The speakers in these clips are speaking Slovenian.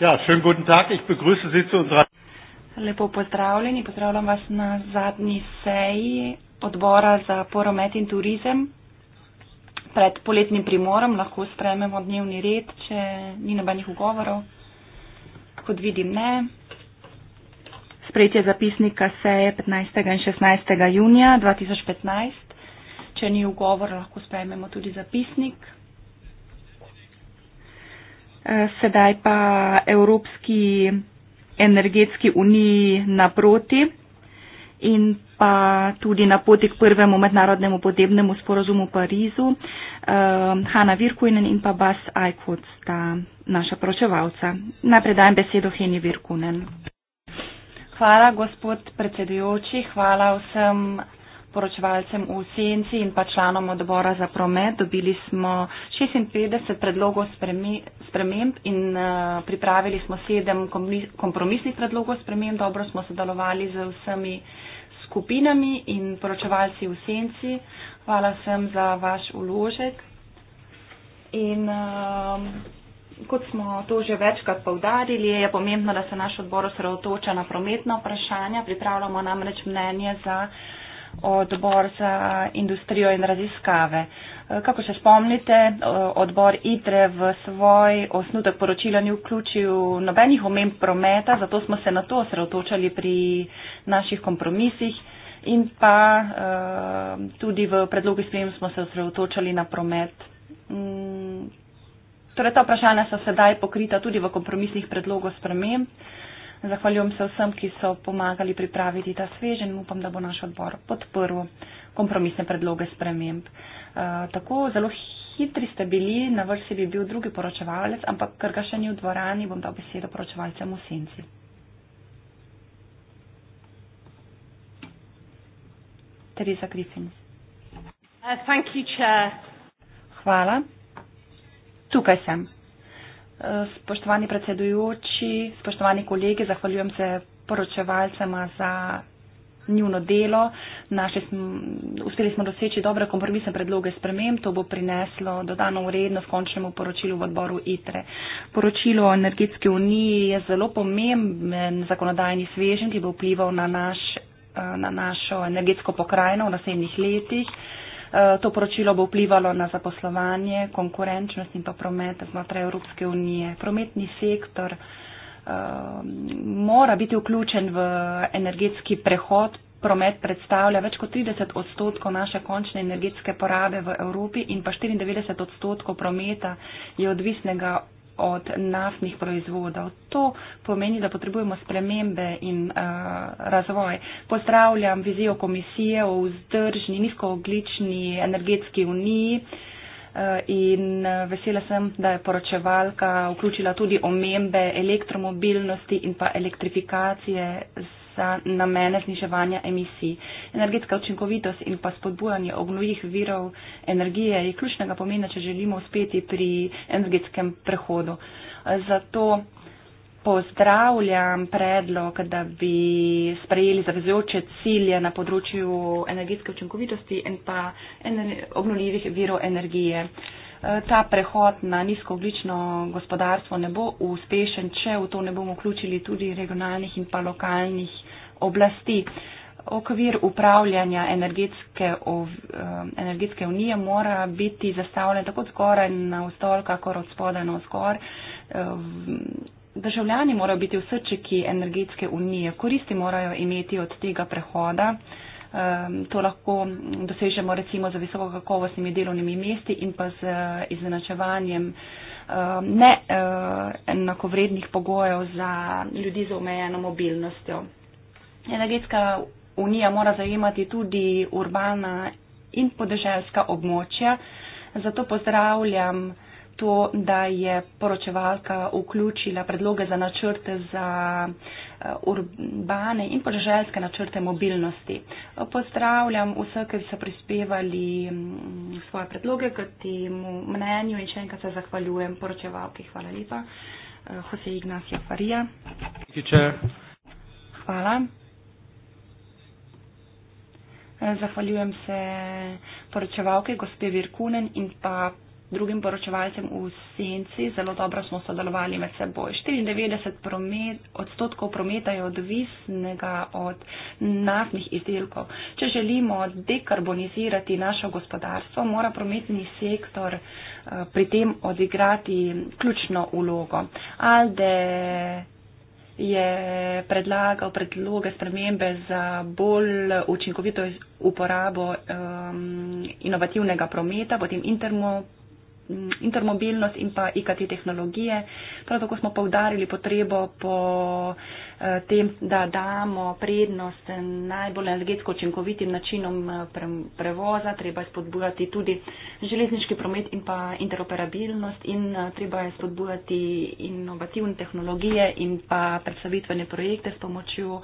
Ja, schönen guten Tag. Ich begrüße Sie zu unserer. Lepo pozdravljeni, pozdravljam vas na zadnji seji odbora za poromet in turizem. Pred poletnim primorom lahko sprememo dnevni red, če ni nobenih ugovorov. Kot vidim, ne. Sprejetje zapisnika seje 15. in 16. junija 2015. Če ni ugovor, lahko sprememo tudi zapisnik. Eh, sedaj pa Evropski energetski uniji naproti in pa tudi na poti k prvemu mednarodnemu podnebnemu sporozumu v Parizu. Uh, Hanna Virkunen in pa Bas Ajkot sta naša pročevalca. Najprej dajem besedo Heni Virkunen. Hvala, gospod predsedujoči, hvala vsem poročevalcem v senci in pa članom odbora za promet. Dobili smo 56 predlogov sprememb in eh, pripravili smo sedem kompromisnih predlogov sprememb. Dobro smo sodelovali z vsemi skupinami in poročevalci v senci. Hvala vsem za vaš uložek. In eh, kot smo to že večkrat povdarili, je pomembno, da se naš odbor osredotoča na prometna vprašanja. Pripravljamo namreč mnenje za odbor za industrijo in raziskave. Eh, kako se spomnite, eh, odbor ITRE v svoj osnutek poročila ni vključil nobenih omemb prometa, zato smo se na to osredotočali pri naših kompromisih in pa eh, tudi v predlogu sprejem smo se osredotočali na promet. Mm, torej, ta vprašanja so sedaj pokrita tudi v kompromisnih predlogov sprememb. Zahvaljujem se vsem, ki so pomagali pripraviti ta svežen. Upam, da bo naš odbor podprl kompromisne predloge sprememb. Eh, tako zelo hitri ste bili, na vrsti bi bil drugi poročevalec, ampak ker ga še ni v dvorani, bom dal besedo poročevalcem v senci. Teresa Griffin. Uh, thank you, Chair. Hvala. Tukaj sem. Spoštovani predsedujoči, spoštovani kolegi, zahvaljujem se poročevalcema za njuno delo. Naši, uspeli smo doseči dobre kompromisne predloge sprememb, to bo prineslo dodano vrednost končnemu poročilu v odboru ITRE. Poročilo o energetski uniji je zelo pomemben zakonodajni svežen, ki bo vplival na, naš, eh, na našo energetsko pokrajino v naslednjih letih. Eh, to poročilo bo vplivalo na zaposlovanje, konkurenčnost in pa promet znotraj Evropske unije. Prometni sektor ehm, mora biti vključen v energetski prehod. Promet predstavlja več kot 30 odstotkov naše končne energetske porabe v Evropi in pa 94 odstotkov prometa je odvisnega od naftnih proizvodov. To pomeni, da potrebujemo spremembe in uh, razvoj. Pozdravljam vizijo komisije o vzdržni, nizkooglični energetski uniji eh, in eh, vesela sem, da je poročevalka vključila tudi omembe elektromobilnosti in pa elektrifikacije z za namene zniževanja emisij. Energetska učinkovitost in pa spodbujanje obnovih virov energije je ključnega pomena, če želimo uspeti pri energetskem prehodu. Zato pozdravljam predlog, da bi sprejeli zavezujoče cilje na področju energetske učinkovitosti in pa obnovljivih virov energije. Eh, ta prehod na nizkooglično gospodarstvo ne bo uspešen, če v to ne bomo vključili tudi regionalnih in pa lokalnih oblasti. Okvir upravljanja energetske, ov, eh, energetske unije mora biti zastavljen tako zgoraj na vzdolj, kakor od spodaj na vzgor. Eh, državljani morajo biti v srčiki energetske unije, koristi morajo imeti od tega prehoda. Ehm, to lahko dosežemo recimo z visoko kakovostnimi delovnimi mesti in pa z eh, izenačevanjem ehm, neenakovrednih eh, pogojev za ljudi z omejeno mobilnostjo. Energetska unija mora zajemati tudi urbana in podeželska območja, zato pozdravljam to, da je poročevalka vključila predloge za načrte za eh, urbane in podeželske načrte mobilnosti. Pozdravljam vse, ki so prispevali mm, svoje predloge k temu mnenju in še enkrat se zahvaljujem poročevalki. Hvala lepa. Eh, Jose Ignacio Farija. Hvala. Eh, zahvaljujem se poročevalki gospe Virkunen in pa drugim poročevalcem v senci, zelo dobro smo sodelovali med seboj. 94 promet, odstotkov prometa je odvisnega od naftnih izdelkov. Če želimo dekarbonizirati naše gospodarstvo, mora prometni sektor eh, pri tem odigrati ključno ulogo. Alde je predlagal predloge spremembe za bolj učinkovito uporabo um, inovativnega prometa, potem intermo Mm, intermobilnost in pa IKT tehnologije. Prav tako smo povdarili potrebo po eh, tem, da damo prednost najbolj energetsko učinkovitim načinom eh, prevoza. Treba je spodbujati tudi železniški promet in pa interoperabilnost in eh, treba je spodbujati inovativne tehnologije in pa predstavitvene projekte s pomočjo.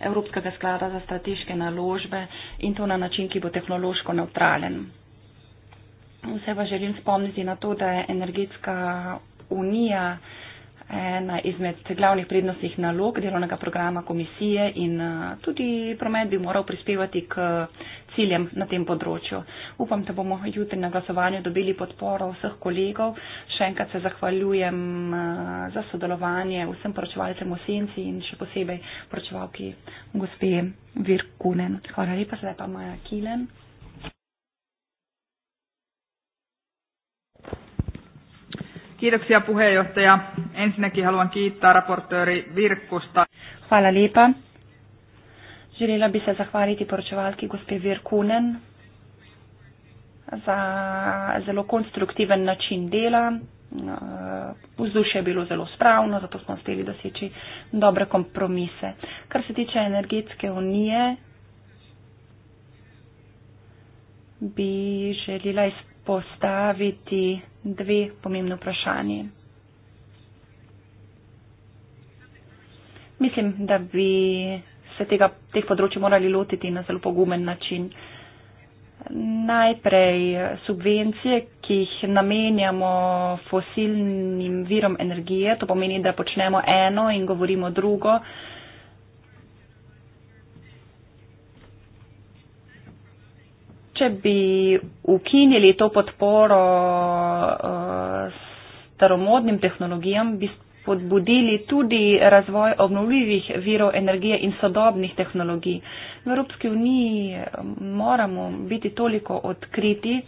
Evropskega sklada za strateške naložbe in to na način, ki bo tehnološko neutralen. Vse pa želim spomniti na to, da je energetska unija ena izmed glavnih prednostnih nalog delovnega programa komisije in tudi promet bi moral prispevati k ciljem na tem področju. Upam, da bomo jutri na glasovanju dobili podporo vseh kolegov. Še enkrat se zahvaljujem za sodelovanje vsem poročevalcem v senci in še posebej poročevalki gospe Virkunen. Hvala lepa, zdaj pa Maja Kilen. Kiitoksia puheenjohtaja. Ensinnäkin haluan kiittää raportööri Virkkusta. Hvala lepa. Želila bi se zahvaliti poročevalki gospe Virkunen za zelo konstruktiven način dela. Vzdušje je bilo zelo spravno, zato smo uspeli doseči dobre kompromise. Kar se tiče energetske unije, bi želila izpraviti postaviti dve pomembni vprašanji. Mislim, da bi se tega, teh področji morali lotiti na zelo pogumen način. Najprej subvencije, ki jih namenjamo fosilnim virom energije, to pomeni, da počnemo eno in govorimo drugo. Uh, če bi ukinili to podporo uh, staromodnim tehnologijam, bi podbudili tudi razvoj obnovljivih virov energije in sodobnih tehnologij. V Evropski uniji eh, moramo biti toliko odkriti,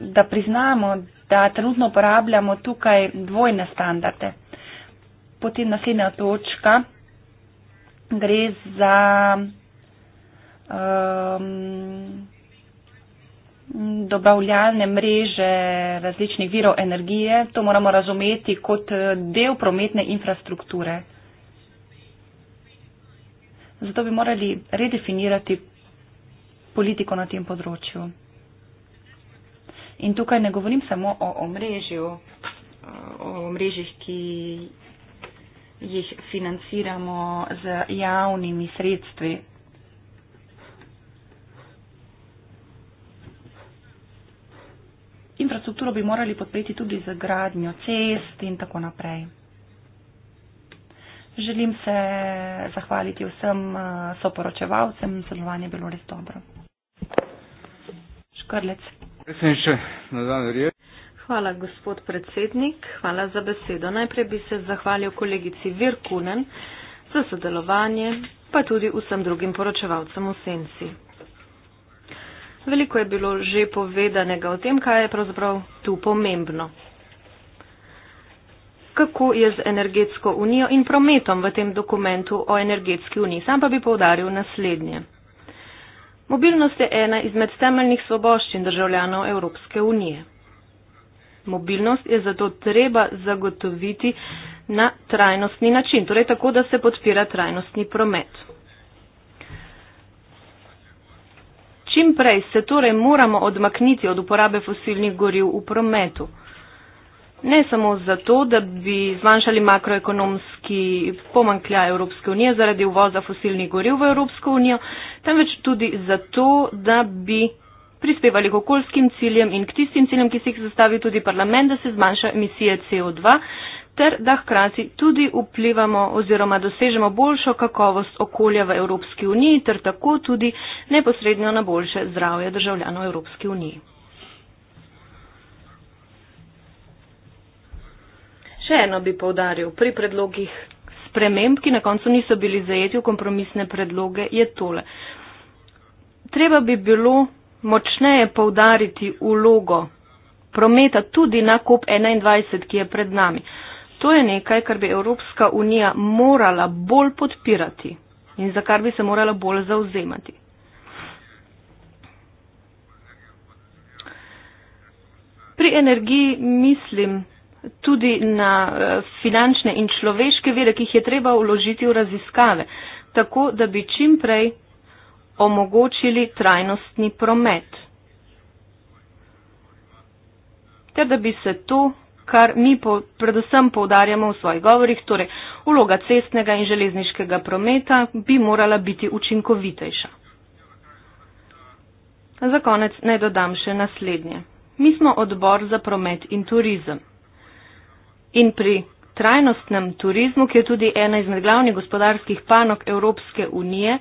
da priznamo, da trenutno uporabljamo tukaj dvojne standarde. Potem naslednja točka gre za Um, dobavljalne mreže različnih virov energije. To moramo razumeti kot del prometne infrastrukture. Zato bi morali redefinirati politiko na tem področju. In tukaj ne govorim samo o omrežju, o omrežjih, ki jih financiramo z javnimi sredstvi. infrastrukturo bi morali podpreti tudi z gradnjo cest in tako naprej. Želim se zahvaliti vsem eh, soporočevalcem, sodelovanje je bilo res dobro. Škrlec. Hvala, gospod predsednik, hvala za besedo. Najprej bi se zahvalil kolegici Virkunen za sodelovanje, pa tudi vsem drugim poročevalcem v Senci. Veliko je bilo že povedanega o tem, kaj je pravzaprav tu pomembno. Kako je z energetsko unijo in prometom v tem dokumentu o energetski uniji? Sam pa bi povdaril naslednje. Mobilnost je ena izmed temeljnih svoboščin državljanov Evropske unije. Mobilnost je zato treba zagotoviti na trajnostni način, torej tako, da se podpira trajnostni promet. Čim prej se torej moramo odmakniti od uporabe fosilnih goriv v prometu. Ne samo zato, da bi zmanjšali makroekonomski pomankja Evropske unije zaradi uvoza fosilnih goriv v Evropsko unijo, temveč tudi zato, da bi prispevali k okoljskim ciljem in k tistim ciljem, ki si jih zastavi tudi parlament, da se zmanjša emisije CO2, ter da hkrati tudi vplivamo oziroma dosežemo boljšo kakovost okolja v Evropski uniji ter tako tudi neposredno na boljše zdravje državljanov Evropske unije. Še eno bi povdaril pri predlogih sprememb, ki na koncu niso bili zajeti v kompromisne predloge, je tole. Treba bi bilo močneje povdariti ulogo prometa tudi na COP21, ki je pred nami. To je nekaj, kar bi Evropska unija morala bolj podpirati in za kar bi se morala bolj zauzemati. Pri energiji mislim tudi na eh, finančne in človeške vire, ki jih je treba uložiti v raziskave, tako da bi čim prej omogočili trajnostni promet. Ter da bi se to kar mi po, predvsem poudarjamo v svojih govorih, torej vloga cestnega in železniškega prometa bi morala biti učinkovitejša. Za konec naj dodam še naslednje. Mi smo odbor za promet in turizem. In pri trajnostnem turizmu, ki je tudi ena izmed glavnih gospodarskih panok Evropske unije,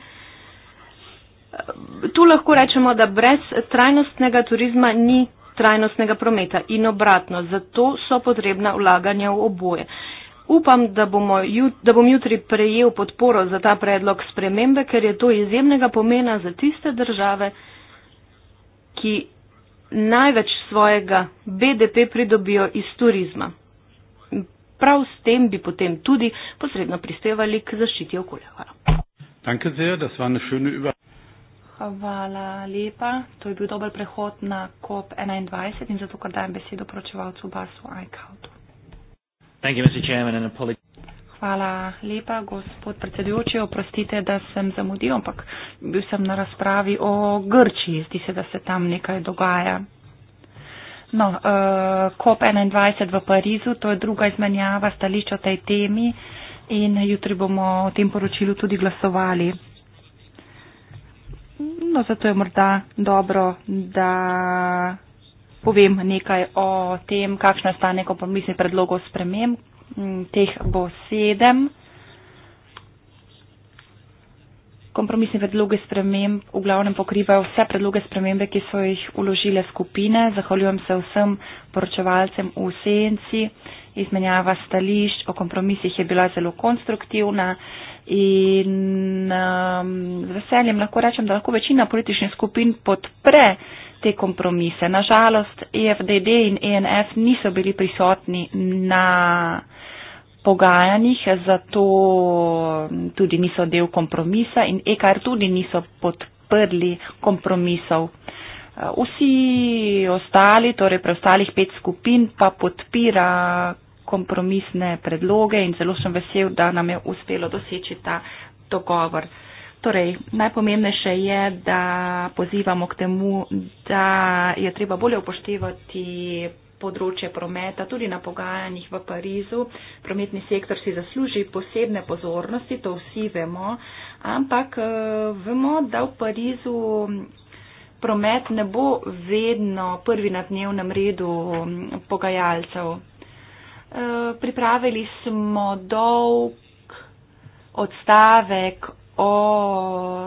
tu lahko rečemo, da brez trajnostnega turizma ni trajnostnega prometa in obratno. Zato so potrebna vlaganja v oboje. Upam, da, bomo, da bom jutri prejel podporo za ta predlog spremembe, ker je to izjemnega pomena za tiste države, ki največ svojega BDP pridobijo iz turizma. Prav s tem bi potem tudi posredno prispevali k zaščiti okolja. Hvala. Danke sehr, das war eine schöne Über Hvala lepa. To je bil dober prehod na COP21 in zato, ker dajem besedo pročevalcu Basu Aikautu. Hvala lepa, gospod predsedujoči. Oprostite, da sem zamudil, ampak bil sem na razpravi o Grčiji. Zdi se, da se tam nekaj dogaja. No, uh, eh, COP21 v Parizu, to je druga izmenjava stališča o tej temi in jutri bomo o tem poročilu tudi glasovali. No, zato je morda dobro, da povem nekaj o tem, kakšno je stanje kompromisnih predlogov sprememb. Mm, teh bo sedem. Kompromisni predloge sprememb v glavnem pokrivajo vse predloge spremembe, ki so jih uložile skupine. Zahvaljujem se vsem poročevalcem v senci. Izmenjava stališč o kompromisih je bila zelo konstruktivna. Uh, in um, z veseljem lahko rečem, da lahko večina političnih skupin podpre te kompromise. Nažalost, EFDD in ENF niso bili prisotni na pogajanjih, zato um, tudi niso del kompromisa in EKR tudi niso podprli kompromisov. Uh, vsi ostali, torej preostalih pet skupin, pa podpira kompromisne predloge in zelo sem vesel, da nam je uspelo doseči ta dogovor. Torej, najpomembnejše je, da pozivamo k temu, da je treba bolje upoštevati področje prometa, tudi na pogajanjih v Parizu. Prometni sektor si zasluži posebne pozornosti, to vsi vemo, ampak eh, vemo, da v Parizu promet ne bo vedno prvi na dnevnem redu mm, pogajalcev. Eh, pripravili smo dolg odstavek o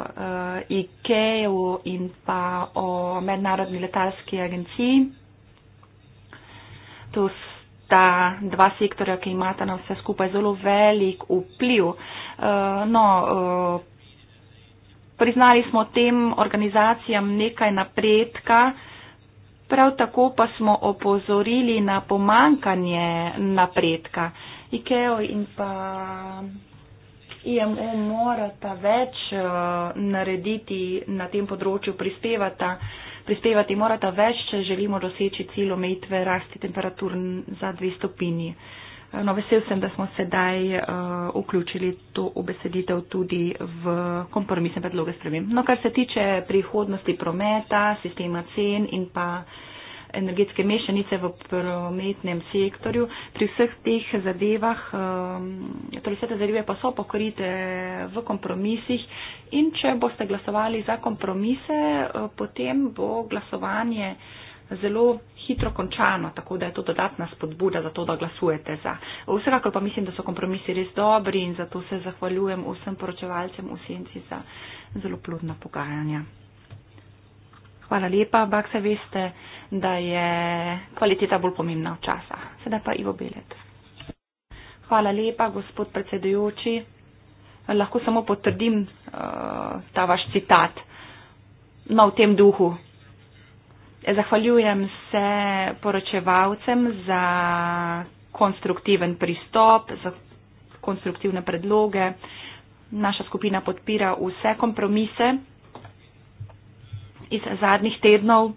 uh, eh, IKEA-u in pa o mednarodni letalski agenciji. To sta dva sektorja, ki imata na vse skupaj zelo velik vpliv. Uh, no, uh, priznali smo tem organizacijam nekaj napredka, uh, Prav tako pa smo opozorili na pomankanje napredka. IKEO in pa IMO e morata več uh, narediti na tem področju, prispevata, prispevati morata več, če želimo doseči cilj omejitve rasti temperatur za dve stopinji. Uh, No, vesel sem, da smo sedaj uh, vključili to obesedite tudi v kompromisne predloge spremem. No, kar se tiče prihodnosti prometa, sistema cen in pa energetske mešanice v prometnem sektorju. Pri vseh teh zadevah, eh, torej vse te zadeve pa so pokrite v kompromisih in če boste glasovali za kompromise, eh, potem bo glasovanje zelo hitro končano, tako da je to dodatna spodbuda za to, da glasujete za. Vsekakor pa mislim, da so kompromisi res dobri in zato se zahvaljujem vsem poročevalcem v senci za zelo plodna pogajanja. Hvala lepa, ampak se veste, da je kvaliteta bolj pomembna od časa. Sedaj pa Ivo Belet. Hvala lepa, gospod predsedujoči. Lahko samo potrdim uh, ta vaš citat. No, v tem duhu. Zahvaljujem se poročevalcem za konstruktiven pristop, za konstruktivne predloge. Naša skupina podpira vse kompromise iz zadnjih tednov.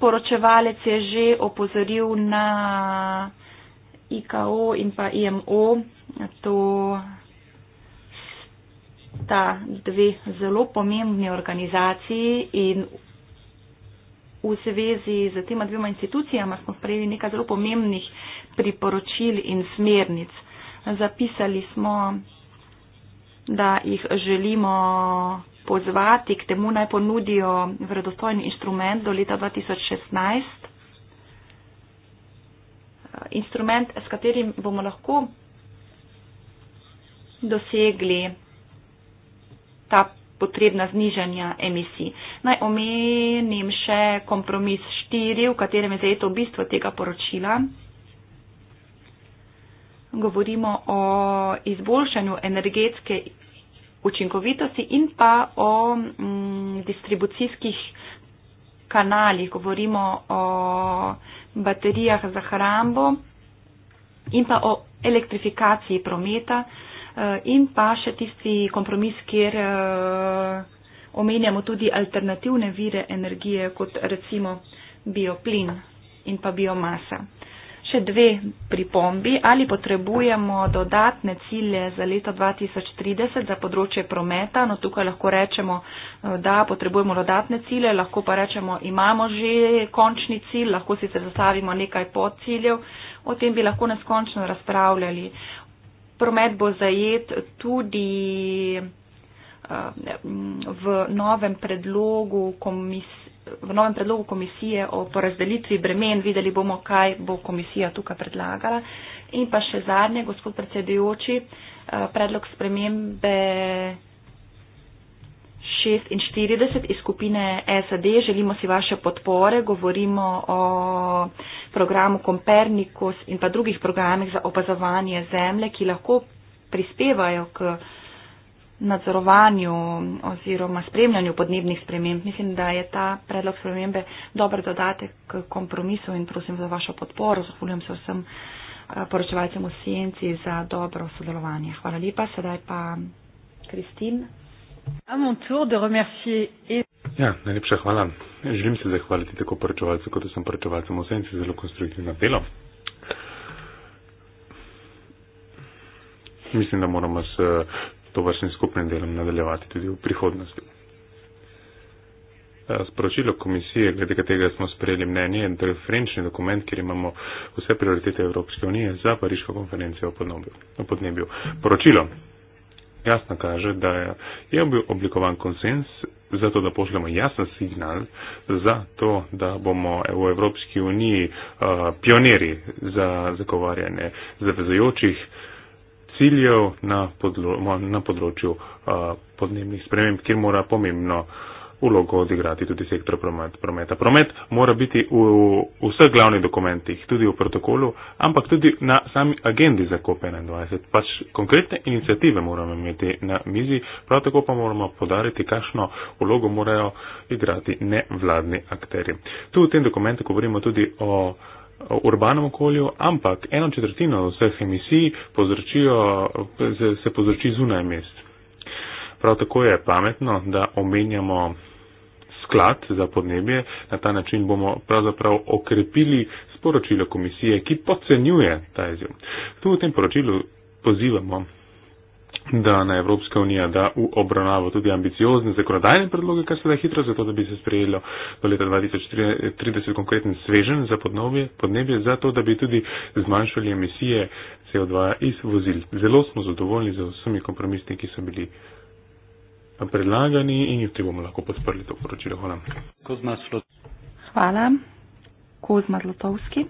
Poročevalec je že opozoril na IKO in pa IMO. To sta dve zelo pomembni organizaciji in v zvezi z tema dvema institucijama smo sprejeli nekaj zelo pomembnih priporočil in smernic. Zapisali smo, da jih želimo pozvati k temu naj ponudijo vredostojni inštrument do leta 2016. Instrument, s katerim bomo lahko dosegli ta potrebna znižanja emisij. Naj omenim še kompromis 4, v katerem je zajeto bistvo tega poročila. Govorimo o izboljšanju energetske učinkovitosti in pa o mm, distribucijskih kanalih. Govorimo o baterijah za hrambo in pa o elektrifikaciji prometa. Uh, Eh, in pa še tisti kompromis, kjer eh, omenjamo tudi alternativne vire energije, kot recimo bioplin in pa biomasa. Še dve pripombi. Ali potrebujemo dodatne cilje za leto 2030 za področje prometa? No, tukaj lahko rečemo, eh, da potrebujemo dodatne cilje, lahko pa rečemo, imamo že končni cilj, lahko si se zastavimo nekaj podciljev. O tem bi lahko neskončno razpravljali promet bo zajet tudi eh, v novem predlogu komisije v novem predlogu komisije o porazdelitvi bremen, videli bomo, kaj bo komisija tukaj predlagala. In pa še zadnje, gospod predsedujoči, eh, predlog spremembe 46 iz skupine SAD. Želimo si vaše podpore. Govorimo o programu Kompernikus in pa drugih programih za opazovanje zemlje, ki lahko prispevajo k nadzorovanju oziroma spremljanju podnebnih sprememb. Mislim, da je ta predlog spremembe dober dodatek k kompromisu in prosim za vašo podporo. Zahvaljujem se vsem eh, poročevalcem v Sienci za dobro sodelovanje. Hvala lepa. Sedaj pa Kristin. Ja, najlepša hvala. Želim se zahvaliti tako poročevalcu, kot vsem poročevalcem vsem za zelo konstruktivno delo. Mislim, da moramo s to vašim skupnim delom nadaljevati tudi v prihodnosti. Eh, sporočilo komisije, glede katerega smo sprejeli mnenje, je referenčni dokument, kjer imamo vse prioritete Evropske unije za pariško konferencijo o podnebju. Poročilo jasno kaže, da je bil oblikovan konsens za to, da pošljemo jasen signal za to, da bomo v Evropski uniji uh, eh, pioniri za zagovarjanje zavezujočih ciljev na, podlo, na področju uh, podnebnih sprememb, kjer mora pomembno uh, ulogo odigrati tudi sektor promet, prometa. Promet mora biti v, v vseh glavnih dokumentih, tudi v protokolu, ampak tudi na sami agendi za COP21. Pač konkretne inicijative moramo imeti na mizi, prav tako pa moramo podariti, kakšno ulogo morajo igrati nevladni akteri. Tu v tem dokumentu govorimo tudi o urbanem okolju, ampak eno četrtino vseh emisij se povzroči zunaj mest. Prav tako je pametno, da omenjamo sklad za podnebje. Na ta način bomo pravzaprav okrepili sporočilo komisije, ki podcenjuje ta izjiv. Tu v tem poročilu pozivamo da na Evropska unija da v obravnavo tudi ambiciozne zakonodajne predloge, kar se da hitro, zato da bi se sprejelo do leta 2030 konkreten svežen za podnobje, podnebje, zato da bi tudi zmanjšali emisije CO2 iz vozil. Zelo smo zadovoljni z vsemi kompromisni, ki so bili predlagani in jutri bomo lahko podprli to poročilo. Hvala. Kozma Hvala. Kozma Zlotovski.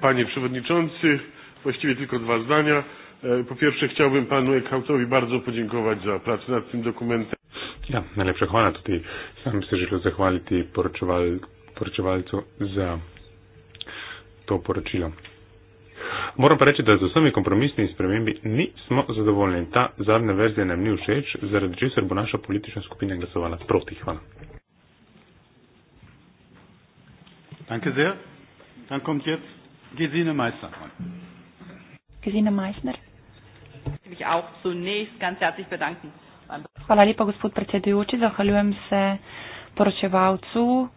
Panie przewodniczący, właściwie tylko dwa zdania. E, po pierwsze chciałbym panu Eckhoutowi bardzo podziękować za pracę nad tym dokumentem. Ja, najlepsza chwała tutaj. Sam chcę się zachwalić poroczywalcu za to poroczilo. Moram pa reči, da z vsemi kompromisnimi spremembi nismo zadovoljni. Ta zadnja verzija nam ni všeč, zaradi česar bo naša politična skupina glasovala proti. Hvala. Danke sehr. Dann kommt jetzt Gesine Meissner. Gesine Meissner. Ich mich auch zunächst ganz herzlich bedanken. Hvala lepa, gospod predsedujoči. Zahvaljujem se poročevalcu.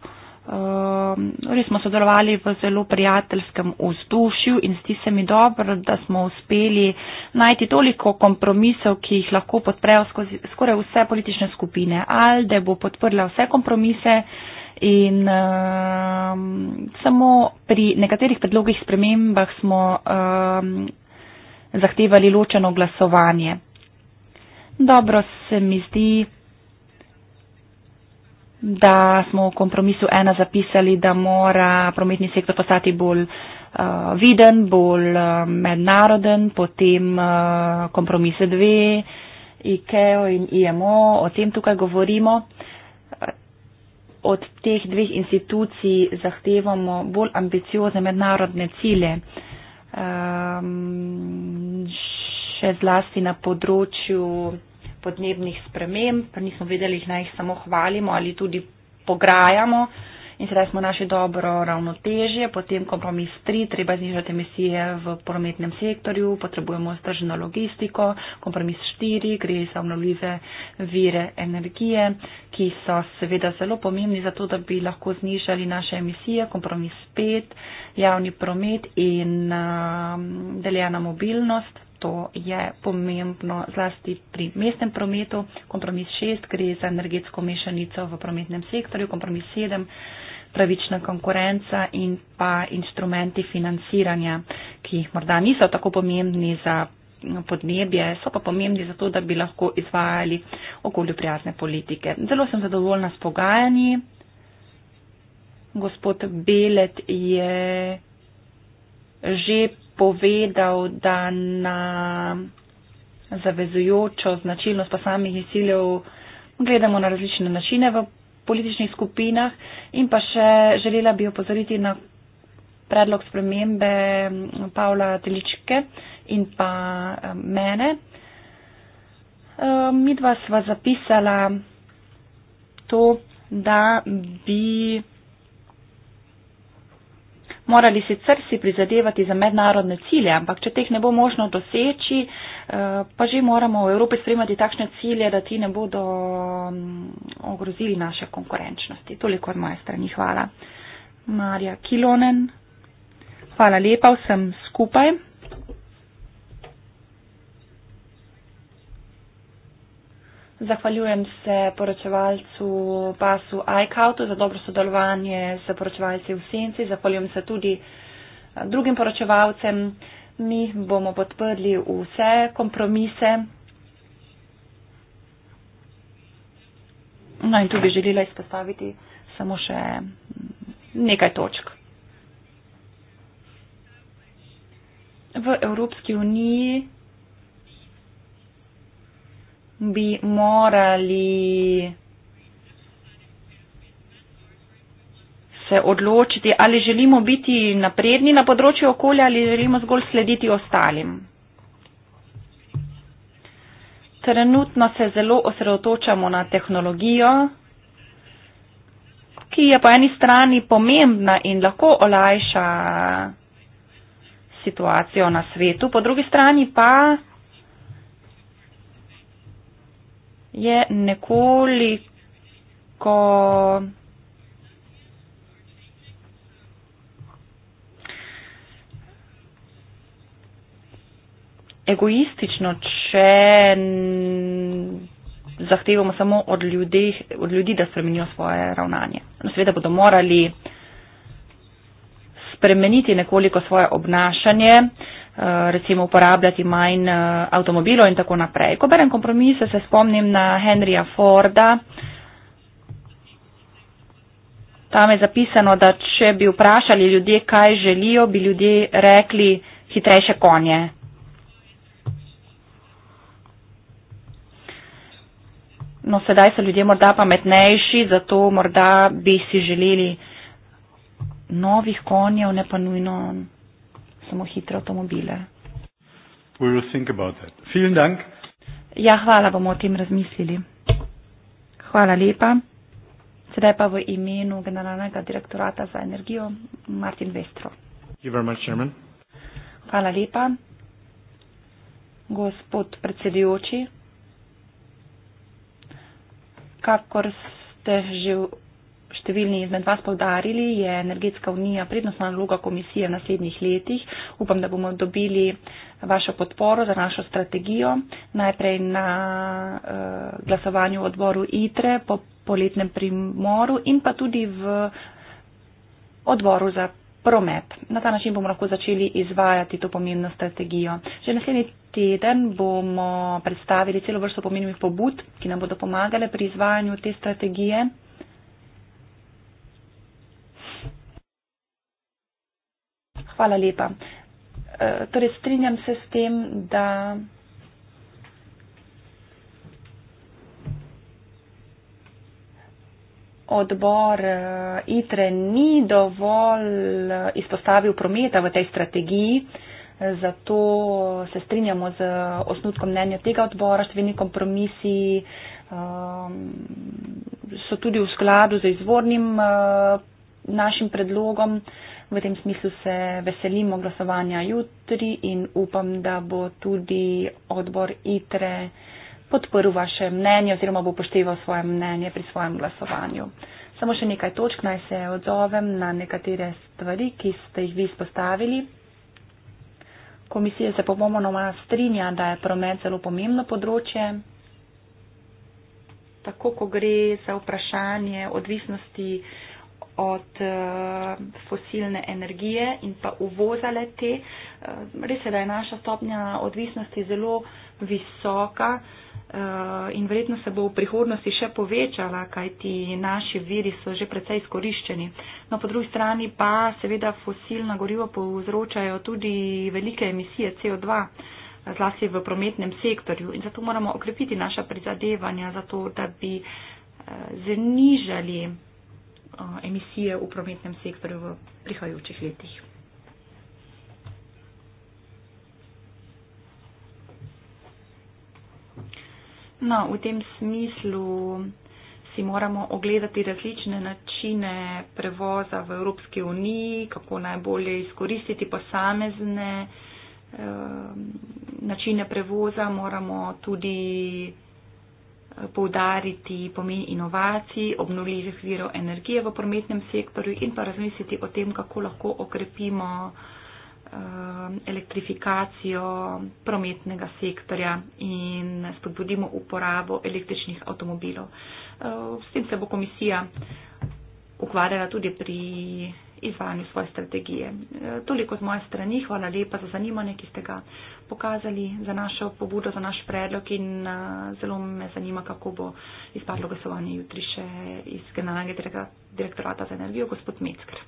Ehm, res smo sodelovali v zelo prijateljskem vzdušju in zdi se mi dobro, da smo uspeli najti toliko kompromisov, ki jih lahko podprejo skoraj vse politične skupine. Alde bo podprla vse kompromise in um, samo pri nekaterih predlogih spremembah smo um, zahtevali ločeno glasovanje. Dobro se mi zdi da smo v kompromisu ena zapisali, da mora prometni sektor postati bolj uh, viden, bolj uh, mednaroden, potem uh, kompromise dve, IKEO in IMO, o tem tukaj govorimo. Od teh dveh institucij zahtevamo bolj ambiciozne mednarodne cilje, um, še zlasti na področju podnebnih sprememb, pa nismo vedeli, naj jih samo hvalimo ali tudi pograjamo. In sedaj smo našli dobro ravnotežje, potem kompromis 3, treba znižati emisije v prometnem sektorju, potrebujemo stržno logistiko, kompromis 4, gre za obnovljive vire energije, ki so seveda zelo pomembni za to, da bi lahko znižali naše emisije, kompromis 5, javni promet in uh, deljena mobilnost to je pomembno zlasti pri mestnem prometu. Kompromis 6 gre za energetsko mešanico v prometnem sektorju, kompromis 7 pravična konkurenca in pa inštrumenti financiranja, ki morda niso tako pomembni za podnebje, so pa pomembni za to, da bi lahko izvajali okolju prijazne politike. Zelo sem zadovoljna s pogajanji. Gospod Belet je že povedal, da na zavezujočo značilnost posameznih ciljev gledamo na različne načine v političnih skupinah in pa še želela bi opozoriti na predlog spremembe mm, Pavla Teličke in pa eh, mene. Eh, midva sva zapisala to, da bi morali sicer si prizadevati za mednarodne cilje, ampak če teh ne bo možno doseči, eh, pa že moramo v Evropi sprejemati takšne cilje, da ti ne bodo mm, ogrozili naše konkurenčnosti. Toliko od moje strani. Hvala. Marja Kilonen. Hvala lepa vsem skupaj. Zahvaljujem se poročevalcu pasu iCautu za dobro sodelovanje s poročevalci v Senci. Zahvaljujem se tudi eh, drugim poročevalcem. Mi bomo podprli vse kompromise. No in tu bi želela izpostaviti samo še nekaj točk. V Evropski uniji bi morali se odločiti, ali želimo biti napredni na področju okolja ali želimo zgolj slediti ostalim. Trenutno se zelo osredotočamo na tehnologijo, ki je po eni strani pomembna in lahko olajša situacijo na svetu, po drugi strani pa je nekoliko egoistično, če zahtevamo samo od ljudi, od ljudi da spremenijo svoje ravnanje. No, seveda bodo morali spremeniti nekoliko svoje obnašanje, uh, Eh, recimo uporabljati manj eh, avtomobilov in tako naprej. Ko berem kompromise, se spomnim na Henrya Forda. Tam je zapisano, da če bi vprašali ljudje, kaj želijo, bi ljudje rekli hitrejše konje. No, sedaj so ljudje morda pametnejši, zato morda bi si želeli novih konjev, ne pa nujno samo hitre avtomobile. Ja, hvala, bomo o tem razmislili. Hvala lepa. Sedaj pa v imenu generalnega direktorata za energijo Martin Vestro. Much, hvala lepa. Gospod predsedujoči, kakor ste že številni izmed vas povdarili, je energetska unija prednostna naloga komisije v naslednjih letih. Upam, da bomo dobili eh, vašo podporo za našo strategijo. Najprej na uh, glasovanju odboru ITRE po poletnem primoru in pa tudi v odboru za promet. Na ta način bomo lahko začeli izvajati to pomembno strategijo. Že naslednji teden bomo predstavili celo vrsto pomembnih pobud, ki nam bodo pomagale pri izvajanju te strategije. Hvala lepa. E, torej, strinjam se s tem, da. Odbor e, ITRE ni dovolj e, izpostavil prometa v tej strategiji, zato se strinjamo z osnutkom mnenja tega odbora. Številni kompromisi so tudi v skladu z izvornim našim predlogom v tem smislu se veselimo glasovanja jutri in upam, da bo tudi odbor ITRE podporil vaše mnenje oziroma bo upošteval svoje mnenje pri svojem glasovanju. Samo še nekaj točk naj se odzovem na nekatere stvari, ki ste jih vi spostavili. Komisija se popolnoma strinja, da je promet zelo pomembno področje. Tako, ko gre za vprašanje odvisnosti od eh, fosilne energije in pa uvoza le te. Eh, res je, da je naša stopnja odvisnosti zelo visoka eh, in verjetno se bo v prihodnosti še povečala, kaj ti naši viri so že precej izkoriščeni. No, po drugi strani pa seveda fosilna goriva povzročajo tudi velike emisije CO2 zlasti v prometnem sektorju in zato moramo okrepiti naša prizadevanja za to, da bi znižali emisije v prometnem sektorju v prihajajočih letih. No, v tem smislu si moramo ogledati različne načine prevoza v Evropski uniji, kako najbolje izkoristiti posamezne eh, načine prevoza. Moramo tudi poudariti pomen inovacij, obnovljivih virov energije v prometnem sektorju in pa razmisliti o tem, kako lahko okrepimo eh, elektrifikacijo prometnega sektorja in spodbudimo uporabo električnih avtomobilov. Eh, s tem se bo komisija ukvarjala tudi pri izvajanju svoje strategije. E, toliko z moje strani, hvala lepa za zanimanje, ki ste ga pokazali za našo pobudo, za naš predlog in e, zelo me zanima, kako bo izpadlo glasovanje jutri še iz generalnega direktorata za energijo, gospod Mecker.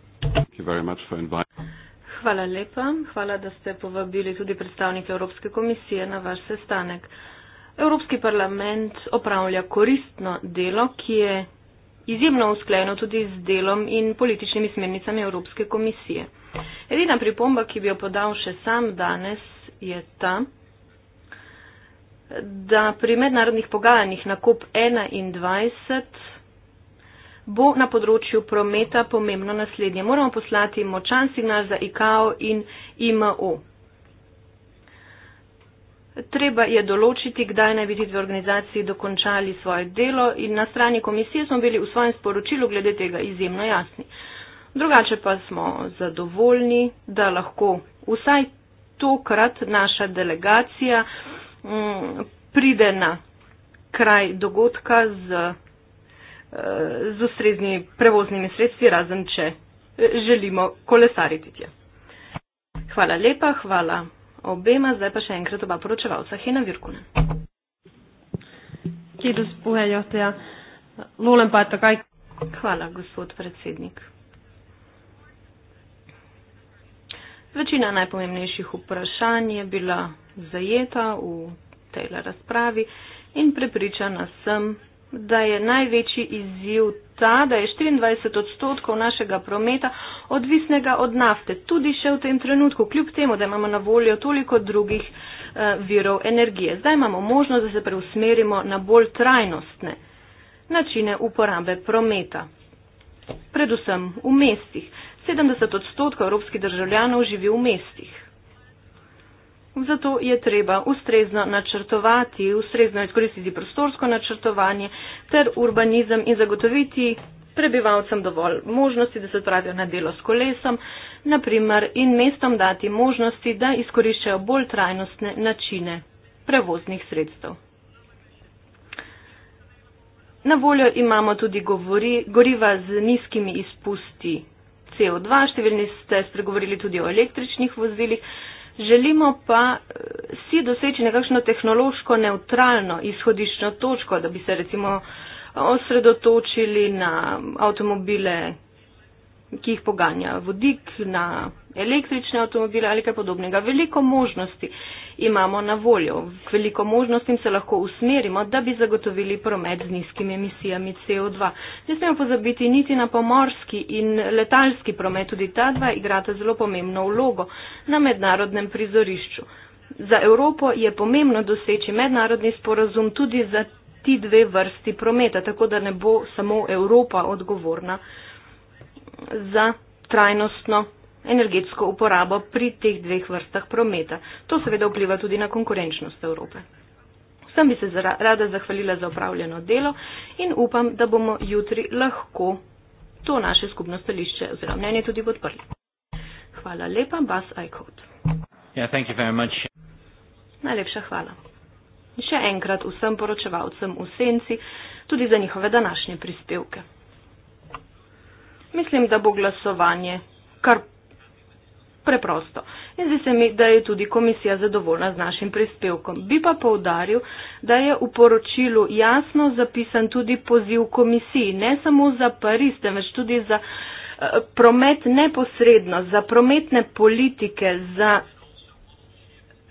Hvala lepa, hvala, da ste povabili tudi predstavnike Evropske komisije na vaš sestanek. Evropski parlament opravlja koristno delo, ki je izjemno usklajeno tudi z delom in političnimi smernicami Evropske komisije. Edina pripomba, ki bi jo podal še sam danes, je ta, da pri mednarodnih pogajanjih na COP21 bo na področju prometa pomembno naslednje. Moramo poslati močan signal za IKO in IMO treba je določiti, kdaj naj bi ti dve organizaciji dokončali svoje delo in na strani komisije smo bili v svojem sporočilu glede tega izjemno jasni. Drugače pa smo zadovoljni, da lahko vsaj tokrat naša delegacija m, mm, pride na kraj dogodka z, eh, z ustreznimi prevoznimi sredstvi, razen če eh, želimo kolesariti tje. Hvala lepa, hvala obema, zdaj pa še enkrat oba poročevalca Hena Virkunen. Kiitos puheenjohtaja. Luulenpa, että kaikki... Hvala, gospod predsednik. Večina najpomembnejših vprašanj je bila zajeta v tej razpravi in prepričana sem, da je največji izziv ta, da je 24 odstotkov našega prometa odvisnega od nafte, tudi še v tem trenutku, kljub temu, da imamo na voljo toliko drugih eh, virov energije. Zdaj imamo možnost, da se preusmerimo na bolj trajnostne načine uporabe prometa, predvsem v mestih. 70 odstotkov evropskih državljanov živi v mestih. Zato je treba ustrezno načrtovati, ustrezno izkoristiti prostorsko načrtovanje ter urbanizem in zagotoviti prebivalcem dovolj možnosti, da se odpravijo na delo s kolesom, naprimer in mestom dati možnosti, da izkoriščajo bolj trajnostne načine prevoznih sredstev. Na voljo imamo tudi govori, goriva z nizkimi izpusti CO2, številni ste spregovorili tudi o električnih vozilih. Želimo pa eh, si doseči nekakšno tehnološko neutralno izhodiščno točko, da bi se recimo eh, osredotočili na avtomobile, ki jih poganja vodik, na električne avtomobile ali kaj podobnega. Veliko možnosti imamo na voljo. Veliko možnostim se lahko usmerimo, da bi zagotovili promet z nizkimi emisijami CO2. Ne smemo pozabiti niti na pomorski in letalski promet, tudi ta dva igrata zelo pomembno vlogo na mednarodnem prizorišču. Za Evropo je pomembno doseči mednarodni sporazum tudi za ti dve vrsti prometa, tako da ne bo samo Evropa odgovorna za trajnostno energetsko uporabo pri teh dveh vrstah prometa. To seveda vpliva tudi na konkurenčnost Evrope. Vsem bi se rada zahvalila za upravljeno delo in upam, da bomo jutri lahko to naše skupno stališče oziroma mnenje tudi podprli. Hvala lepa, Bas Eichhout. Yeah, Najlepša hvala. In še enkrat vsem poročevalcem v senci, tudi za njihove današnje prispevke. Mislim, da bo glasovanje kar preprosto. In zdi se mi, da je tudi komisija zadovoljna z našim prispevkom. Bi pa povdaril, da je v poročilu jasno zapisan tudi poziv komisiji, ne samo za Pariz, temveč tudi za eh, promet neposredno, za prometne politike, za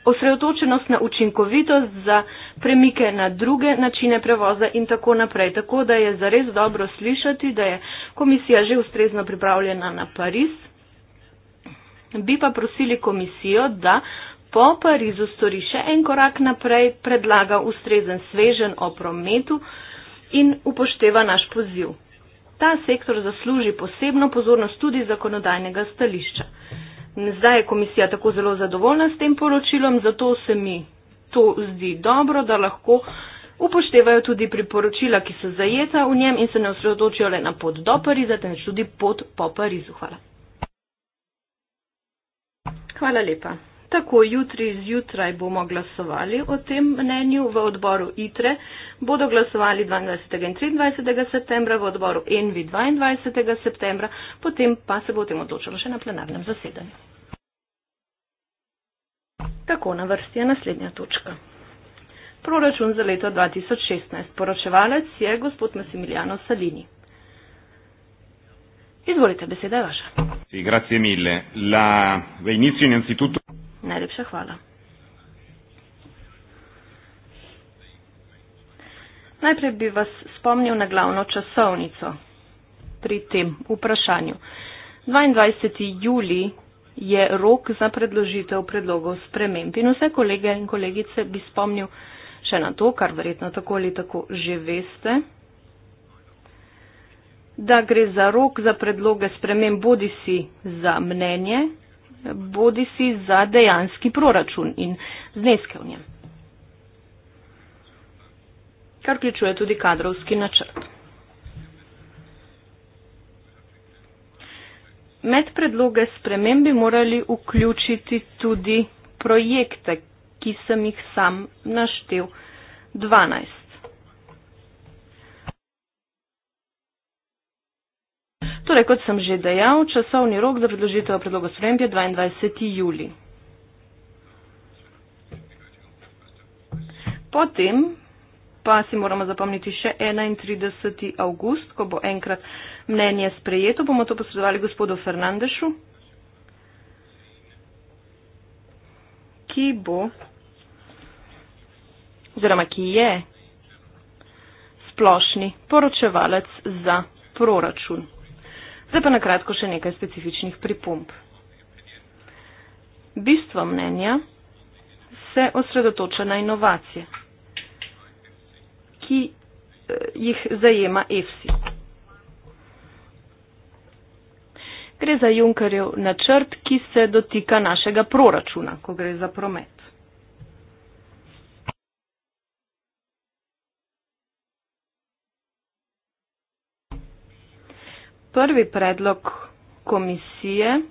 osredotočenost na učinkovitost, za premike na druge načine prevoza in tako naprej. Tako da je zares dobro slišati, da je komisija že ustrezno pripravljena na Pariz bi pa prosili komisijo, da po Parizu stori še en korak naprej, predlaga ustrezen svežen o prometu in upošteva naš poziv. Ta sektor zasluži posebno pozornost tudi zakonodajnega stališča. Zdaj je komisija tako zelo zadovoljna s tem poročilom, zato se mi to zdi dobro, da lahko upoštevajo tudi priporočila, ki so zajeta v njem in se ne osredotočijo le na pot do Pariza, temveč tudi pot po Parizu. Hvala. Hvala lepa. Tako jutri zjutraj bomo glasovali o tem mnenju v odboru ITRE. Bodo glasovali 22. in 23. septembra v odboru ENVI 22. septembra, potem pa se bo o tem odločilo še na plenarnem zasedanju. Tako na vrsti je naslednja točka. Proračun za leto 2016. Poročevalec je gospod Masimiliano Salini. Izvolite, beseda je vaša. Sì, grazie mille. La... Le inizio innanzitutto. Najlepša hvala. Najprej bi vas spomnil na glavno časovnico pri tem vprašanju. 22. juli je rok za predložitev predlogov sprememb in vse kolege in kolegice bi spomnil še na to, kar verjetno tako ali tako že veste da gre za rok za predloge sprememb, bodi si za mnenje, bodi si za dejanski proračun in zneske v njem. Kar vključuje tudi kadrovski načrt. Med predloge sprememb bi morali vključiti tudi projekte, ki sem jih sam naštel 12. Torej, kot sem že dejal, časovni rok za predložitev predloga sprememb je 22. juli. Potem pa si moramo zapomniti še 31. avgust, ko bo enkrat mnenje sprejeto, bomo to posredovali gospodu Fernandešu, ki bo, oziroma ki je splošni poročevalec za proračun. Zdaj pa nakratko še nekaj specifičnih pripomp. Bistvo mnenja se osredotoča na inovacije, ki eh, jih zajema EFSI. Gre za Junkerjev načrt, ki se dotika našega proračuna, ko gre za promet. prvi predlog komisije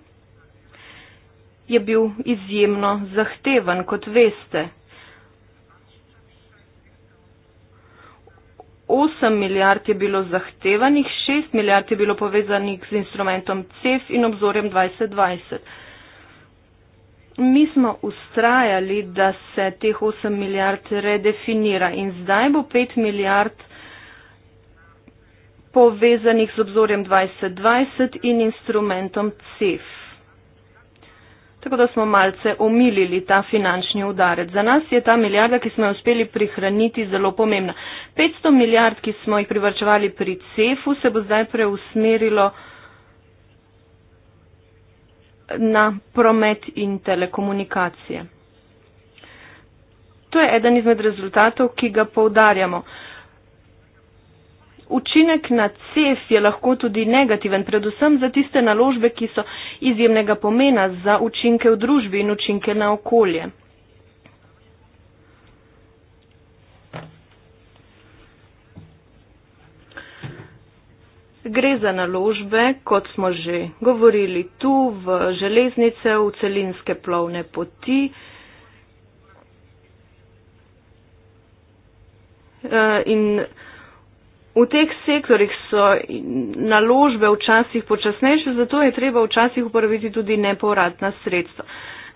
je bil izjemno zahteven, kot veste. 8 milijard je bilo zahtevanih, 6 milijard je bilo povezanih z instrumentom CEF in obzorjem 2020. Mi smo ustrajali, da se teh 8 milijard redefinira in zdaj bo 5 milijard povezanih z obzorjem 2020 in instrumentom CEF. Tako da smo malce omilili ta finančni udarec. Za nas je ta milijarda, ki smo jo uspeli prihraniti, zelo pomembna. 500 milijard, ki smo jih privrčevali pri CEF-u, se bo zdaj preusmerilo na promet in telekomunikacije. To je eden izmed rezultatov, ki ga poudarjamo. Uh, Učinek na CEF je lahko tudi negativen, predvsem za tiste naložbe, ki so izjemnega pomena za učinke v družbi in učinke na okolje. Gre za naložbe, kot smo že govorili tu, v železnice, v celinske plovne poti. E, v teh sektorjih so naložbe včasih počasnejše, zato je treba včasih uporabiti tudi nepovratna sredstva.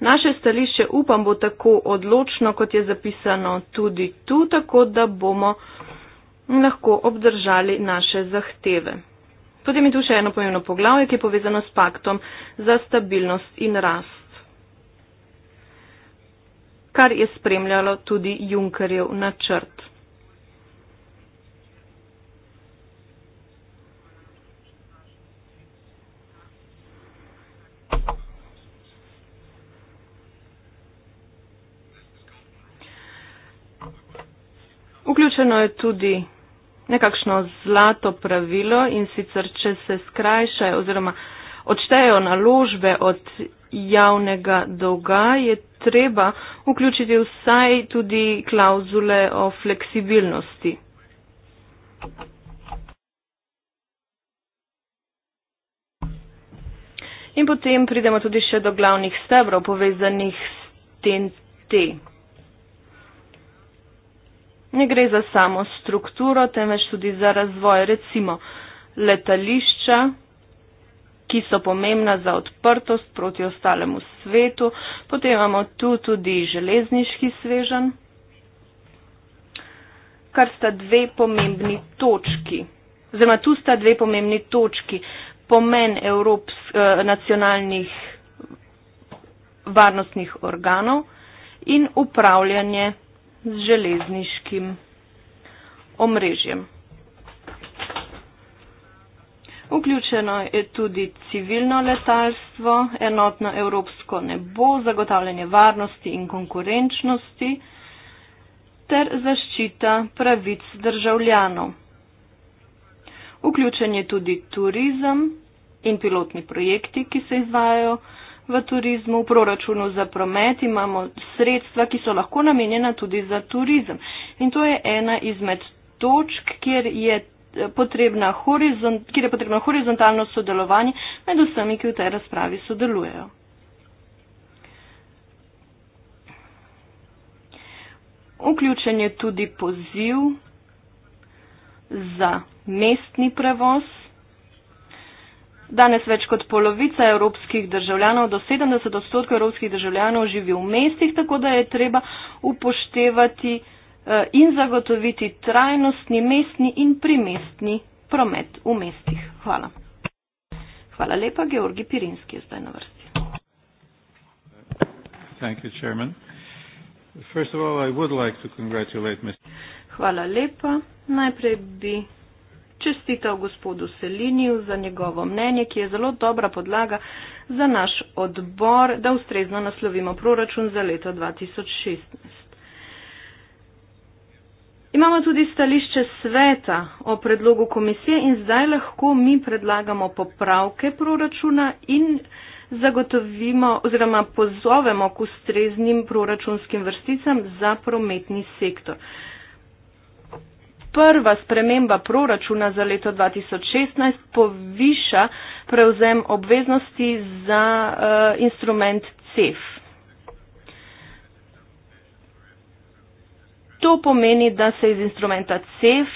Naše stališče upam bo tako odločno, kot je zapisano tudi tu, tako da bomo lahko obdržali naše zahteve. Potem je tu še eno pomembno poglavje, ki je povezano s paktom za stabilnost in rast, kar je spremljalo tudi Junkerjev načrt. Vključeno je tudi nekakšno zlato pravilo in sicer, če se skrajšajo oziroma odštejejo naložbe od javnega dolga, je treba vključiti vsaj tudi klauzule o fleksibilnosti. In potem pridemo tudi še do glavnih stebrov povezanih s TNT ne gre za samo strukturo, temveč tudi za razvoj recimo letališča, ki so pomembna za odprtost proti ostalemu svetu. Potem imamo tu tudi železniški svežen, kar sta dve pomembni točki. Oziroma, tu sta dve pomembni točki pomen evrops, eh, nacionalnih varnostnih organov in upravljanje z železniškim omrežjem. Vključeno je tudi civilno letalstvo, enotno evropsko nebo, zagotavljanje varnosti in konkurenčnosti ter zaščita pravic državljanov. Vključen je tudi turizem in pilotni projekti, ki se izvajajo v turizmu, v proračunu za promet imamo sredstva, ki so lahko namenjena tudi za turizem. In to je ena izmed točk, kjer je eh, potrebna, horizont, kjer je potrebna horizontalno sodelovanje med vsemi, ki v tej razpravi sodelujejo. Vključen je tudi poziv za mestni prevoz, Danes več kot polovica evropskih državljanov, do 70 odstotkov evropskih državljanov živi v mestih, tako da je treba upoštevati eh, in zagotoviti trajnostni mestni in primestni promet v mestih. Hvala. Hvala lepa, Georgi Pirinski je zdaj na vrsti. All, like Hvala lepa. Najprej bi čestitev gospodu Seliniju za njegovo mnenje, ki je zelo dobra podlaga za naš odbor, da ustrezno naslovimo proračun za leto 2016. Imamo tudi stališče sveta o predlogu komisije in zdaj lahko mi predlagamo popravke proračuna in zagotovimo oziroma pozovemo k ustreznim proračunskim vrsticam za prometni sektor prva sprememba proračuna za leto 2016 poviša prevzem obveznosti za uh, instrument CEF. To pomeni, da se iz instrumenta CEF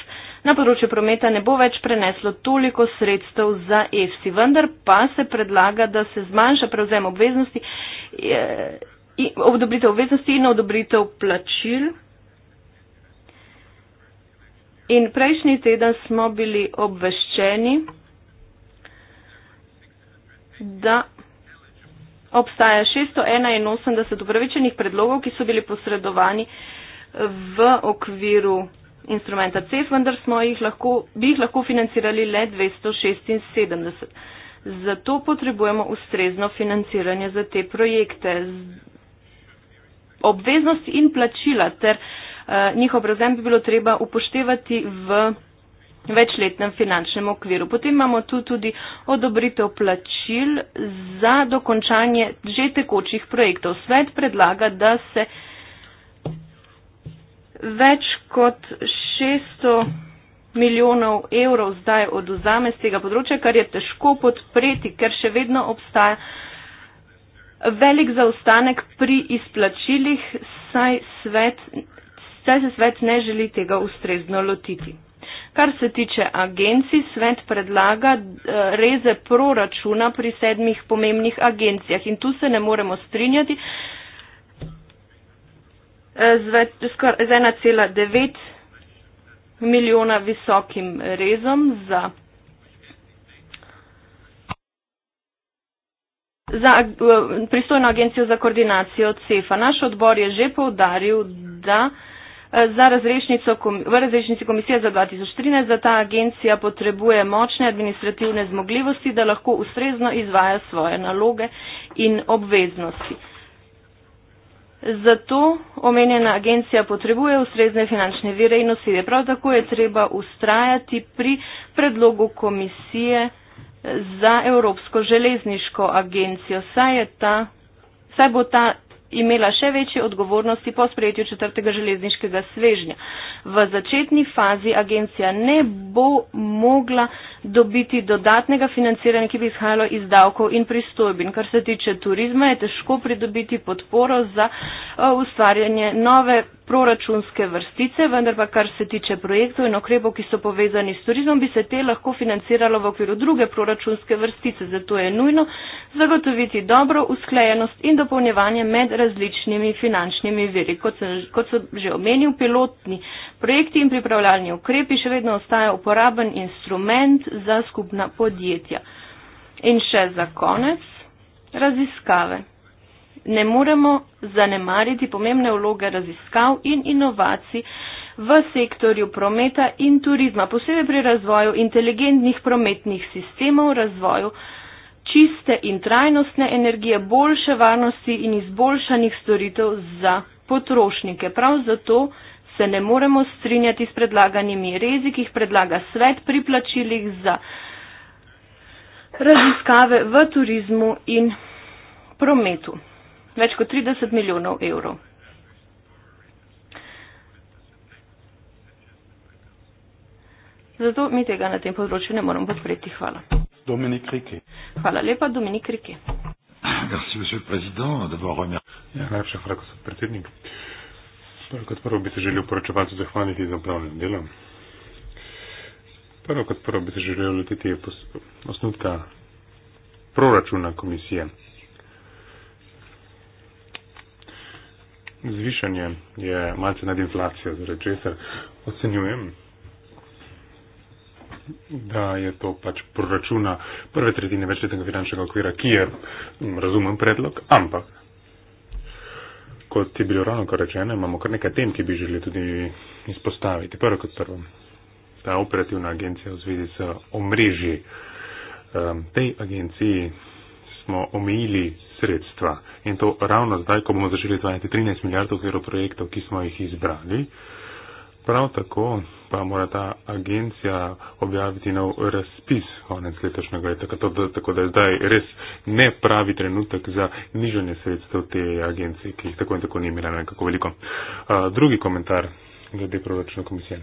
na področju prometa ne bo več preneslo toliko sredstev za EFSI, vendar pa se predlaga, da se zmanjša prevzem obveznosti, eh, odobritev obveznosti in odobritev plačil. In prejšnji teden smo bili obveščeni, da obstaja 681 upravičenih predlogov, ki so bili posredovani v okviru instrumenta CEF, vendar smo jih lahko, bi jih lahko financirali le 276. Zato potrebujemo ustrezno financiranje za te projekte. Obveznosti in plačila ter Eh, njihov prevzem bi bilo treba upoštevati v večletnem finančnem okviru. Potem imamo tu tudi odobritev plačil za dokončanje že tekočih projektov. Svet predlaga, da se več kot 600 milijonov evrov zdaj oduzame z tega področja, kar je težko podpreti, ker še vedno obstaja velik zaostanek pri izplačilih, saj svet saj se svet ne želi tega ustrezno lotiti. Kar se tiče agencij, svet predlaga eh, reze proračuna pri sedmih pomembnih agencijah in tu se ne moremo strinjati eh, z 1,9 milijona visokim rezom za. Za eh, pristojno agencijo za koordinacijo CEFA. Naš odbor je že povdaril, da Eh, za razrešnico, v razrešnici komisije za 2013, da ta agencija potrebuje močne administrativne zmogljivosti, da lahko ustrezno izvaja svoje naloge in obveznosti. Zato omenjena agencija potrebuje ustrezne finančne vire in osebe. Prav tako je treba ustrajati pri predlogu komisije eh, za Evropsko železniško agencijo. Saj, ta, saj bo ta imela še večje odgovornosti po sprejetju četrtega železniškega svežnja. V začetni fazi agencija ne bo mogla dobiti dodatnega financiranja, ki bi izhajalo iz davkov in pristojbin. Kar se tiče turizma, je težko pridobiti podporo za uh, ustvarjanje nove proračunske vrstice, vendar pa kar se tiče projektov in okrepov, ki so povezani s turizmom, bi se te lahko financiralo v okviru druge proračunske vrstice. Zato je nujno zagotoviti dobro usklajenost in dopolnjevanje med različnimi finančnimi veri. Kot sem, kot sem že omenil, pilotni projekti in pripravljalni ukrepi še vedno ostaje uporaben instrument za skupna podjetja. In še za konec, raziskave ne moremo zanemariti pomembne vloge raziskav in inovacij v sektorju prometa in turizma, posebej pri razvoju inteligentnih prometnih sistemov, razvoju čiste in trajnostne energije, boljše varnosti in izboljšanih storitev za potrošnike. Prav zato se ne moremo strinjati s predlaganimi rezi, ki jih predlaga svet pri plačilih za raziskave v turizmu in prometu več kot 30 milijonov evrov. Zato mi tega na tem področju ne moramo podpreti. Hvala. Dominik Riki. Hvala lepa, Dominik Riki. Merci, monsieur le président, d'abord remercie. Ja, najlepša hvala, gospod predsednik. Kot prvo bi se želel poročevalcu zahvaliti za opravljeno delo. Prvo kot prvo bi se želel lotiti osnutka proračuna komisije. zvišanje je malce nad inflacijo, zaradi česar ocenjujem, da je to pač proračuna prve tretjine večletnega finančnega okvira, ki je razumen predlog, ampak kot je bilo ravno kar rečeno, imamo kar nekaj tem, ki bi želeli tudi izpostaviti. Prvo kot prvo, ta operativna agencija v zvezi s omrežji. Um, tej agenciji smo omejili sredstva. In to ravno zdaj, ko bomo začeli izvajati 13 milijardov evrov projektov, ki smo jih izbrali. Prav tako pa mora ta agencija objaviti nov razpis konec letošnjega leta, tako da, tako da je zdaj res ne pravi trenutek za nižanje sredstev te agencije, ki jih tako in tako ni imela nekako veliko. Uh, drugi komentar glede proračuna komisije.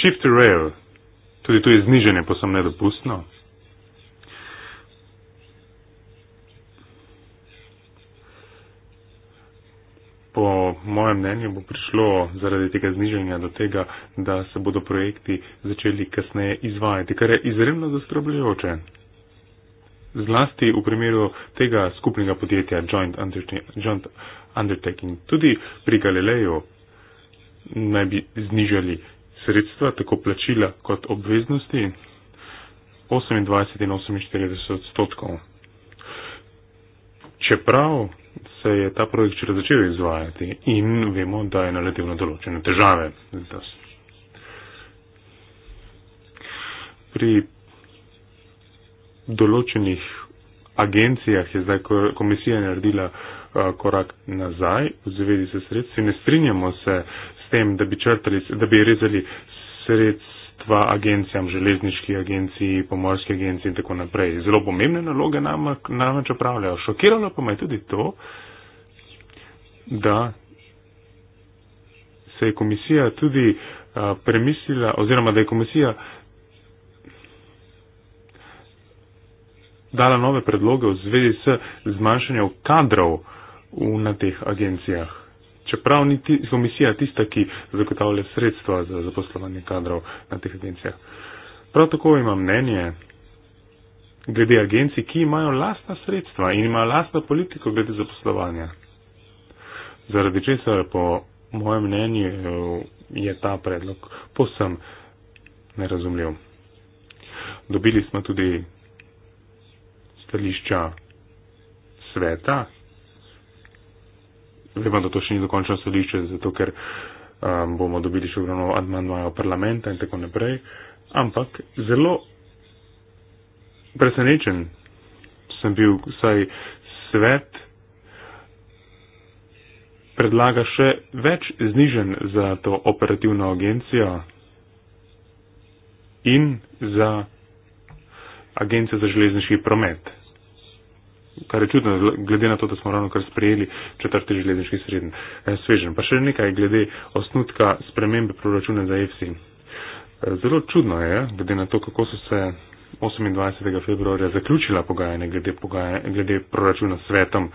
Shift to rail, tudi tu je znižanje posebno nedopustno. po mojem mnenju bo prišlo zaradi tega zniženja do tega, da se bodo projekti začeli kasneje izvajati, kar je izredno zastrobljajoče. Zlasti v primeru tega skupnega podjetja Joint, Undertak Joint Undertaking. Tudi pri Galileju naj bi znižali sredstva, tako plačila kot obveznosti, 28 in 48 odstotkov. Čeprav se je ta projekt šele začel izvajati in vemo, da je naletel na določene težave. Pri določenih agencijah je zdaj komisija naredila korak nazaj v zvezi s sredstvi. Ne strinjamo se s tem, da bi, črtali, da bi rezali sredstva pa agencijam, železniški agenciji, pomorski agenciji in tako naprej. Zelo pomembne naloge nam, namreč upravljajo. Šokiralo pa me je tudi to, da se je komisija tudi a, premislila, oziroma da je komisija dala nove predloge v zvezi s zmanjšanjem kadrov v, na teh agencijah čeprav ni ti, komisija tista, ki zagotavlja sredstva za zaposlovanje kadrov na teh agencijah. Prav tako ima mnenje glede agencij, ki imajo lastna sredstva in imajo lastno politiko glede zaposlovanja. Zaradi česar po mojem mnenju je ta predlog posem nerazumljiv. Dobili smo tudi stališča sveta, vemo, da to še ni dokončno sodišče, zato ker um, bomo dobili še ogromno admanjo parlamenta in tako naprej. Ampak zelo presenečen sem bil, saj svet predlaga še več znižen za to operativno agencijo in za agencijo za železniški promet kar je čudno, glede na to, da smo ravno kar sprejeli četrti železniški sredin. Eh, svežen. Pa še nekaj glede osnutka spremembe proračuna za EFSI. Eh, zelo čudno je, glede na to, kako so se 28. februarja zaključila pogajanja glede, pogajanja glede proračuna s svetom.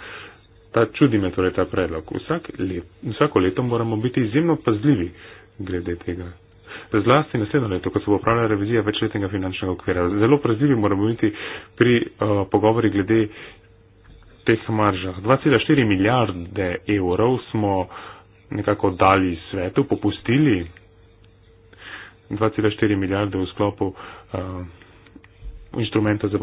Ta čudi me torej ta predlog. Vsak let, vsako leto moramo biti izjemno pazljivi glede tega. Zlasti naslednjo leto, ko se bo upravljala revizija večletnega finančnega okvira. Zelo prezivi moramo biti pri uh, eh, pogovori glede teh maržah. 2,4 milijarde evrov smo nekako dali svetu, popustili 2,4 milijarde v sklopu uh, inštrumenta za,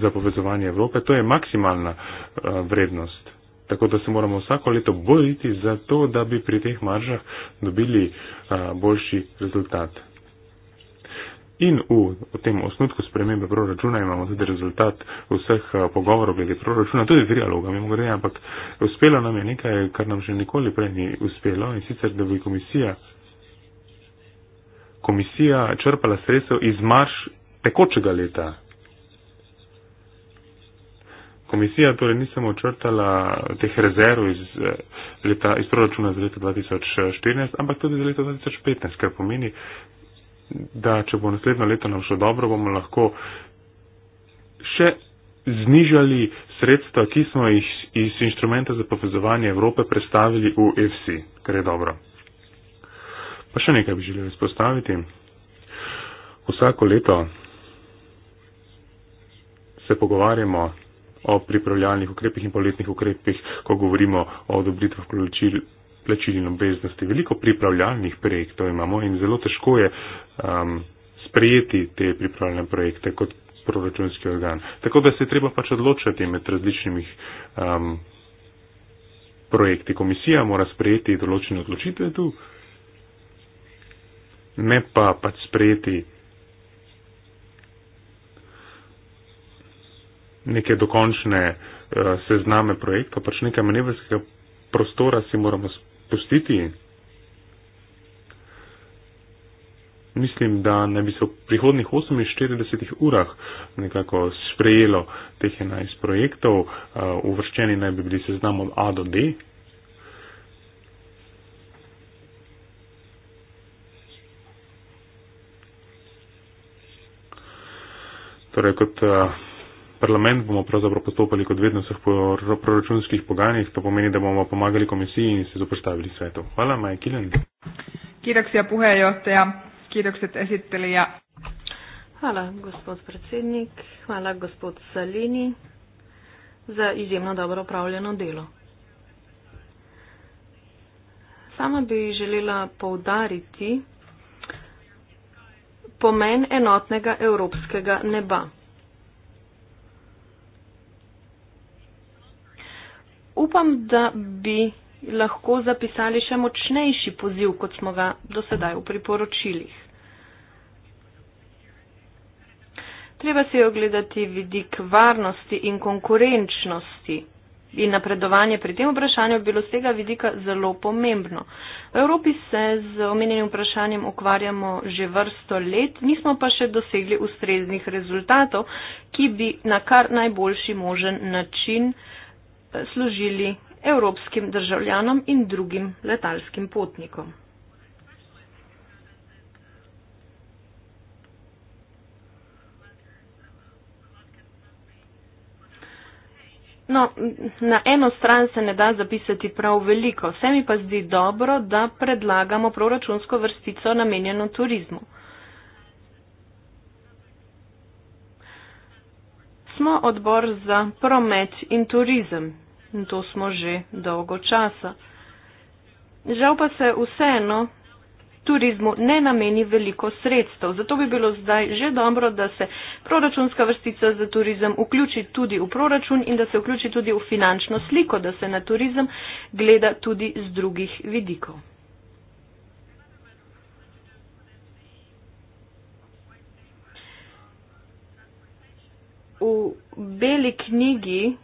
za povezovanje Evrope. To je maksimalna uh, vrednost. Tako da se moramo vsako leto boriti za to, da bi pri teh maržah dobili uh, boljši rezultat. In v, v tem osnutku spremembe proračuna imamo tudi rezultat vseh a, eh, pogovorov glede proračuna, tudi trialoga, mimo grede, ampak uspelo nam je nekaj, kar nam še nikoli prej ni uspelo in sicer, da bi komisija, komisija črpala sredstev iz marš tekočega leta. Komisija torej ni samo črtala teh rezerv iz, eh, leta, iz proračuna za leto 2014, ampak tudi za leto 2015, kar pomeni, da če bo naslednjo leto nam šlo dobro, bomo lahko še znižali sredstva, ki smo jih iz inštrumenta za povezovanje Evrope predstavili v FC, kar je dobro. Pa še nekaj bi želel izpostaviti. Vsako leto se pogovarjamo o pripravljalnih ukrepih in poletnih ukrepih, ko govorimo o odobritvah proračil plačil in obveznosti. Veliko pripravljalnih projektov imamo in zelo težko je um, sprejeti te pripravljalne projekte kot proračunski organ. Tako da se je treba pač odločiti med različnimi um, projekti. Komisija mora sprejeti določene odločitve tu, ne pa pač sprejeti neke dokončne uh, sezname projektov, pač nekaj manevrskega prostora si moramo sprejeti pustiti. Mislim, da ne bi se v prihodnih 48 urah nekako sprejelo teh 11 projektov, uvrščeni naj bi bili seznam od A do D. Torej, kot parlament bomo pravzaprav postopali kot vedno vseh proračunskih pogajanjih, to pomeni, da bomo pomagali komisiji in se zapostavili svetu. Hvala, Maja Kilen. Kiroksija puhejoteja, kiroksija esitelija. Hvala, gospod predsednik. Hvala, gospod Salini, za izjemno dobro upravljeno delo. Sama bi želela poudariti pomen enotnega evropskega neba. upam, da bi lahko zapisali še močnejši poziv, kot smo ga do sedaj v priporočilih. Treba si ogledati vidik varnosti in konkurenčnosti. In napredovanje pri tem vprašanju je bilo z tega vidika zelo pomembno. V Evropi se z omenjenim vprašanjem ukvarjamo že vrsto let, nismo pa še dosegli ustreznih rezultatov, ki bi na kar najboljši možen način uh, služili evropskim državljanom in drugim letalskim potnikom. No, na eno stran se ne da zapisati prav veliko. Se mi pa zdi dobro, da predlagamo proračunsko vrstico namenjeno turizmu. smo odbor za promet in turizem. In to smo že dolgo časa. Žal pa se vseeno turizmu ne nameni veliko sredstev. Zato bi bilo zdaj že dobro, da se proračunska vrstica za turizem vključi tudi v proračun in da se vključi tudi v finančno sliko, da se na turizem gleda tudi z drugih vidikov. v beli knjigi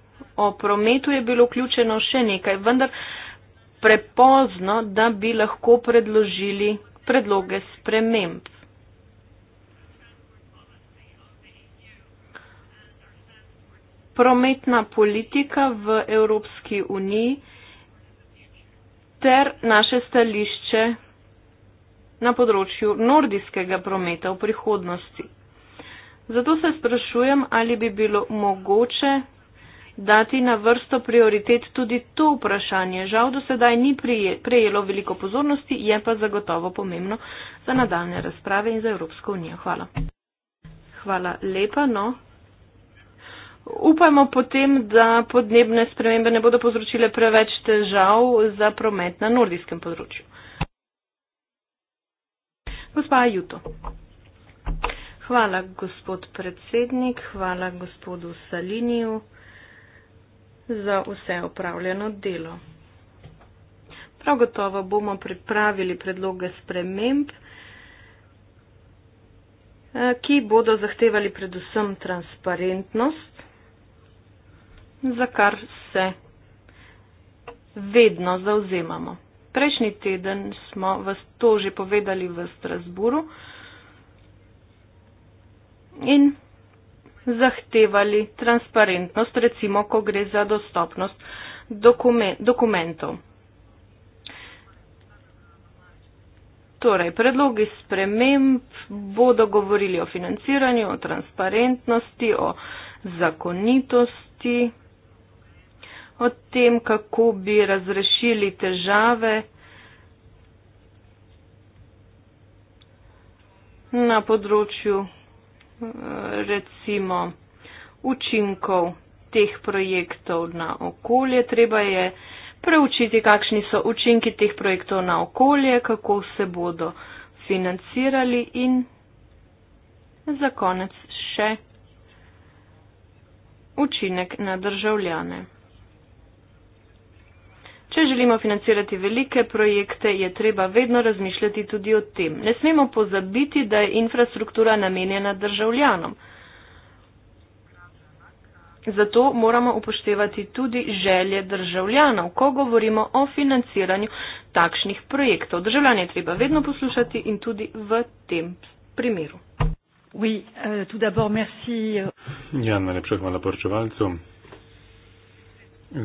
o prometu je bilo vključeno še nekaj, vendar prepozno, da bi lahko predložili predloge sprememb. prometna politika v Evropski uniji ter naše stališče na področju nordijskega prometa v prihodnosti. Zato se sprašujem, ali bi bilo mogoče dati na vrsto prioritet tudi to vprašanje. Žal do sedaj ni prejelo veliko pozornosti, je pa zagotovo pomembno za nadaljne razprave in za Evropsko unijo. Hvala. Hvala lepa. No. Upajmo potem, da podnebne spremembe ne bodo povzročile preveč težav za promet na nordijskem področju. Gospa Juto. Hvala, gospod predsednik, hvala gospodu Saliniju za vse upravljeno delo. Prav gotovo bomo pripravili predloge sprememb, eh, ki bodo zahtevali predvsem transparentnost, za kar se vedno zauzemamo. Prejšnji teden smo vas to že povedali v Strasburu, in zahtevali transparentnost, recimo, ko gre za dostopnost dokumen dokumentov. Torej, predlogi sprememb bodo govorili o financiranju, o transparentnosti, o zakonitosti, o tem, kako bi razrešili težave na področju recimo učinkov teh projektov na okolje. Treba je preučiti, kakšni so učinki teh projektov na okolje, kako se bodo financirali in za konec še učinek na državljane. Če želimo financirati velike projekte, je treba vedno razmišljati tudi o tem. Ne smemo pozabiti, da je infrastruktura namenjena državljanom. Zato moramo upoštevati tudi želje državljanov, ko govorimo o financiranju takšnih projektov. Državljanje je treba vedno poslušati in tudi v tem primeru. Oui, euh, tout d'abord, merci. Euh. Ja, najlepša hvala poročevalcu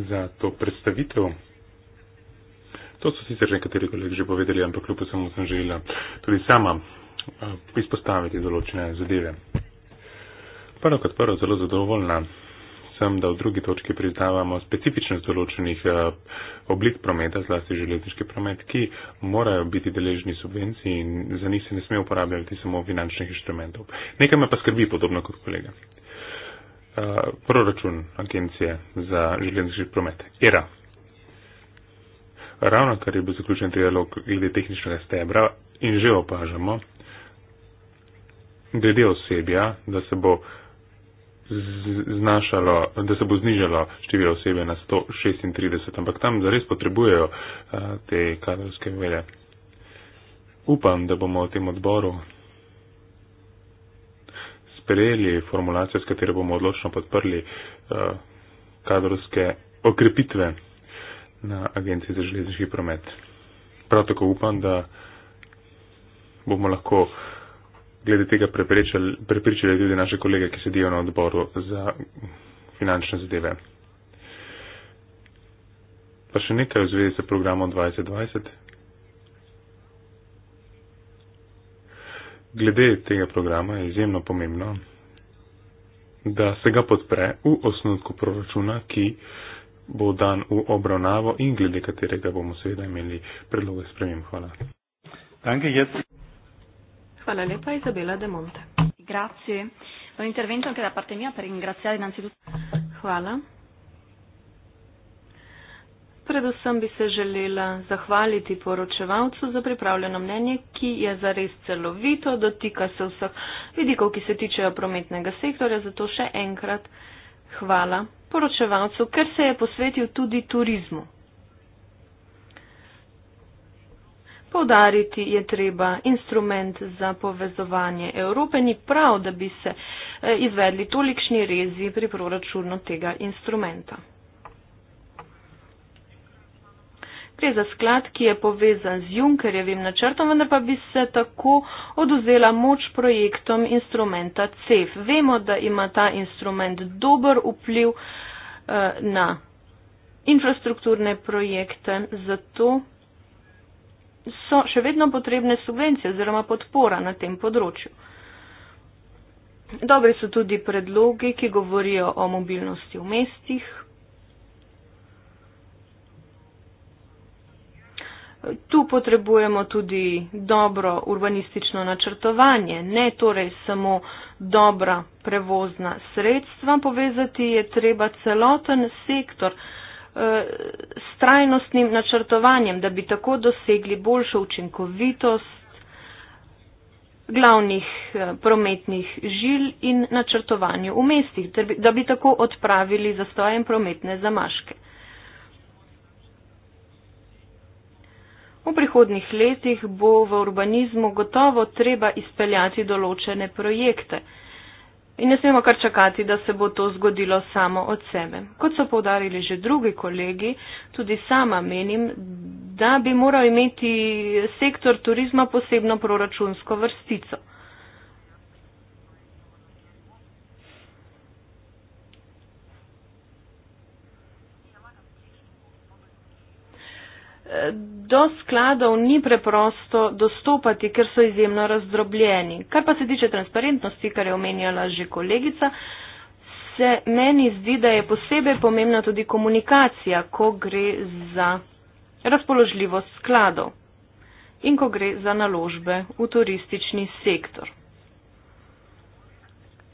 za to predstavitev. To so sicer nekateri kolegi že povedali, ampak kljub vsemu sem želela tudi sama izpostaviti določene zadeve. Prvo kot prvo, zelo zadovoljna sem, da v drugi točki priznavamo specifičnost določenih oblik prometa, zlasti železniški promet, ki morajo biti deležni subvencij in za njih se ne sme uporabljati samo finančnih inštrumentov. Nekaj me pa skrbi podobno kot kolega. Proračun agencije za železniški promet, ERA, Ravno kar je bil zaključen trialog glede tehničnega stebra in že opažamo, glede osebja, da se bo, znašalo, da se bo znižalo število osebja na 136, ampak tam zares potrebujejo a, eh, te kadrovske velje. Upam, da bomo v tem odboru sprejeli formulacijo, s katero bomo odločno podprli a, eh, kadrovske okrepitve na Agenciji za železniški promet. Prav tako upam, da bomo lahko glede tega prepričali tudi naše kolege, ki sedijo na odboru za finančne zadeve. Pa še nekaj v zvezi s programom 2020. Glede tega programa je izjemno pomembno, da se ga podpre v osnutku proračuna, ki uh, bo dan v obravnavo in glede katerega bomo seveda imeli predloge spremem. Hvala. Danke, jaz. Hvala lepa, Izabela de Monte. Grazie. Un intervento anche da parte mia per ringraziare innanzitutto. Hvala. Predvsem bi se želela zahvaliti poročevalcu za pripravljeno mnenje, ki je zares celovito, dotika se vseh vidikov, ki se tičejo prometnega sektorja, zato še enkrat hvala poročevalcu, ker se je posvetil tudi turizmu. Povdariti je treba instrument za povezovanje Evrope. Ni prav, da bi se eh, izvedli tolikšni rezi pri proračunu tega instrumenta. gre za sklad, ki je povezan z Junkerjevim načrtom, vendar pa bi se tako oduzela moč projektom instrumenta CEF. Vemo, da ima ta instrument dober vpliv uh, na infrastrukturne projekte, zato so še vedno potrebne subvencije oziroma podpora na tem področju. Dobri so tudi predlogi, ki govorijo o mobilnosti v mestih, Tu potrebujemo tudi dobro urbanistično načrtovanje, ne torej samo dobra prevozna sredstva. Povezati je treba celoten sektor eh, s trajnostnim načrtovanjem, da bi tako dosegli boljšo učinkovitost glavnih eh, prometnih žil in načrtovanju v mestih, da bi tako odpravili zastojem prometne zamaške. V prihodnih letih bo v urbanizmu gotovo treba izpeljati določene projekte in ne smemo kar čakati, da se bo to zgodilo samo od sebe. Kot so povdarili že drugi kolegi, tudi sama menim, da bi moral imeti sektor turizma posebno proračunsko vrstico. do skladov ni preprosto dostopati, ker so izjemno razdrobljeni. Kar pa se tiče transparentnosti, kar je omenjala že kolegica, se meni zdi, da je posebej pomembna tudi komunikacija, ko gre za razpoložljivost skladov in ko gre za naložbe v turistični sektor.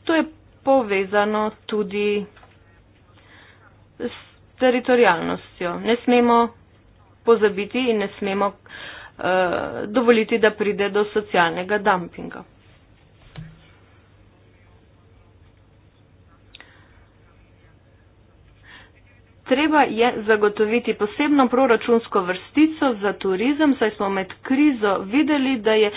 To je povezano tudi s teritorijalnostjo. Ne smemo pozabiti in ne smemo uh, dovoliti, da pride do socialnega dumpinga. Treba je zagotoviti posebno proračunsko vrstico za turizem, saj smo med krizo videli, da je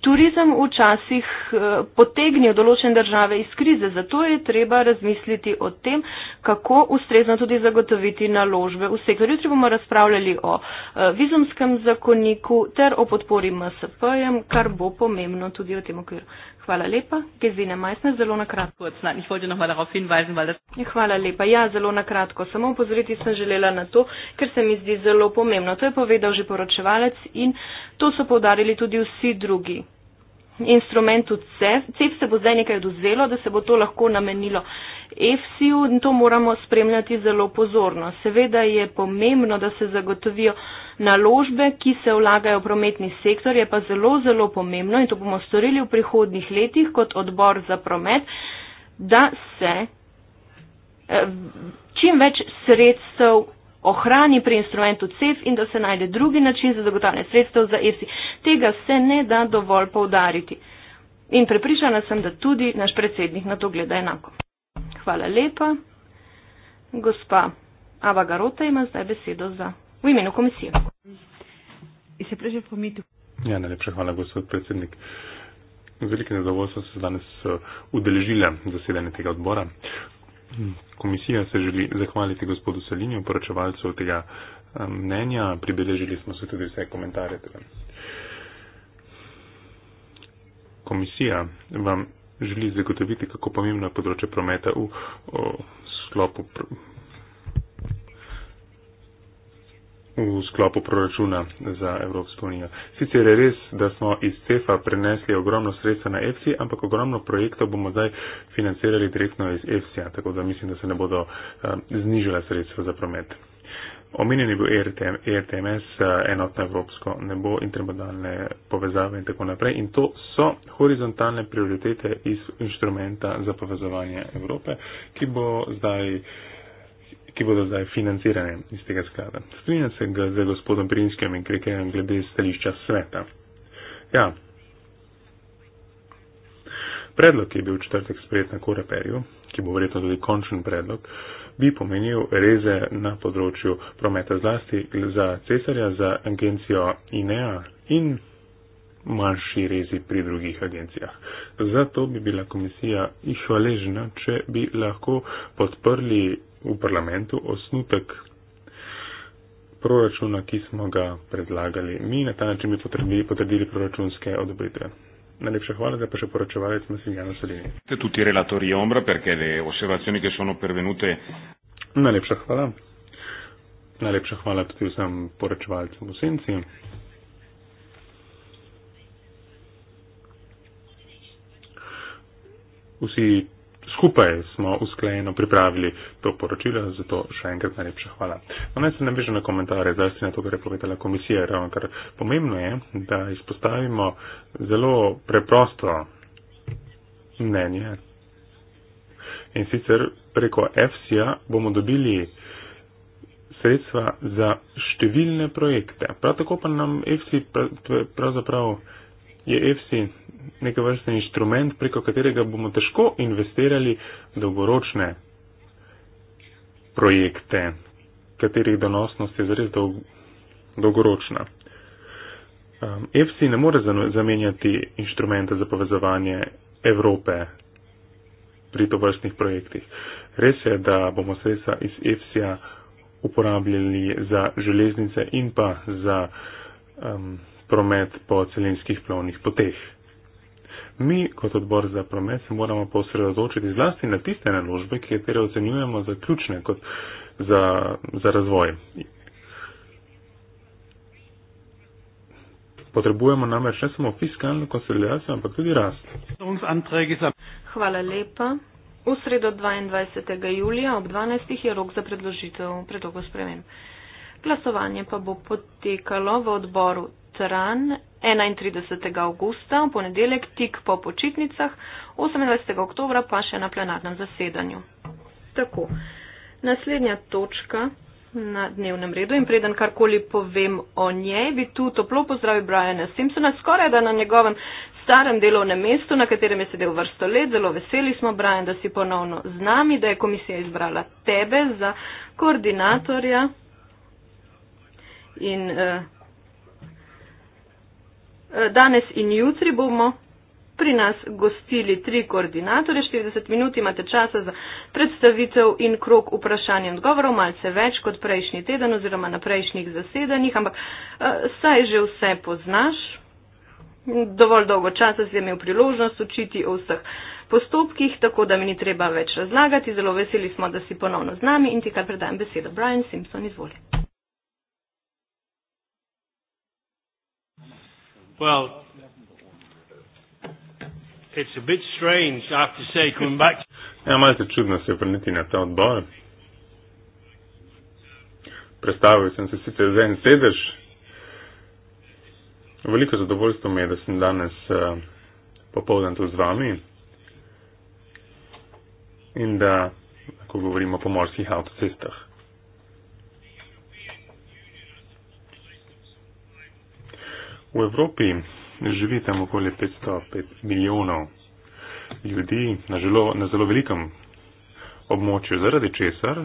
turizem včasih eh, potegnil določene države iz krize, zato je treba razmisliti o tem, kako ustrezno tudi zagotoviti naložbe v sektor. Jutri bomo razpravljali o eh, vizumskem zakoniku ter o podpori MSP-jem, kar bo pomembno tudi v tem okviru. Hvala lepa. Gesine Meissner, zelo na kratko. Kurz, nein, ich wollte nochmal darauf hinweisen, weil das. Ja, hvala lepa. Ja, zelo na kratko. Samo upozoriti sem želela na to, ker se mi zdi zelo pomembno. To je povedal že poročevalec in to so povdarili tudi vsi drugi instrumentu CEF. CEF se bo zdaj nekaj oduzelo, da se bo to lahko namenilo EFSI-ju in to moramo spremljati zelo pozorno. Seveda je pomembno, da se zagotovijo naložbe, ki se vlagajo v prometni sektor, je pa zelo, zelo pomembno in to bomo storili v prihodnih letih kot odbor za promet, da se eh, čim več sredstev ohrani pri instrumentu CEF in da se najde drugi način za zagotavljanje sredstev za EFSI. Tega se ne da dovolj povdariti. In prepričana sem, da tudi naš predsednik na to gleda enako. Hvala lepa. Gospa Ava Garota ima zdaj besedo za, v imenu komisije. Ja, najlepša hvala, gospod predsednik. Z velikim zadovoljstvom se danes eh, udeležile zasedanje tega odbora. Komisija se želi zahvaliti gospodu Salinju, poročevalcu tega eh, mnenja. Pribeležili smo se tudi vse komentarje. Tega. Komisija vam želi zagotoviti, kako pomembno je področje prometa v, v sklopu pr v sklopu proračuna za Evropsko unijo. Sicer je res, da smo iz CEFA prenesli ogromno sredstva na EFSI, ampak ogromno projektov bomo zdaj financirali direktno iz EFSI-ja, tako da mislim, da se ne bodo um, znižala sredstva za promet. Omenjen je bil ERTMS, e eh, enotno evropsko nebo, intermodalne povezave in tako naprej. In to so horizontalne prioritete iz inštrumenta za povezovanje Evrope, ki bo zdaj ki bodo zdaj financirane iz tega sklada. Strinjam se ga z gospodom Prinskem in Krekejem glede stališča sveta. Ja. Predlog, ki je bil četrtek sprejet na Koreperju, ki bo verjetno tudi končen predlog, bi pomenil reze na področju prometa zlasti za cesarja, za agencijo INEA in manjši rezi pri drugih agencijah. Zato bi bila komisija hvaležna, če bi lahko podprli v parlamentu osnutek proračuna, ki smo ga predlagali. Mi na ta način bi potrdili, potrdili proračunske odobritve. Najlepša hvala, da pa še poročevalec Massimiliano Salini. Tudi relatori Ombra, perke de osebacioni, ki so ono pervenute. Najlepša hvala. Najlepša hvala tudi vsem poročevalcem v Senci. Vsi skupaj smo usklejeno pripravili to poročilo, zato še enkrat najlepša hvala. No, naj se ne veže na komentarje, zdaj si na to, kar je povedala komisija, ravno kar pomembno je, da izpostavimo zelo preprosto mnenje. In sicer preko EFSI-ja bomo dobili sredstva za številne projekte. Prav tako pa nam EFSI pravzaprav. Je EFSI neke vrste inštrument, preko katerega bomo težko investirali dolgoročne projekte, katerih donosnost je zares dolg, dolgoročna. Um, EFSI ne more zamenjati inštrumenta za povezovanje Evrope pri tovrstnih projektih. Res je, da bomo sredstva iz EFSI-ja uporabljali za železnice in pa za um, promet po celinskih plovnih poteh. Mi, kot odbor za promet, se moramo pa osredotočiti zlasti na tiste naložbe, ki jih ocenjujemo za ključne kot za, za razvoj. Potrebujemo namreč ne samo fiskalno konsolidacijo, ampak tudi rast. Hvala lepa. V sredo 22. julija ob 12. je rok za predložitev predlogov sprememb. Glasovanje pa bo potekalo v odboru stran 31. augusta, ponedeljek, tik po počitnicah, 28. oktobra pa še na plenarnem zasedanju. Tako, naslednja točka na dnevnem redu in preden karkoli povem o njej, bi tu toplo pozdravil Briana Simpsona, skoraj da na njegovem starem delovnem mestu, na katerem je sedel vrsto let. Zelo veseli smo, Brian, da si ponovno z nami, da je komisija izbrala tebe za koordinatorja in eh, Eh, danes in jutri bomo pri nas gostili tri koordinatorje. 40 minut imate časa za predstavitev in krok vprašanj in odgovorov, malce več kot prejšnji teden oziroma na prejšnjih zasedanjih, ampak eh, saj že vse poznaš. Dovolj dolgo časa si imel priložnost učiti o vseh postopkih, tako da mi ni treba več razlagati. Zelo veseli smo, da si ponovno z nami in ti kar predajam besedo. Brian Simpson, izvolite. Well, it's a bit strange, I have to say, coming back. Ja, malce čudno se vrniti na ta odbor. Predstavil sem se sicer za en sedež. Veliko zadovoljstvo mi je, da sem danes uh, popoldan tu z vami in da lahko govorimo o pomorskih avtocestah. V Evropi živi tam okoli 505 milijonov ljudi na, želo, na zelo velikem območju, zaradi česar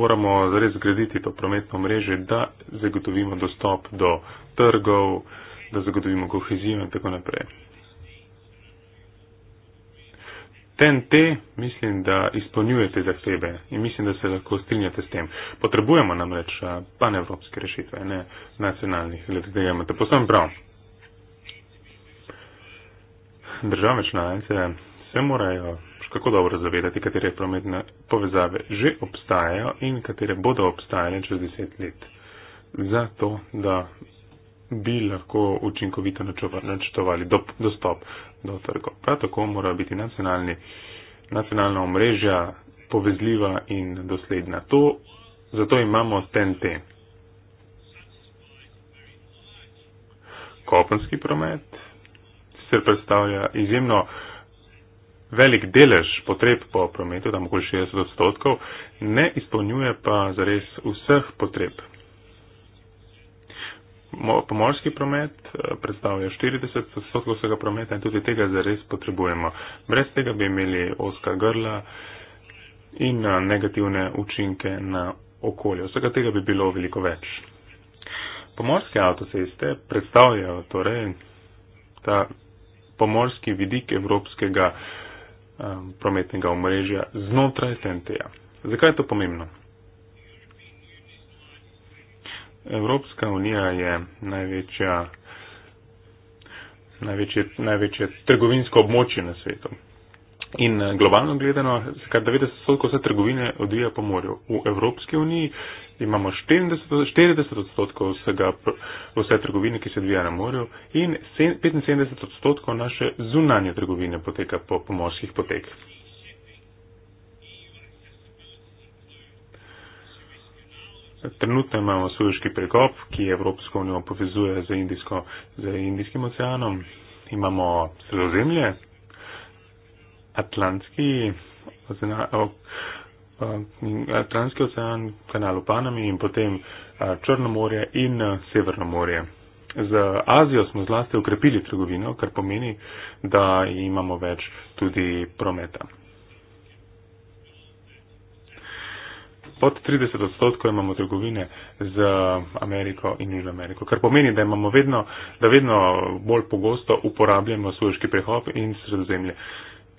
moramo zares zgraditi to prometno mreže, da zagotovimo dostop do trgov, da zagotovimo kohezijo in tako naprej. TNT mislim, da izpolnjujete zahteve in mislim, da se lahko strinjate s tem. Potrebujemo namreč eh, panevropske rešitve, ne nacionalnih, glede tega imate posebno prav. Države članice se morajo kako dobro zavedati, katere prometne povezave že obstajajo in katere bodo obstajale čez deset let. Zato, da bi lahko učinkovito načrtovali dostop do trgov. Prav tako morajo biti nacionalna omrežja povezljiva in dosledna. To, zato imamo TNT. Kopenski promet se predstavlja izjemno velik delež potreb po prometu, tam okoli 60 odstotkov, ne izpolnjuje pa zares vseh potreb pomorski promet eh, predstavlja 40 odstotkov vsega prometa in tudi tega zares potrebujemo. Brez tega bi imeli oska grla in eh, negativne učinke na okolje. Vsega tega bi bilo veliko več. Pomorske avtoceste predstavljajo torej ta pomorski vidik evropskega um, prometnega omrežja znotraj TNT-ja. Zakaj je to pomembno? Evropska unija je največja, največje, največje trgovinsko območje na svetu. In eh, globalno gledano, kar 90% vse trgovine odvija po morju. V Evropski uniji imamo 40% vsega, vse trgovine, ki se odvija na morju in 75% naše zunanje trgovine poteka po pomorskih potekih. trenutno imamo sueški prekop, ki Evropsko unijo povezuje z, Indijsko, z Indijskim oceanom. Imamo sredozemlje, Atlantski, Atlantski ocean, kanal v Panami in potem Črno morje in Severno morje. Z Azijo smo zlasti ukrepili trgovino, kar pomeni, da imamo več tudi prometa. pod 30 odstotkov imamo trgovine z Ameriko in Južno Ameriko, kar pomeni, da imamo vedno, da vedno bolj pogosto uporabljamo sueški prehop in sredozemlje.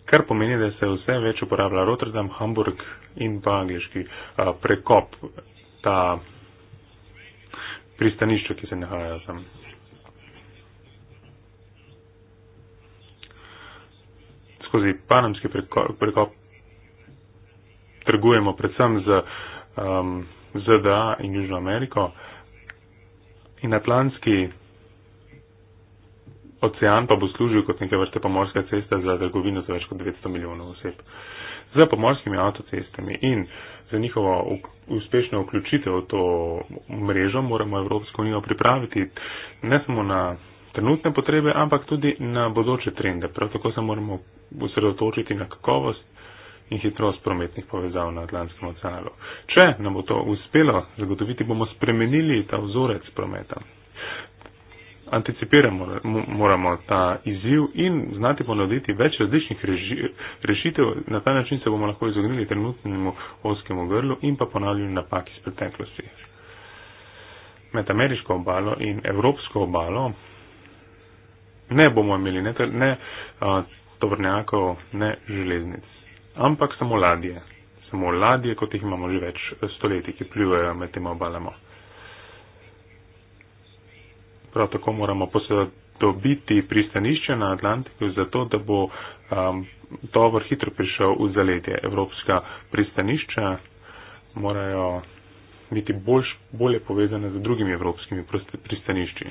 Kar pomeni, da se vse več uporablja Rotterdam, Hamburg in pa angliški prekop, ta pristanišče, ki se nahaja tam. Skozi panamski prekop, prekop trgujemo predvsem z uh, um, ZDA in Južno Ameriko. In Atlantski ocean pa bo služil kot neke vrste pomorska cesta za trgovino za več kot 900 milijonov oseb. Z pomorskimi avtocestami in za njihovo uspešno vključitev v to mrežo moramo Evropsko unijo pripraviti ne samo na trenutne potrebe, ampak tudi na bodoče trende. Prav tako se moramo osredotočiti na kakovost in hitrost prometnih povezav na Atlantskem oceanu. Če nam bo to uspelo zagotoviti, bomo spremenili ta vzorec prometa. Anticipiramo moramo ta izziv in znati ponuditi več različnih rešitev. Na ta način se bomo lahko izognili trenutnemu oskemu grlu in pa ponavljanju napak iz preteklosti. Med ameriško obalo in evropsko obalo ne bomo imeli ne, ne tovrnjakov, ne železnic ampak samo ladje. Samo ladje, kot jih imamo že več stoletij, ki plivajo med tem obalama. Prav tako moramo posodobiti pristanišče na Atlantiku, zato da bo um, tovor hitro prišel v zaledje. Evropska pristanišča morajo biti bolj, bolje povezane z drugimi evropskimi pristanišči.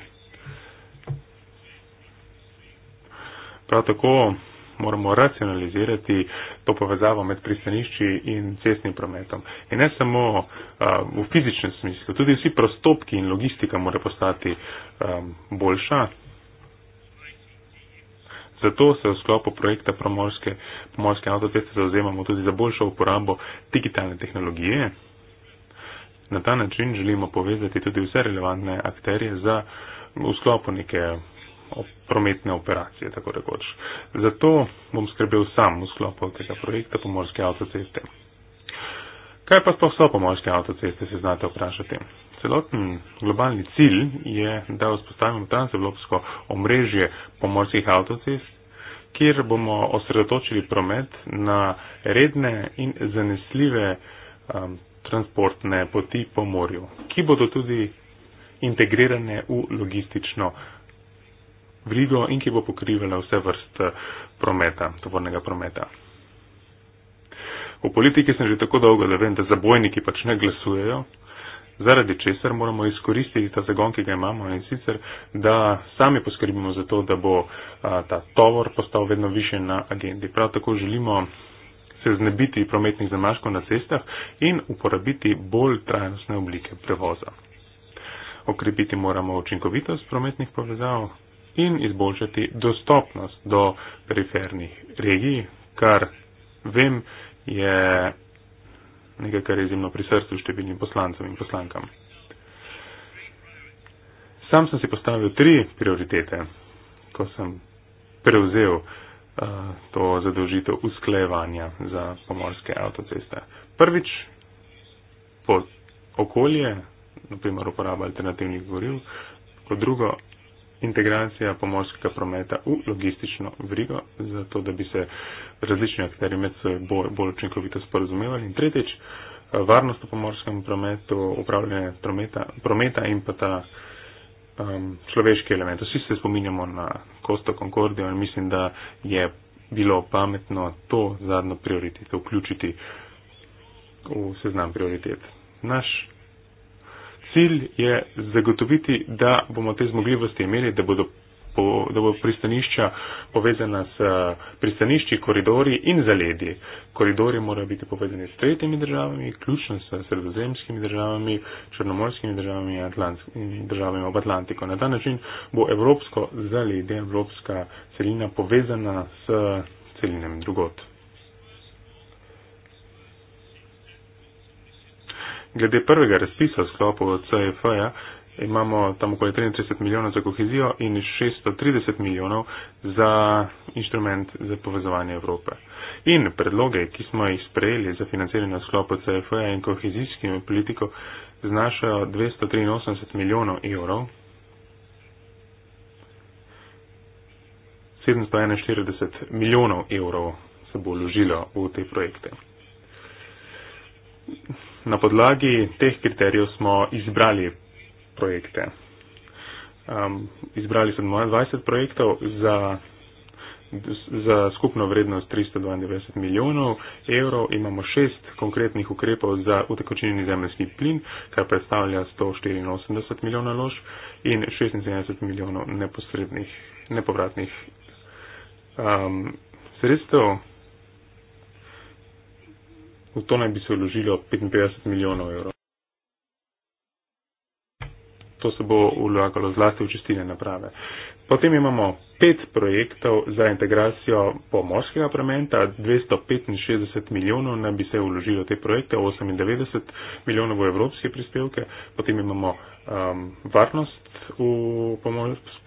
Prav tako moramo racionalizirati to povezavo med pristanišči in cestnim prometom. In ne samo uh, v fizičnem smislu, tudi vsi prostopki in logistika mora postati um, boljša. Zato se v sklopu projekta promorske, promorske avtoceste zauzemamo tudi za boljšo uporabo digitalne tehnologije. Na ta način želimo povezati tudi vse relevantne akterje za v sklopu neke prometne operacije, tako rekoč. Zato bom skrbel sam v sklopu tega projekta pomorske avtoceste. Kaj pa sploh so pomorske avtoceste, se znate vprašati? Celoten globalni cilj je, da vzpostavimo transevropsko omrežje pomorskih avtocest, kjer bomo osredotočili promet na redne in zanesljive um, transportne poti po morju, ki bodo tudi integrirane v logistično vrigo in ki bo pokrivala vse vrst prometa, tovornega prometa. V politiki sem že tako dolgo, da vem, da zabojniki pač ne glasujejo, zaradi česar moramo izkoristiti ta zagon, ki ga imamo in sicer, da sami poskrbimo za to, da bo a, ta tovor postal vedno više na agendi. Prav tako želimo se znebiti prometnih zamaškov na cestah in uporabiti bolj trajnostne oblike prevoza. Okrepiti moramo učinkovitost prometnih povezav, in izboljšati dostopnost do perifernih regij, kar vem je nekaj, kar je izjemno pri srcu številnim poslancem in poslankam. Sam sem si postavil tri prioritete, ko sem prevzel uh, to zadolžitev usklejevanja za pomorske avtoceste. Prvič, po okolje, naprimer uporaba alternativnih goril, po drugo, integracija pomorskega prometa v logistično vrigo, zato da bi se različni akteri med seboj bolj, bolj učinkovito sporozumevali. In tretjič, varnost v pomorskem prometu, upravljanje prometa, prometa in pa ta um, človeški element. Vsi se spominjamo na Kosto Concordio in mislim, da je bilo pametno to zadnjo prioriteto vključiti v seznam prioritet. Naš cilj je zagotoviti, da bomo te zmogljivosti imeli, da bodo. Po, da bo pristanišča povezana s eh, pristanišči, koridori in zaledi. Koridori morajo biti povezani s tretjimi državami, ključno s sredozemskimi državami, črnomorskimi državami in atlantskimi državami ob Atlantiko. Na ta način bo evropsko zaledje, evropska celina povezana s eh, celinami drugot. Glede prvega razpisa v sklopu CFA imamo tam okoli 33 milijonov za kohezijo in 630 milijonov za inštrument za povezovanje Evrope. In predloge, ki smo jih sprejeli za financiranje v sklopu CFA in kohezijskimi politiko, znašajo 283 milijonov evrov. 741 milijonov evrov se bo vložilo v te projekte na podlagi teh kriterijev smo izbrali projekte. Um, izbrali smo 20 projektov za, za skupno vrednost 392 milijonov evrov. Imamo šest konkretnih ukrepov za utekočinjeni zemljski plin, kar predstavlja 184 milijonov lož in 76 milijonov neposrednih, nepovratnih um, sredstev. V to naj bi se vložilo 55 milijonov evrov. To se bo vlagalo zlasti v čistine naprave. Potem imamo pet projektov za integracijo pomorskega prementa, 265 milijonov naj bi se vložilo te projekte, 98 milijonov v evropske prispevke, potem imamo um, varnost v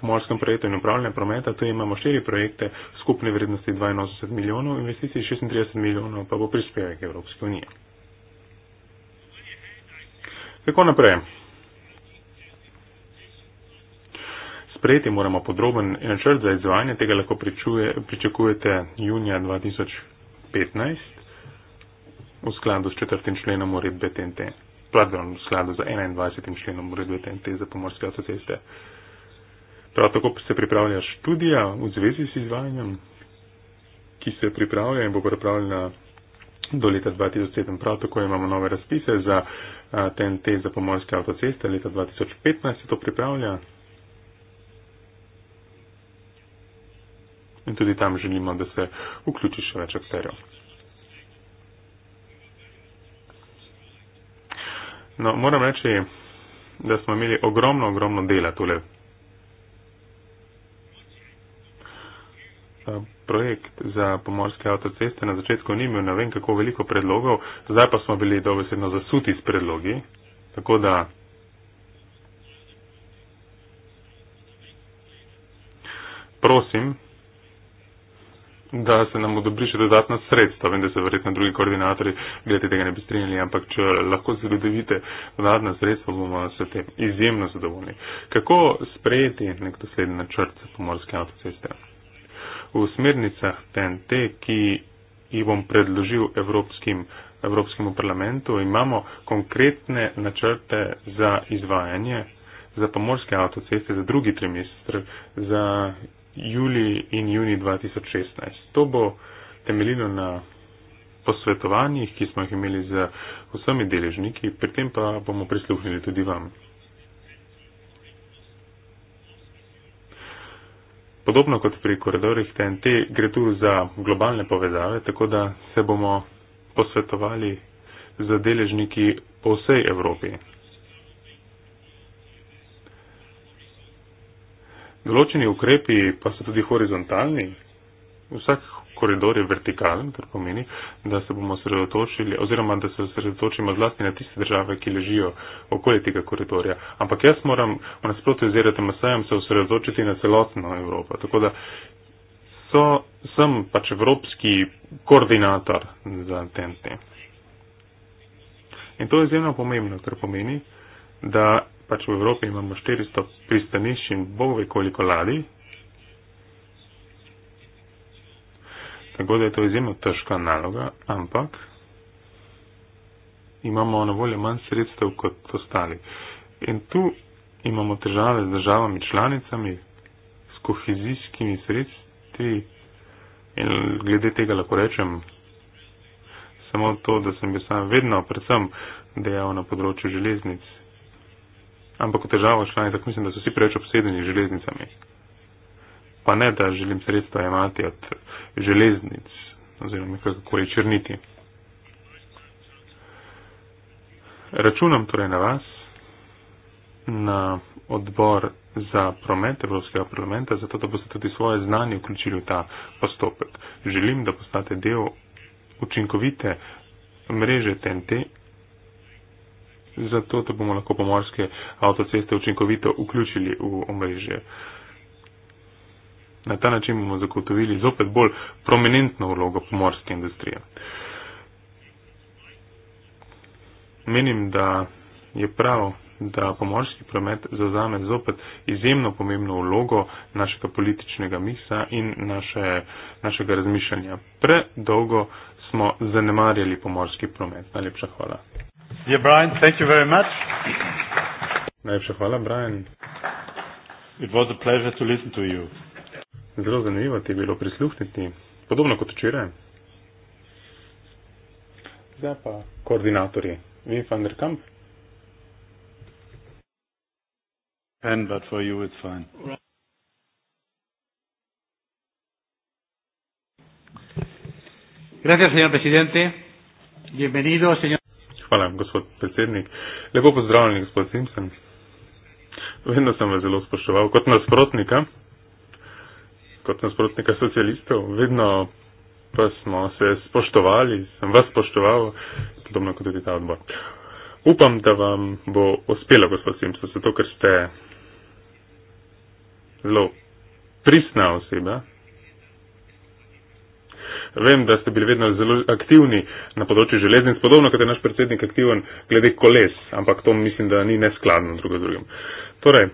pomorskem projektu in upravljanje prometa, tu imamo štiri projekte skupne vrednosti 82 milijonov, investicij 36 milijonov pa bo prispevek Evropske unije. Tako naprej. sprejeti moramo podroben načrt za izvajanje, tega lahko pričuje, pričakujete junija 2015 v skladu s četrtim členom uredbe TNT, pardon, v skladu z 21. členom uredbe TNT za pomorske avtoceste. Prav tako se pripravlja študija v zvezi s izvajanjem, ki se pripravlja in bo pripravljena do leta 2007. Prav tako imamo nove razpise za TNT za pomorske avtoceste, leta 2015 se to pripravlja. in tudi tam želimo, da se vključi še več akterjev. No, moram reči, da smo imeli ogromno, ogromno dela tole. Projekt za pomorske avtoceste na začetku ni imel ne vem kako veliko predlogov, zdaj pa smo bili dovesedno zasuti s predlogi, tako da prosim, da se nam odobri še dodatna sredstva. Vem, da se verjetno drugi koordinatori glede tega ne bi strinjali, ampak če lahko zagotovite dodatna sredstva, bomo se tem izjemno zadovoljni. Kako sprejeti nek dosledni načrt za pomorske avtoceste? V smernicah TNT, ki jih bom predložil Evropskim, Evropskemu parlamentu, imamo konkretne načrte za izvajanje za pomorske avtoceste za drugi trimestr, za juli in juni 2016. To bo temeljilo na posvetovanjih, ki smo jih imeli z vsemi deležniki, pri tem pa bomo prisluhnili tudi vam. Podobno kot pri koridorih TNT gre tu za globalne povezave, tako da se bomo posvetovali z deležniki po vsej Evropi. Določeni ukrepi pa so tudi horizontalni. Vsak koridor je vertikalen, kar pomeni, da se bomo sredotočili oziroma da se sredotočimo zlasti na tiste države, ki ležijo okoli tega koridorja. Ampak jaz moram v nasprotju z RTMS-jem se osredotočiti na celotno Evropo. Tako da so, sem pač evropski koordinator za TNT. In to je izjemno pomembno, kar pomeni, da pač v Evropi imamo 400 pristanišč in bove koliko ladij. Tako da je to izjemno težka naloga, ampak imamo na voljo manj sredstev kot ostali. In tu imamo težave z državami članicami, s kohezijskimi sredstvi in glede tega lahko rečem samo to, da sem bil sam vedno predvsem dejal na področju železnic ampak v težavo članicah mislim, da so vsi preveč obsedeni železnicami. Pa ne, da želim sredstva imati od železnic oziroma nekakoli črniti. Računam torej na vas, na odbor za promet Evropskega parlamenta, zato da boste tudi svoje znanje vključili v ta postopek. Želim, da postate del učinkovite mreže TNT zato da bomo lahko pomorske avtoceste učinkovito vključili v omrežje. Na ta način bomo zagotovili zopet bolj prominentno vlogo pomorske industrije. Menim, da je prav, da pomorski promet zazame zopet izjemno pomembno vlogo našega političnega misa in naše, našega razmišljanja. Predolgo smo zanemarjali pomorski promet. Najlepša hvala. Yeah, Brian, thank you very much. Najlepša hvala, Brian. It was a pleasure to listen to you. Zelo zanimivo ti je bilo prisluhniti, podobno kot včeraj. Zdaj pa koordinatorji. Vi, van der Kamp? Pen, but for you it's fine. Gracias, señor presidente. Bienvenido, señor. Hvala, gospod predsednik. Lepo pozdravljen, gospod Simpson. Vedno sem vas zelo spoštoval kot nasprotnika, kot nasprotnika socialistov. Vedno pa smo se spoštovali, sem vas spoštoval, podobno kot tudi ta odbor. Upam, da vam bo uspelo, gospod Simpson, zato ker ste zelo prisna oseba vem, da ste bili vedno zelo aktivni na področju železnic, podobno kot je naš predsednik aktiven glede koles, ampak to mislim, da ni neskladno drugo z drugim. Torej,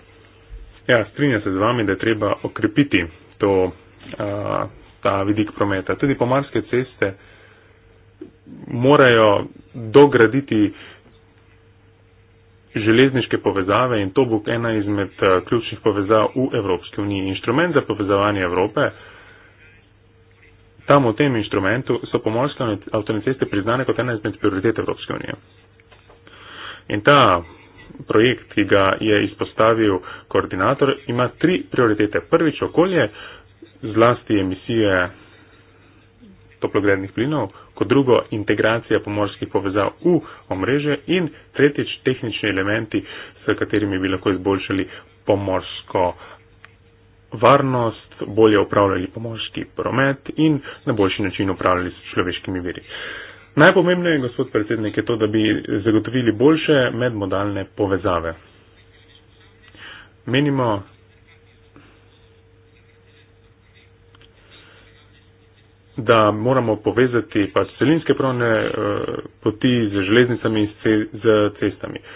ja, strinja se z vami, da je treba okrepiti to, a, ta vidik prometa. Tudi pomarske ceste morajo dograditi železniške povezave in to bo ena izmed ključnih povezav v Evropski uniji. Inštrument za povezovanje Evrope uh, Samo v tem inštrumentu so pomorske avtoniceste priznane kot ena izmed prioritet Evropske unije. In ta projekt, ki ga je izpostavil koordinator, ima tri prioritete. Prvič okolje, zlasti emisije toplogrednih plinov, kot drugo integracija pomorskih povezav v omrežje in tretjič tehnični elementi, s katerimi bi lahko izboljšali pomorsko uh, varnost, bolje upravljali pomorski promet in na boljši način upravljali s človeškimi viri. Najpomembneje, gospod predsednik, je to, da bi zagotovili boljše medmodalne povezave. Menimo, da moramo povezati pač celinske pravne uh, eh, poti z železnicami in ce z cestami. Uh,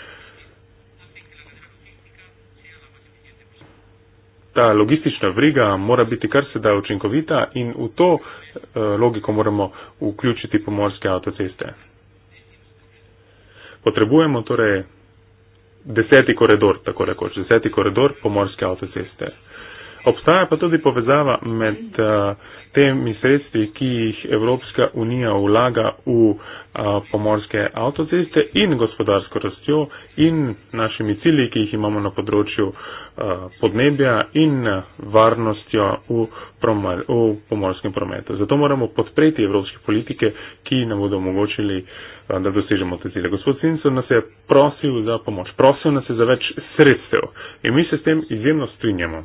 ta logistična vriga mora biti kar se da učinkovita in v to eh, logiko moramo vključiti pomorske avtoceste. Potrebujemo torej deseti koridor, tako rekoč, deseti koridor pomorske avtoceste. Obstaja pa tudi povezava med uh, temi sredstvi, ki jih Evropska unija vlaga v uh, pomorske avtoceste in gospodarsko rastjo in našimi cilji, ki jih imamo na področju uh, podnebja in varnostjo v, promor, v pomorskem prometu. Zato moramo podpreti evropske politike, ki nam bodo omogočili, uh, da dosežemo te cilje. Gospod Sinson nas je prosil za pomoč, prosil nas je za več sredstev in mi se s tem izjemno strinjamo.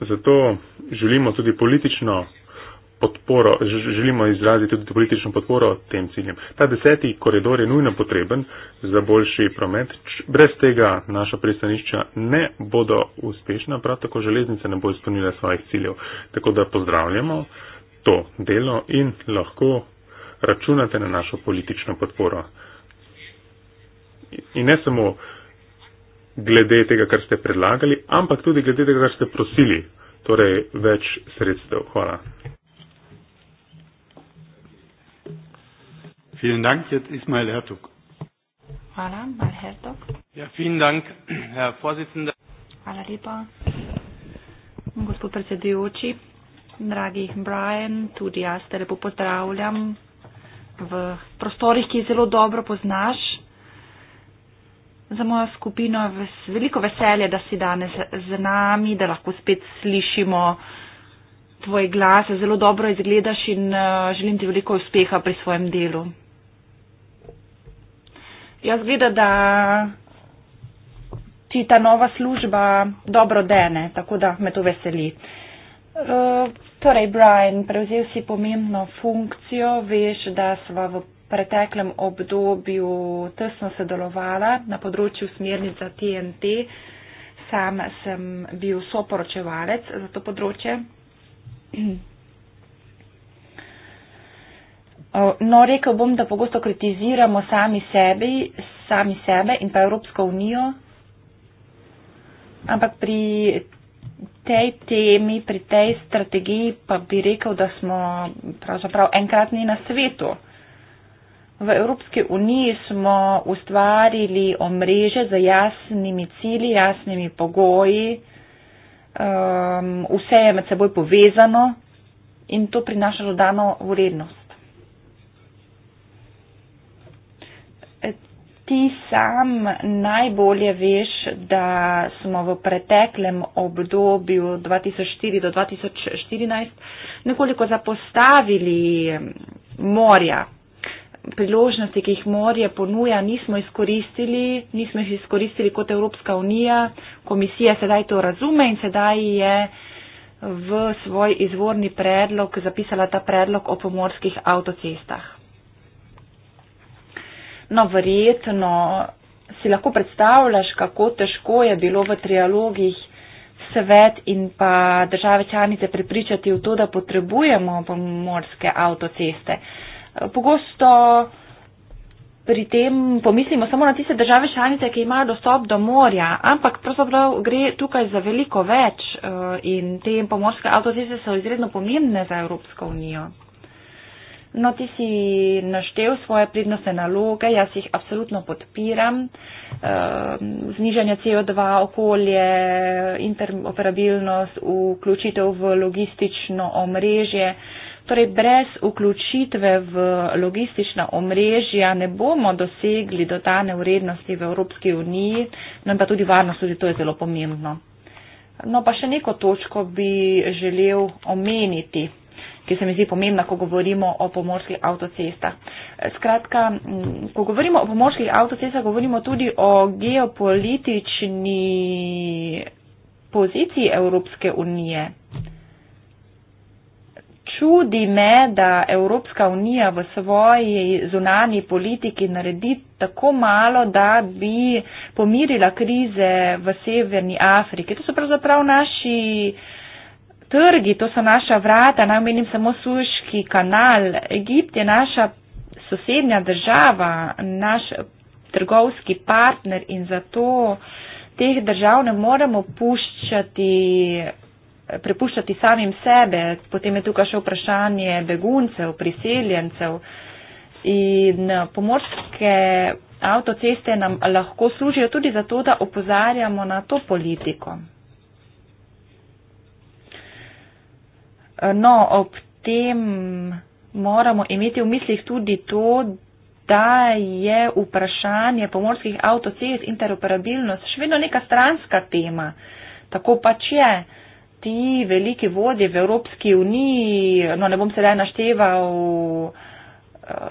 Zato želimo tudi politično podporo, želimo izraziti tudi politično podporo tem ciljem. Ta deseti koridor je nujno potreben za boljši promet. Brez tega naša pristanišča ne bodo uspešna, prav tako železnice ne bo izpolnila svojih ciljev. Tako da pozdravljamo to delo in lahko računate na našo politično podporo. In ne samo uh, glede tega, kar ste predlagali, ampak tudi glede tega, kar ste prosili, torej več sredstev. Hvala. Vielen Dank, jetzt Ismail Hertog. Hvala, Mal Hertog. Ja, vielen Dank, Herr Vorsitzender. Hvala lepa, gospod predsedujoči. Dragi Brian, tudi jaz te lepo pozdravljam v prostorih, ki jih zelo dobro poznaš, za mojo skupino veliko veselje, da si danes z nami, da lahko spet slišimo tvoj glas. Zelo dobro izgledaš in eh, želim ti veliko uspeha pri svojem delu. Jaz gledam, da ti ta nova služba dobro dene, tako da me to veseli. Eh, torej, Brian, prevzel si pomembno funkcijo, veš, da smo v preteklem obdobju tesno sodelovala na področju smernica TNT. Sam sem bil soporočevalec za to področje. No, rekel bom, da pogosto kritiziramo sami sebe, sami sebe in pa Evropsko unijo, ampak pri tej temi, pri tej strategiji pa bi rekel, da smo pravzaprav enkratni na svetu. V Evropski uniji smo ustvarili omrežje z jasnimi cili, jasnimi pogoji, um, vse je med seboj povezano in to prinaša dodano vrednost. E, ti sam najbolje veš, da smo v preteklem obdobju 2004 do 2014 nekoliko zapostavili morja priložnosti, ki jih morje ponuja, nismo izkoristili, nismo jih izkoristili kot Evropska unija. Komisija sedaj to razume in sedaj je v svoj izvorni predlog zapisala ta predlog o pomorskih avtocestah. No, verjetno si lahko predstavljaš, kako težko je bilo v trialogih svet in pa države članice prepričati v to, da potrebujemo pomorske avtoceste. Pogosto pri tem pomislimo samo na tiste države članice, ki imajo dostop do morja, ampak pravzaprav gre tukaj za veliko več eh, in te pomorske avtoceste so izredno pomembne za Evropsko unijo. No, ti si naštel svoje prednostne naloge, jaz jih absolutno podpiram. Eh, znižanje CO2 okolje, interoperabilnost, vključitev v logistično omrežje. Torej, brez vključitve v logistična omrežja ne bomo dosegli dodane vrednosti v Evropski uniji, no in pa tudi varnost, tudi to je zelo pomembno. No pa še neko točko bi želel omeniti, ki se mi zdi pomembna, ko govorimo o pomorskih avtocestah. Skratka, ko govorimo o pomorskih avtocestah, govorimo tudi o geopolitični poziciji Evropske unije čudi me, da Evropska unija v svoji zunani politiki naredi tako malo, da bi pomirila krize v Severni Afriki. To so pravzaprav naši trgi, to so naša vrata, naj omenim samo Suški kanal. Egipt je naša sosednja država, naš trgovski partner in zato teh držav ne moremo puščati prepuščati samim sebe, potem je tukaj še vprašanje beguncev, priseljencev in eh, pomorske avtoceste nam lahko služijo tudi zato, da opozarjamo na to politiko. No, ob tem moramo imeti v mislih tudi to, da je vprašanje pomorskih avtocest interoperabilnost še vedno neka stranska tema. Tako pač je ti veliki vodje v Evropski uniji, no ne bom sedaj našteval eh,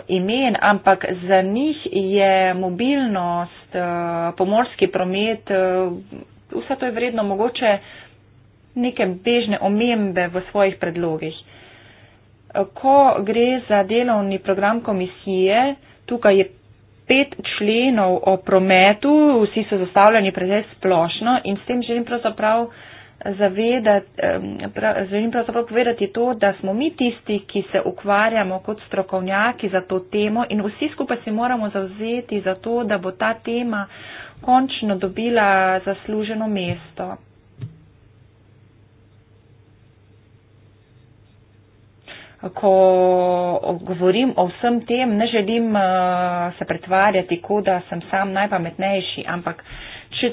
imen, ampak za njih je mobilnost, eh, pomorski promet, eh, vse to je vredno mogoče neke bežne omembe v svojih predlogih. Ko gre za delovni program komisije, tukaj je pet členov o prometu, vsi so zastavljeni precej splošno in s tem želim pravzaprav prav zavedati, želim pravzaprav povedati to, da smo mi tisti, ki se ukvarjamo kot strokovnjaki za to temo in vsi skupaj se moramo zavzeti za to, da bo ta tema končno dobila zasluženo mesto. Ko govorim o vsem tem, ne želim eh, se pretvarjati, kot da sem sam najpametnejši, ampak če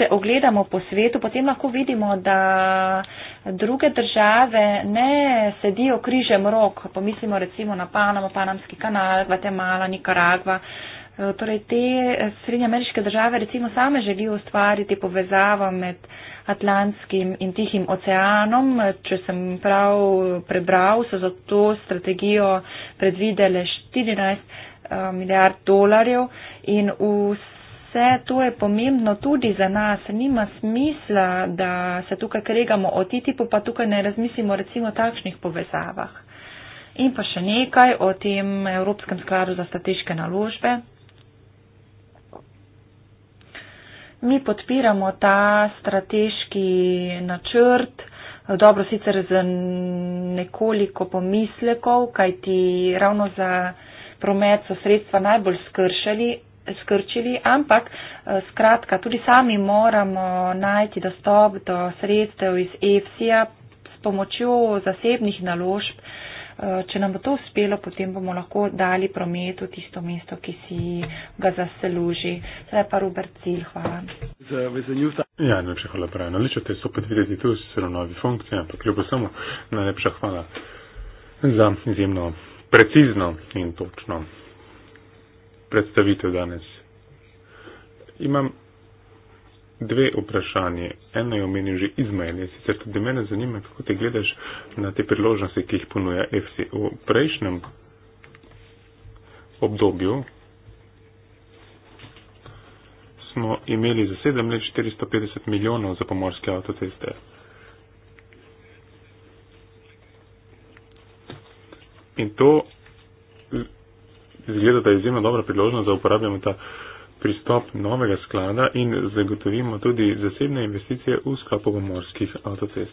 se ogledamo po svetu, potem lahko vidimo, da druge države ne sedijo križem rok. Pomislimo recimo na Panamo, Panamski kanal, Gvatemala, Nikaragva. E, torej te srednjeameriške države recimo same želijo ustvariti povezavo med Atlantskim in Tihim oceanom. Če sem prav prebral, so za to strategijo predvidele 14 e, milijard dolarjev in v vse to je pomembno tudi za nas. Nima smisla, da se tukaj kregamo o TTIP-u, pa tukaj ne razmislimo recimo o takšnih povezavah. In pa še nekaj o tem Evropskem skladu za strateške naložbe. Mi podpiramo ta strateški načrt, dobro sicer z nekoliko pomislekov, kajti ravno za promet so sredstva najbolj skršali, skrčili, ampak eh, skratka, tudi sami moramo najti dostop do sredstev iz EFSI-ja s pomočjo zasebnih naložb. Eh, če nam bo to uspelo, potem bomo lahko dali prometu tisto mesto, ki si ga zasluži. Zdaj pa Robert Cilj, hvala. Ja, najlepša hvala prav. Naličo te sopet videti tu, sero novi funkcije, ampak ljubo samo najlepša hvala za izjemno precizno in točno predstavitev danes. Imam dve vprašanje. Eno je omenil že Izmajl. Sicer tudi mene zanima, kako te gledaš na te priložnosti, ki jih ponuja FC. V prejšnjem obdobju smo imeli za 7 let 450 milijonov za pomorske avtoceste. In to zgleda, da je izjemno dobra priložnost, da uporabljamo ta pristop novega sklada in zagotovimo tudi zasebne investicije v sklopovo morskih avtocest.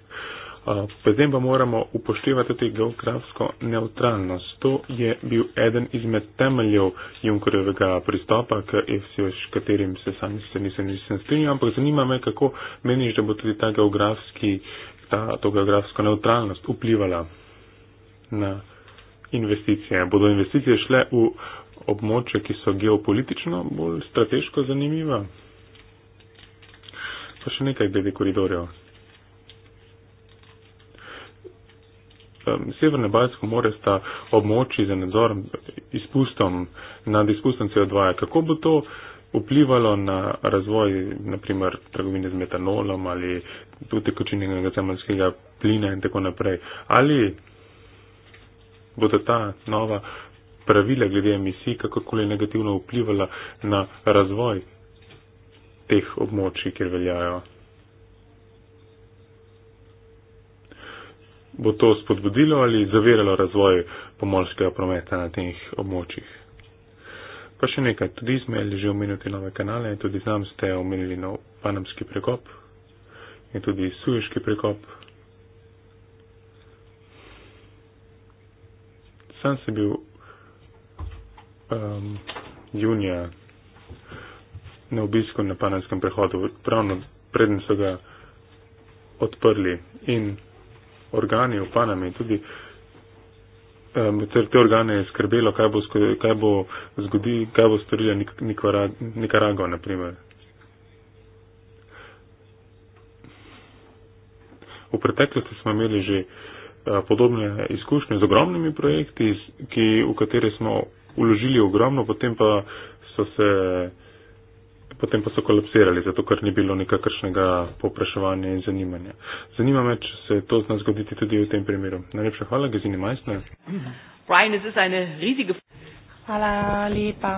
Potem pa moramo upoštevati tudi geografsko neutralnost. To je bil eden izmed temeljev Junkerjevega pristopa k EFSI-ju, s katerim se sam sicer nisem, nisem strinjal, ampak zanima me, kako meniš, da bo tudi ta geografski, ta, to geografsko neutralnost vplivala na investicije. Bodo investicije šle v območje, ki so geopolitično bolj strateško zanimiva? Pa še nekaj glede koridorjev. Severne Balsko more sta območji za nadzor izpustom, nad izpustom CO2. Kako bo to vplivalo na razvoj, naprimer, trgovine z metanolom ali tudi kočinjenega zemljskega plina in tako naprej? Ali bodo ta nova pravila glede emisij kakorkoli negativno vplivala na razvoj teh območij, kjer veljajo. Bo to spodbudilo ali zaviralo razvoj pomorskega prometa na teh območjih? Pa še nekaj, tudi smo imeli že omeniti nove kanale, tudi znam ste omenili nov Panamski prekop in tudi Sujiški prekop. sem se bil um, junija na obisku na panamskem prehodu, pravno predem so ga odprli in organi v Panami tudi. Um, torej te organe je skrbelo, kaj bo, kaj bo zgodi, kaj bo storila Nik Nikarago, naprimer. V preteklosti smo imeli že uh, Eh, podobne izkušnje z ogromnimi projekti, ki, v katere smo uložili ogromno, potem pa so se potem pa so kolapsirali, zato ker ni bilo nikakršnega popraševanja in zanimanja. Zanima me, če se to zna zgoditi tudi v tem primeru. Najlepša hvala, Gazini Majsner. Brian, this is a riesige... Hvala lepa.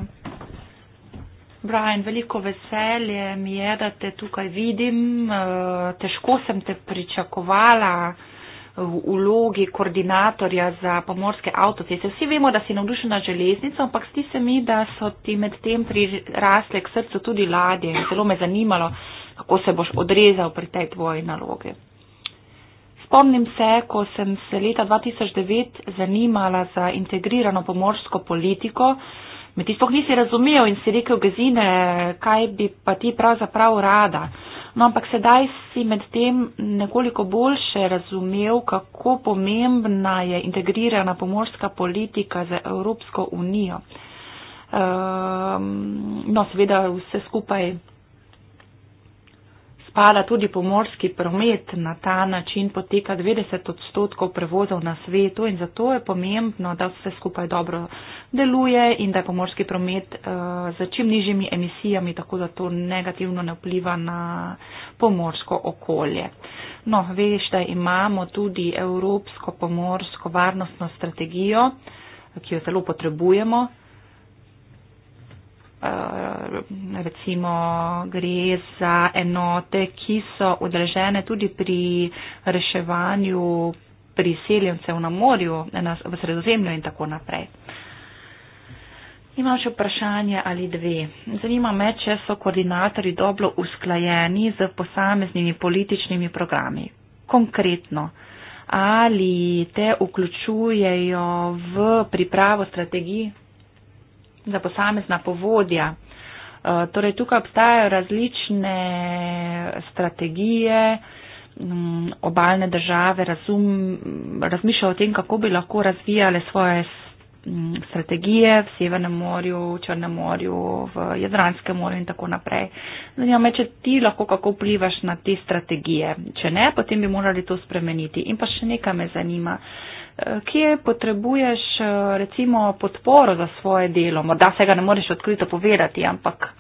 Brian, veliko veselje mi je, da te tukaj vidim. Eh, težko sem te pričakovala v ulogi koordinatorja za pomorske avtoceste. Vsi vemo, da si navdušen na železnico, ampak sti se mi, da so ti med tem prirasle k srcu tudi ladje. Zelo me zanimalo, kako se boš odrezal pri tej tvoji nalogi. Spomnim se, ko sem se leta 2009 zanimala za integrirano pomorsko politiko, me ti sploh nisi razumel in si rekel, gazine, kaj bi pa ti pravzaprav rada. No, ampak sedaj si med tem nekoliko boljše razumel, kako pomembna je integrirana pomorska politika za Evropsko unijo. Ehm, no, seveda vse skupaj spada tudi pomorski promet, na ta način poteka 90 odstotkov prevozov na svetu in zato je pomembno, da vse skupaj dobro deluje in da je pomorski promet uh, eh, z čim nižjimi emisijami, tako da to negativno ne vpliva na pomorsko okolje. No, veš, da imamo tudi Evropsko pomorsko varnostno strategijo, ki jo zelo potrebujemo. Eh, recimo gre za enote, ki so odrežene tudi pri reševanju priseljencev na morju, v sredozemlju in tako naprej. Imam še vprašanje ali dve. Zanima me, če so koordinatorji dobro usklajeni z posameznimi političnimi programi. Konkretno, ali te vključujejo v pripravo strategij za posamezna povodja. Eh, torej, tukaj obstajajo različne strategije, mm, obaljne države razmišljajo o tem, kako bi lahko razvijale svoje Mm, strategije v Severnem morju, v Črnem morju, v Jadranskem morju in tako naprej. Zanima me, če ti lahko kako vplivaš na te strategije. Če ne, potem bi morali to spremeniti. In pa še nekaj me zanima. E, kje potrebuješ e, recimo podporo za svoje delo? Morda se ga ne moreš odkrito povedati, ampak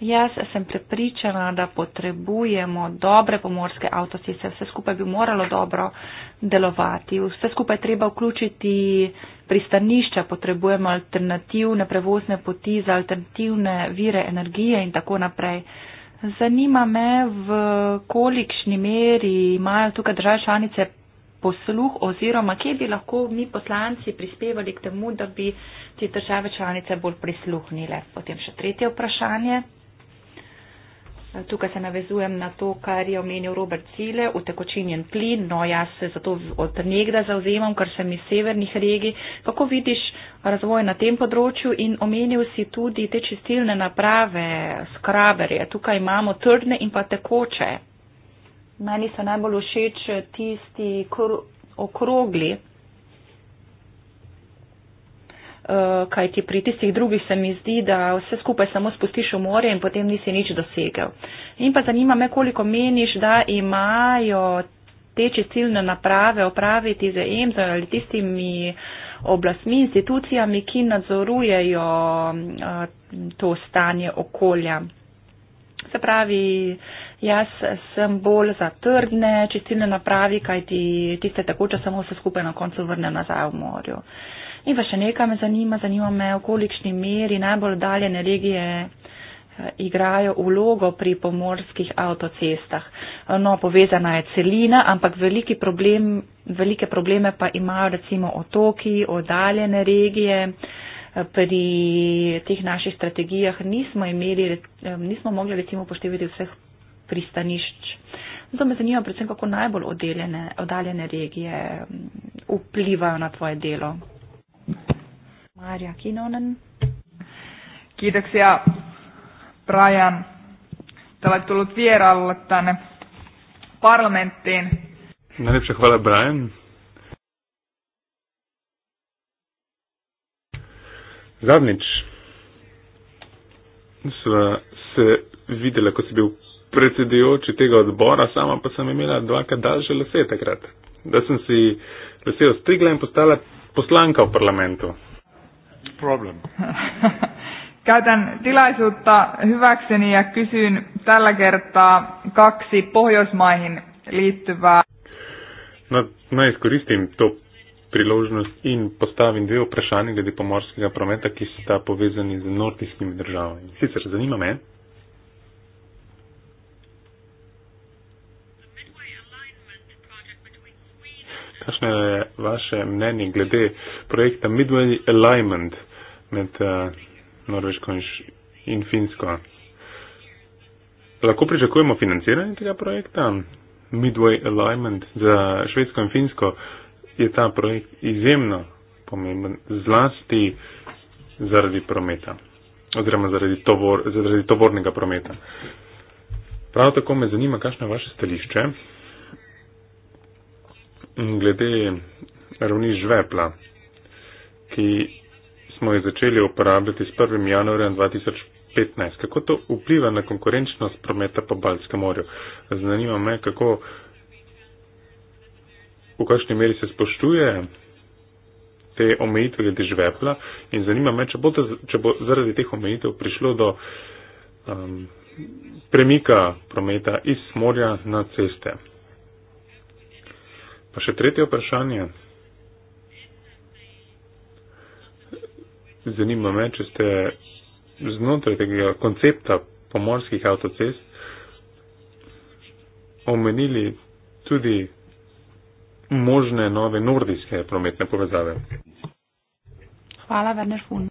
Jaz sem prepričana, da potrebujemo dobre pomorske avtoceste. Vse skupaj bi moralo dobro delovati. Vse skupaj treba vključiti pristanišča, potrebujemo alternativne prevozne poti za alternativne vire energije in tako naprej. Zanima me, v kolikšni meri imajo tukaj države članice posluh oziroma kje bi lahko mi poslanci prispevali k temu, da bi te države članice bolj prisluhnile. Potem še tretje vprašanje. Tukaj se navezujem na to, kar je omenil Robert Cile, utekočinjen plin. No, jaz se zato od nekdaj zauzemam, ker sem iz severnih regij. Kako vidiš razvoj na tem področju in omenil si tudi te čistilne naprave, skraberje. Tukaj imamo trdne in pa tekoče. Meni so najbolj všeč tisti okrogli Eh, kajti pri tistih drugih se mi zdi, da vse skupaj samo spustiš v morje in potem nisi nič dosegel. In pa zanima me, koliko meniš, da imajo te čistilne naprave opraviti z EMZO ali tistimi oblastmi, institucijami, ki nadzorujejo eh, to stanje okolja. Se pravi, jaz sem bolj za trdne čistilne napravi, kajti tiste tekoče samo vse skupaj na koncu vrne nazaj v morju. Uh, In pa še nekaj me zanima, zanima me, v kolikšni meri najbolj daljene regije eh, igrajo vlogo pri pomorskih avtocestah. No, povezana je celina, ampak veliki problem, velike probleme pa imajo recimo otoki, oddaljene regije. Eh, pri teh naših strategijah nismo, imeli, eh, nismo mogli recimo upoštevati vseh pristanišč. Zato me zanima predvsem, kako najbolj oddaljene regije mm, vplivajo na tvoje delo. Marja Kinonen. Kiitoksia Brian. Te olet tullut vieraalle tänne parlamenttiin. Najlepša no hvala, Brian. Zadnjič sva se videla, ko si bil predsedujoči tega odbora, sama pa sem imela dva kadaže lase takrat. Da sem si lase ostrigla in postala poslanka v parlamentu problem. Käytän tilaisuutta hyväkseni ja kysyn tällä kertaa kaksi Pohjoismaihin liittyvää. No, mä iskoristin to priložnost in postavim dve vprašanje glede pomorskega prometa, ki sta povezani z nordijskimi državami. Sicer zanima me, kakšno je vaše mnenje glede projekta Midway Alignment, med eh, Norveško in Finsko. Lahko pričakujemo financiranje tega projekta? Midway Alignment za Švedsko in Finsko je ta projekt izjemno pomemben, zlasti zaradi prometa oziroma zaradi, tovor, zaradi tovornega prometa. Prav tako me zanima, kakšno je vaše stališče glede ravni žvepla, ki smo jih začeli uporabljati s 1. januarjem 2015. Kako to vpliva na konkurenčnost prometa po Balskem morju? Zanima me, kako v kakšni meri se spoštuje te omejitve glede žvepla in zanima me, če bo, to, če bo zaradi teh omejitev prišlo do um, premika prometa iz morja na ceste. Pa še tretje vprašanje. zanima me, če ste znotraj tega koncepta pomorskih avtocest omenili tudi možne nove nordijske prometne povezave. Hvala, Werner Fun.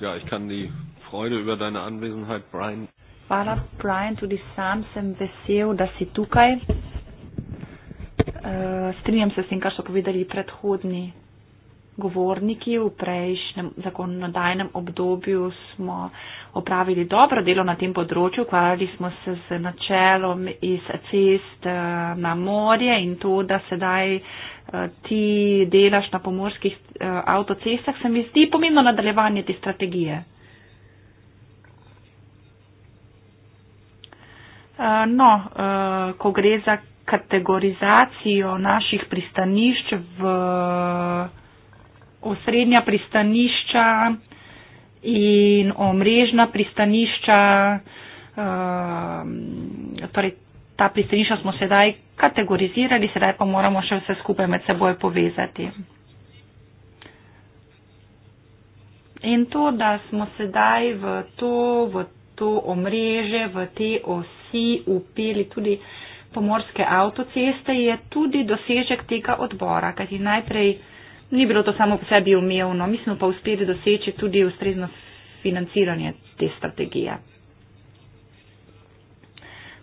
Ja, ich kann die Freude über deine Anwesenheit, Brian. Hvala, Brian, tudi sam sem vesel, da si tukaj. Uh, strinjam se s tem, kar so povedali predhodni govorniki v prejšnjem zakonodajnem obdobju smo opravili dobro delo na tem področju, ukvarjali smo se z načelom iz cest eh, na morje in to, da sedaj eh, ti delaš na pomorskih eh, avtocestah, se mi zdi pomembno nadaljevanje te strategije. No, ko gre za kategorizacijo naših pristanišč v osrednja pristanišča in omrežna pristanišča. Uh, torej, ta pristanišča smo sedaj kategorizirali, sedaj pa moramo še vse skupaj med seboj povezati. In to, da smo sedaj v to, v to omreže, v te osi upeli tudi pomorske avtoceste, je tudi dosežek tega odbora, kajti najprej uh, ni bilo to samo po sebi umevno, mi smo pa uspeli doseči tudi ustrezno financiranje te strategije.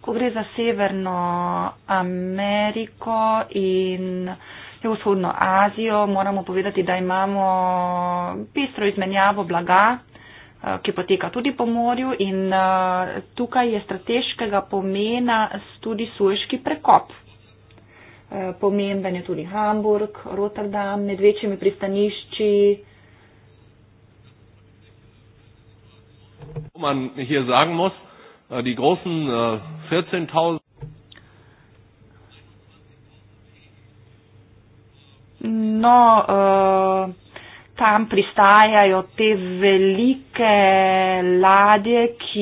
Ko gre za Severno Ameriko in vzhodno Azijo, moramo povedati, da imamo pestro izmenjavo blaga, eh, ki poteka tudi po morju in eh, tukaj je strateškega pomena tudi sueški prekop pomemben je tudi Hamburg, Rotterdam, med večjimi pristanišči. Man hier sagen muss, äh, die großen 14.000. Äh, no, uh, tam pristajajo te velike ladje, ki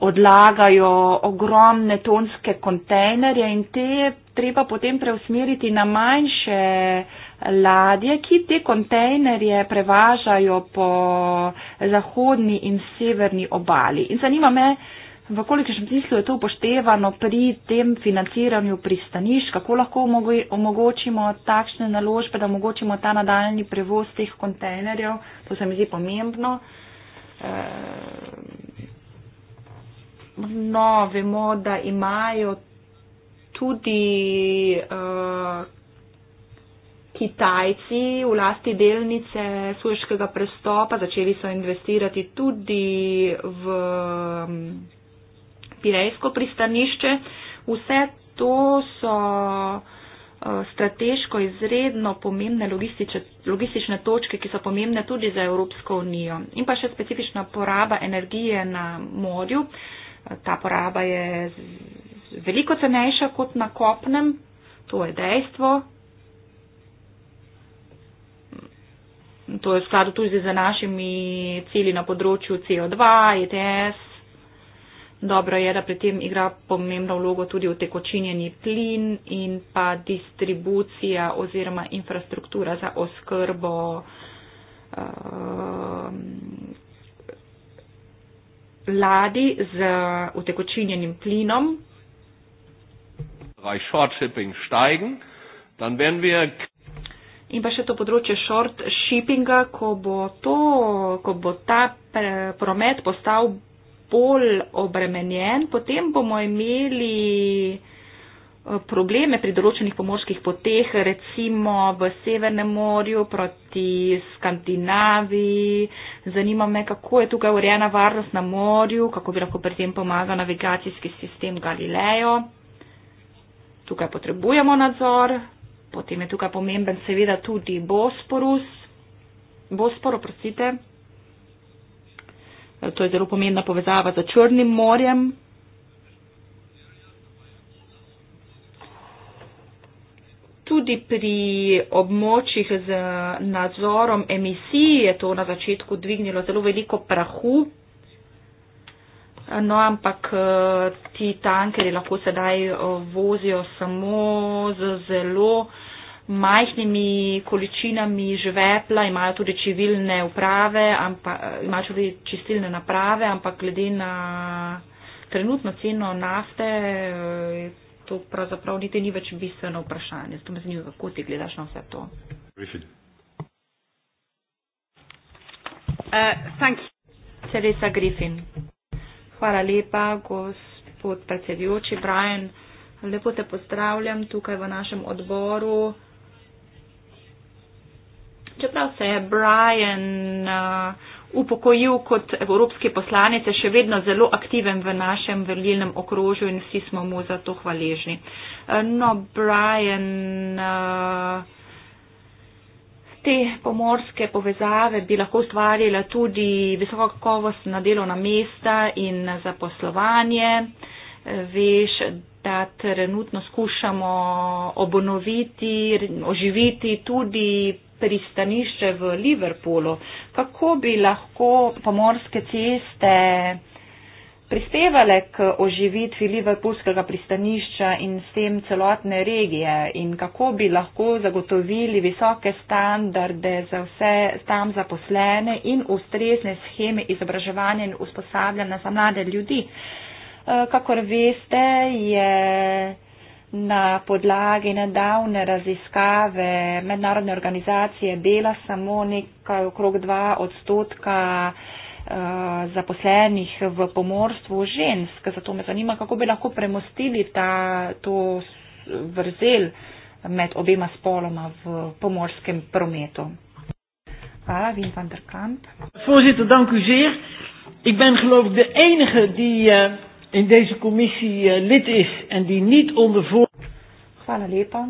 odlagajo ogromne tonske kontejnerje in te treba potem preusmeriti na manjše ladje, ki te kontejnerje prevažajo po zahodni in severni obali. In zanima me, v kolikšnem smislu je to upoštevano pri tem financiranju pristanišč, kako lahko omogočimo takšne naložbe, da omogočimo ta nadaljni prevoz teh kontejnerjev, to se mi zdi pomembno. Uh, nove moda imajo tudi uh, Kitajci v lasti delnice sueškega prestopa, začeli so investirati tudi v um, Pirejsko pristanišče. Vse to so eh, strateško izredno pomembne logistične točke, ki so pomembne tudi za Evropsko unijo. In pa še specifična poraba energije na morju. Uh, ta poraba je veliko cenejša kot na kopnem, to je dejstvo. To je v skladu tudi za našimi cili na področju CO2, ETS. Dobro je, da pri tem igra pomembno vlogo tudi otekočinjeni plin in pa distribucija oziroma infrastruktura za oskrbo uh, ladi z eh, utekočinjenim plinom. In pa še to področje short shippinga, ko bo, to, ko bo ta eh, promet postal bolj obremenjen, potem bomo imeli probleme pri določenih pomorskih poteh, recimo v Severnem morju proti Skandinaviji. Zanima me, kako je tukaj urejena varnost na morju, kako bi lahko pri tem pomagal navigacijski sistem Galileo. Tukaj potrebujemo nadzor, potem je tukaj pomemben seveda tudi Bosporus. Bospor, oprostite. To je zelo pomembna povezava z Črnim morjem. tudi pri območjih z nadzorom emisij je to na začetku dvignilo zelo veliko prahu. No, ampak eh, ti tankeri lahko sedaj eh, vozijo samo z zelo majhnimi količinami žvepla, imajo tudi čivilne uprave, ampak, imajo tudi čistilne naprave, ampak glede na trenutno ceno nafte eh, to pravzaprav niti ni več bistveno vprašanje. Zato me zanima, kako ti gledaš na vse to. Uh, Teresa Griffin. Hvala lepa, gospod predsedujoči Brian. Lepo te pozdravljam tukaj v našem odboru. Čeprav se je Brian uh, upokojil kot evropski poslanec, je še vedno zelo aktiven v našem verilnem okrožju in vsi smo mu za to hvaležni. Eh, no, Brian, eh, te pomorske povezave bi lahko ustvarjala tudi visokokovost na delovna mesta in za poslovanje. Eh, veš, da trenutno skušamo obnoviti, oživiti tudi pristanišče v Liverpoolu kako bi lahko pomorske ceste prispevale k oživitvi Liverpoolskega pristanišča in s tem celotne regije in kako bi lahko zagotovili visoke standarde za vse tam zaposlene in ustrezne scheme izobraževanja in usposabljanja za mlade ljudi. Eh, kakor veste, je na podlagi nedavne raziskave mednarodne organizacije dela samo nekaj okrog 2 odstotka eh, zaposlenih v pomorstvu žensk. Zato me zanima, kako bi lahko premostili ta, to vrzel med obema spoloma v pomorskem prometu. Hvala, Wim van der Kamp. Voorzitter, dank u zeer. Ik ben geloof ik de enige die uh, in deze commissie uh, lid is en die niet onder voor... Hvala lepa.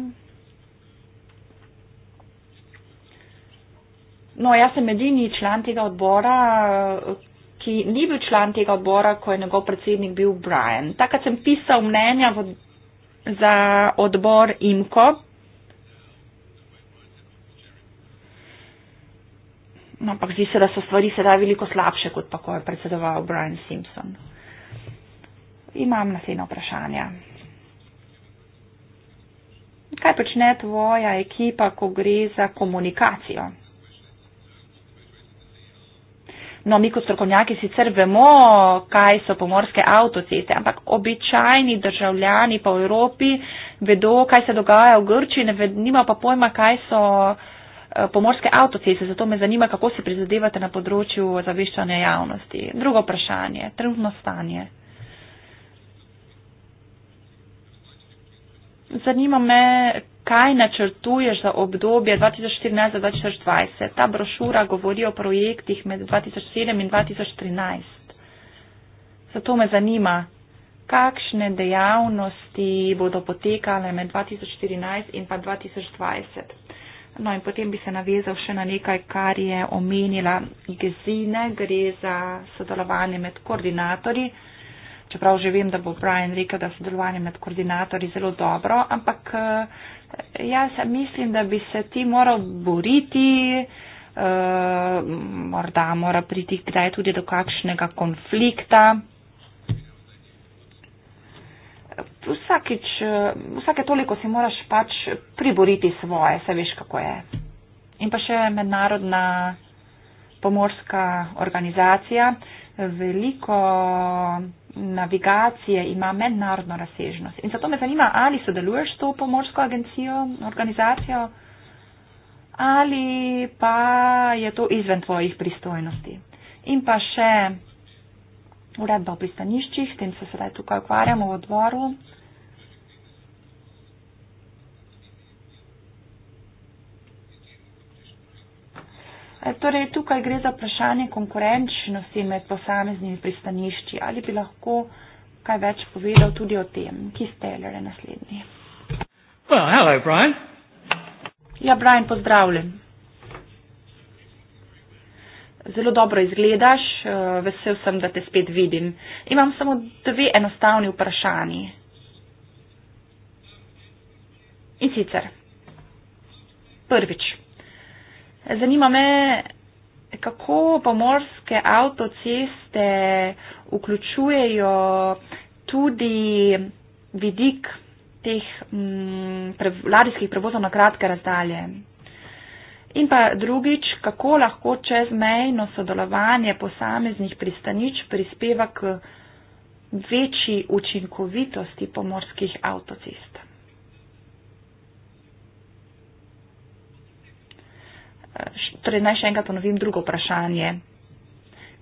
No, jaz sem edini član tega odbora, ki ni bil član tega odbora, ko je njegov predsednik bil Brian. Takrat sem pisal mnenja v, za odbor IMKO. No, ampak zdi se, da so stvari sedaj veliko slabše, kot pa ko je predsedoval Brian Simpson. Imam naslednja vprašanja kaj počne tvoja ekipa, ko gre za komunikacijo. No, mi kot strokovnjaki sicer vemo, kaj so pomorske avtoceste, ampak običajni državljani po Evropi vedo, kaj se dogaja v Grči, ne vedo pa pojma, kaj so eh, pomorske avtoceste. Zato me zanima, kako se prizadevate na področju zaveščanja javnosti. Drugo vprašanje, trenutno stanje. zanima me, kaj načrtuješ za obdobje 2014-2020. Ta brošura govori o projektih med 2007 in 2013. Zato me zanima, kakšne dejavnosti bodo potekale med 2014 in pa 2020. No in potem bi se navezal še na nekaj, kar je omenila Gezine, gre za sodelovanje med koordinatorji čeprav že vem, da bo Brian rekel, da sodelovanje med koordinatorji zelo dobro, ampak eh, jaz mislim, da bi se ti moral boriti, eh, morda mora priti kdaj tudi do kakšnega konflikta. Vsakič, eh, vsake toliko si moraš pač priboriti svoje, se veš, kako je. In pa še mednarodna pomorska organizacija, veliko navigacije ima mednarodno razsežnost. In zato me zanima, ali sodeluješ s to pomorsko agencijo, organizacijo, ali pa je to izven tvojih pristojnosti. In pa še uredba o pristaniščih, s tem se sedaj tukaj ukvarjamo v odboru, E, torej, tukaj gre za vprašanje konkurenčnosti med posameznimi pristanišči. Ali bi lahko kaj več povedal tudi o tem, ki ste le naslednji? Well, hello, Brian. Ja, Brian, pozdravljen. Zelo dobro izgledaš, e, vesel sem, da te spet vidim. Imam samo dve enostavni vprašanji. In sicer, prvič, Zanima me, kako pomorske avtoceste vključujejo tudi vidik teh mm, ladijskih prevozov na kratke razdalje. In pa drugič, kako lahko čezmejno sodelovanje posameznih pristanič prispeva k večji učinkovitosti pomorskih avtocest. torej naj še enkrat ponovim drugo vprašanje.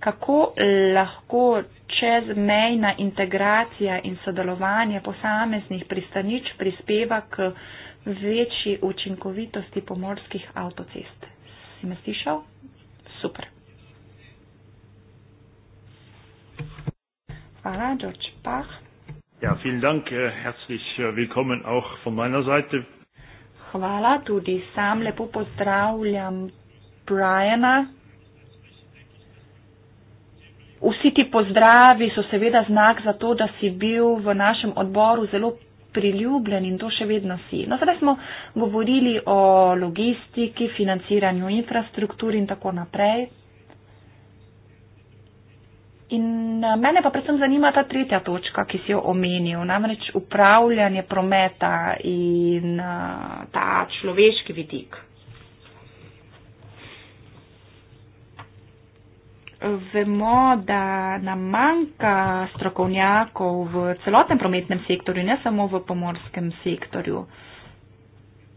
Kako lahko čezmejna integracija in sodelovanje posameznih pristanič prispeva k večji učinkovitosti pomorskih avtocest? Si me slišal? Super. Hvala, George Pach. Ja, vielen Dank, herzlich willkommen auch von meiner Seite. Hvala tudi sam, lepo pozdravljam Briana. Vsi ti pozdravi so seveda znak za to, da si bil v našem odboru zelo priljubljen in to še vedno si. No, zdaj smo govorili o logistiki, financiranju infrastruktur in tako naprej. In eh, mene pa predvsem zanima ta tretja točka, ki si jo omenil, namreč upravljanje prometa in eh, ta človeški vidik. Vemo, da nam manjka strokovnjakov v celotnem prometnem sektorju, ne samo v pomorskem sektorju. Uh,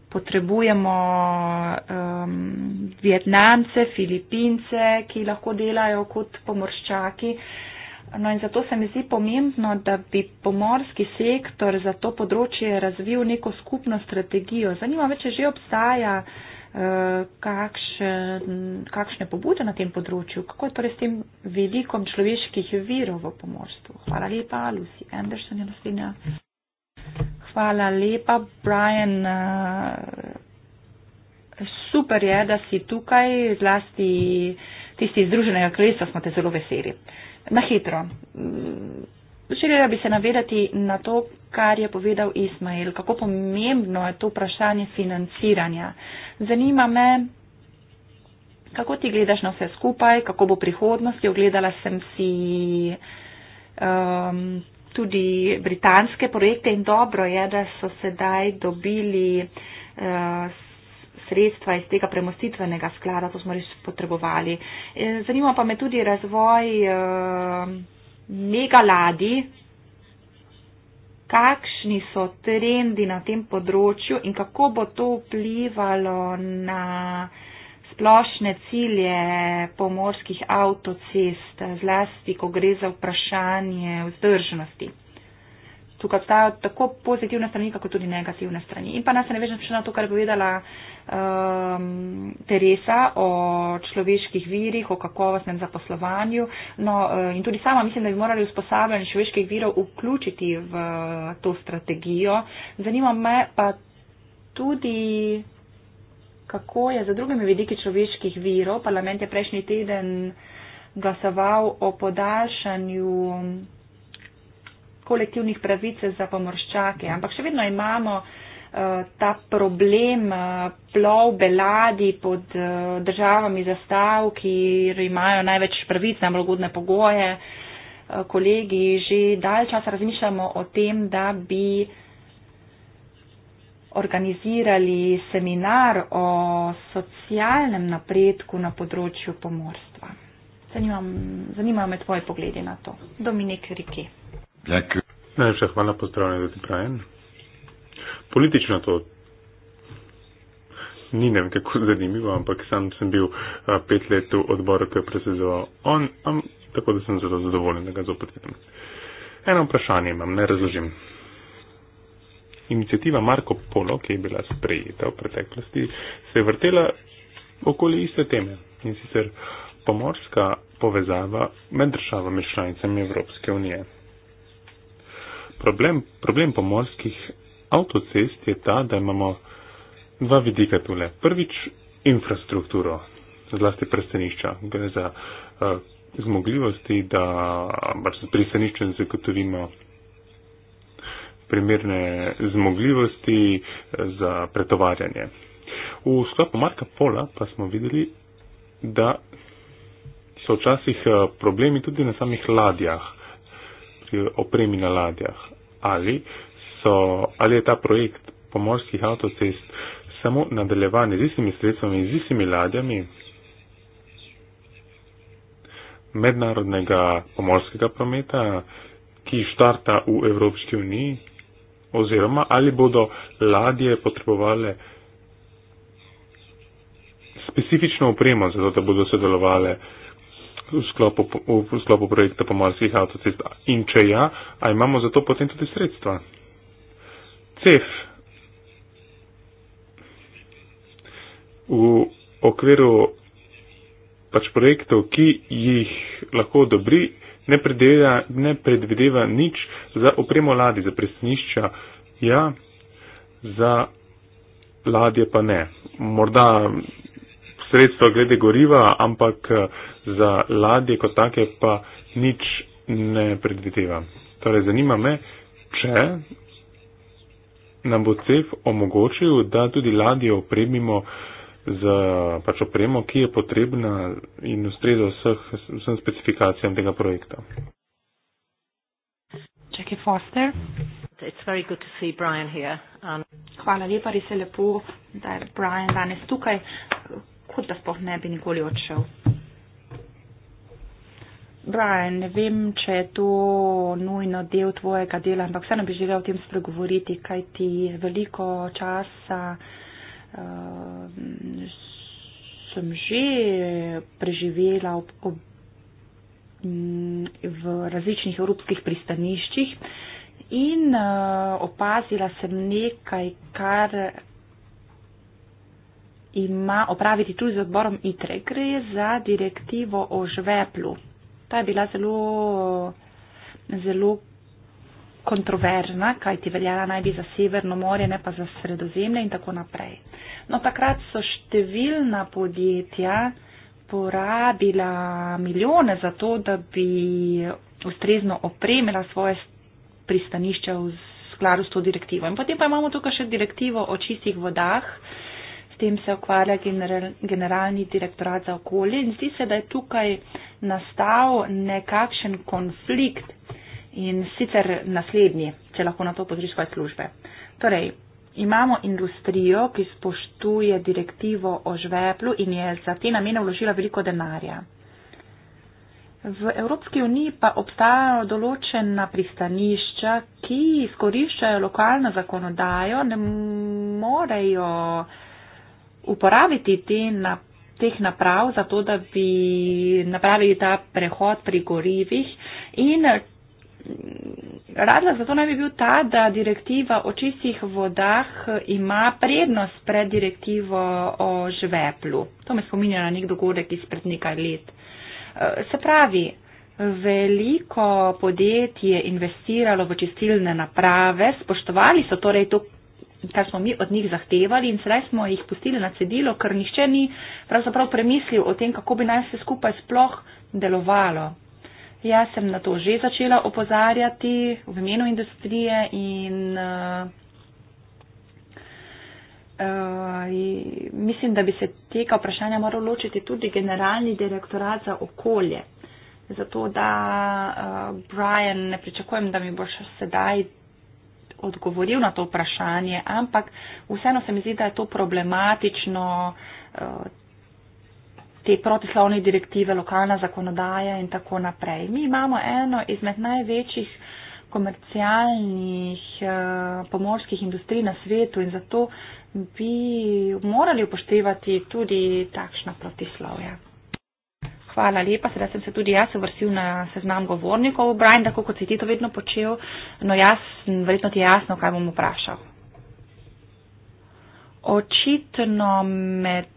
potrebujemo um, Vietnamce, Filipince, ki lahko delajo kot pomorščaki. No in zato se mi zdi pomembno, da bi pomorski sektor za to področje razvil neko skupno strategijo. Zanima me, če že obstaja uh, kakšen, kakšne pobude na tem področju. Kako je torej s tem velikom človeških virov v pomorstvu? Hvala lepa, Lucy Anderson je naslednja. Hvala lepa, Brian. Eh, super je, da si tukaj, zlasti tisti iz Združenega kraljestva smo te zelo veseli. Na hitro. Mm, želela bi se navedati na to, kar je povedal Ismail, kako pomembno je to vprašanje financiranja. Zanima me, kako ti gledaš na vse skupaj, kako bo prihodnost, ogledala sem si. Um, tudi britanske projekte in dobro je, da so sedaj dobili eh, sredstva iz tega premostitvenega sklada, to smo res potrebovali. Eh, zanima pa me tudi razvoj eh, megaladi. Kakšni so trendi na tem področju in kako bo to vplivalo na splošne cilje pomorskih avtocest, zlasti, ko gre za vprašanje vzdržnosti. Tukaj obstajajo tako pozitivne strani, kako tudi negativne strani. In pa nas ne vežem še na to, kar je povedala um, Teresa o človeških virih, o kakovostnem zaposlovanju. No, eh, in tudi sama mislim, da bi morali usposabljanje človeških virov vključiti v to strategijo. Zanima me pa tudi kako je za drugimi vidiki človeških virov. Parlament je prejšnji teden glasoval o podaljšanju kolektivnih pravice za pomorščake, ampak še vedno imamo eh, ta problem eh, plov beladi pod eh, državami zastav, ki imajo največ pravic, najbolj ugodne pogoje. Kolegi že dalj časa razmišljamo o tem, da bi organizirali seminar o socialnem napredku na področju pomorstva. Zanima me tvoje poglede na to. Dominik Rike. Najlepša hvala, pozdravljen, da ti pravim. Politično to ni ne vem kako zanimivo, ampak sam sem bil a, pet let v odboru, ki je predsedoval on, am, tako da sem zelo zadovoljen, da ga zopet vidim. Eno vprašanje imam, ne razložim inicijativa Marko Polo, ki je bila sprejeta v preteklosti, se je vrtela okoli iste teme in sicer pomorska povezava med državami članicami Evropske unije. Problem, problem pomorskih avtocest je ta, da imamo dva vidika tule. Prvič infrastrukturo, zlasti prestanišča. Gre za uh, zmogljivosti, da pač pristanišče zagotovimo primerne zmogljivosti eh, za pretovarjanje. V sklopu Marka Pola pa smo videli, da so včasih eh, problemi tudi na samih ladjah, pri opremi na ladjah. Ali, so, ali je ta projekt pomorskih avtocest samo nadaljevanje z istimi sredstvami in z istimi ladjami mednarodnega pomorskega prometa, ki štarta v Evropski uniji oziroma ali bodo ladje potrebovale specifično opremo, zato da bodo sodelovale v sklopu, v sklopu projekta pomorskih avtocest. In če ja, a imamo za to potem tudi sredstva? CEF v okviru pač projektov, ki jih lahko odobri, ne predvideva, ne predvideva nič za opremo ladi, za presnišča, ja, za ladje pa ne. Morda sredstva glede goriva, ampak za ladje kot take pa nič ne predvideva. Torej, zanima me, če nam bo CEF omogočil, da tudi ladje opremimo z pač opremo, ki je potrebna in ustreza vseh, vsem specifikacijam tega projekta. Jackie Foster. Um, Hvala lepa, res je lepo, da je Brian danes tukaj, kot da sploh ne bi nikoli odšel. Brian, ne vem, če je to nujno del tvojega dela, ampak vseeno bi želel o tem spregovoriti, kaj ti veliko časa. Ehm, sem že preživela ob, ob, v različnih evropskih pristaniščih in eh, opazila sem nekaj, kar ima opraviti tudi z odborom ITRE. Gre za direktivo o žveplu. Ta je bila zelo, zelo kontroverzna, kajti veljala naj bi za Severno more, ne pa za Sredozemlje in tako naprej. No, takrat so številna podjetja porabila milijone za to, da bi ustrezno opremila svoje pristanišče v skladu s to direktivo. In potem pa imamo tukaj še direktivo o čistih vodah, s tem se ukvarja general, generalni direktorat za okolje in zdi se, da je tukaj nastal nekakšen konflikt in sicer naslednji, če lahko na to pozriš svoje službe. Torej, imamo industrijo, ki spoštuje direktivo o žveplu in je za te namene vložila veliko denarja. V Evropski uniji pa obstajajo določena pristanišča, ki izkoriščajo lokalno zakonodajo, ne morejo uporabiti te na, teh naprav za to, da bi napravili ta prehod pri gorivih in Razlog za to naj bi bil ta, da direktiva o čistih vodah ima prednost pred direktivo o žveplu. To me spominja na nek dogodek izpred nekaj let. Eh, se pravi, veliko podjetij je investiralo v čistilne naprave, spoštovali so torej to, kar smo mi od njih zahtevali in sedaj smo jih pustili na cedilo, ker nihče ni pravzaprav premislil o tem, kako bi naj se skupaj sploh delovalo. Jaz sem na to že začela opozarjati v imenu industrije in uh, mislim, da bi se tega vprašanja moral ločiti tudi generalni direktorat za okolje. Zato, da uh, Brian, ne pričakujem, da mi boš sedaj odgovoril na to vprašanje, ampak vseeno se mi zdi, da je to problematično. Uh, te protislovne direktive, lokalna zakonodaja in tako naprej. Mi imamo eno izmed največjih komercialnih eh, pomorskih industrij na svetu in zato bi morali upoštevati tudi takšna protislovja. Hvala lepa, sedaj sem se tudi jaz uvrstil na seznam govornikov, Brian, tako kot si ti to vedno počel, no jaz, verjetno ti je jasno, kaj bom vprašal. Očitno med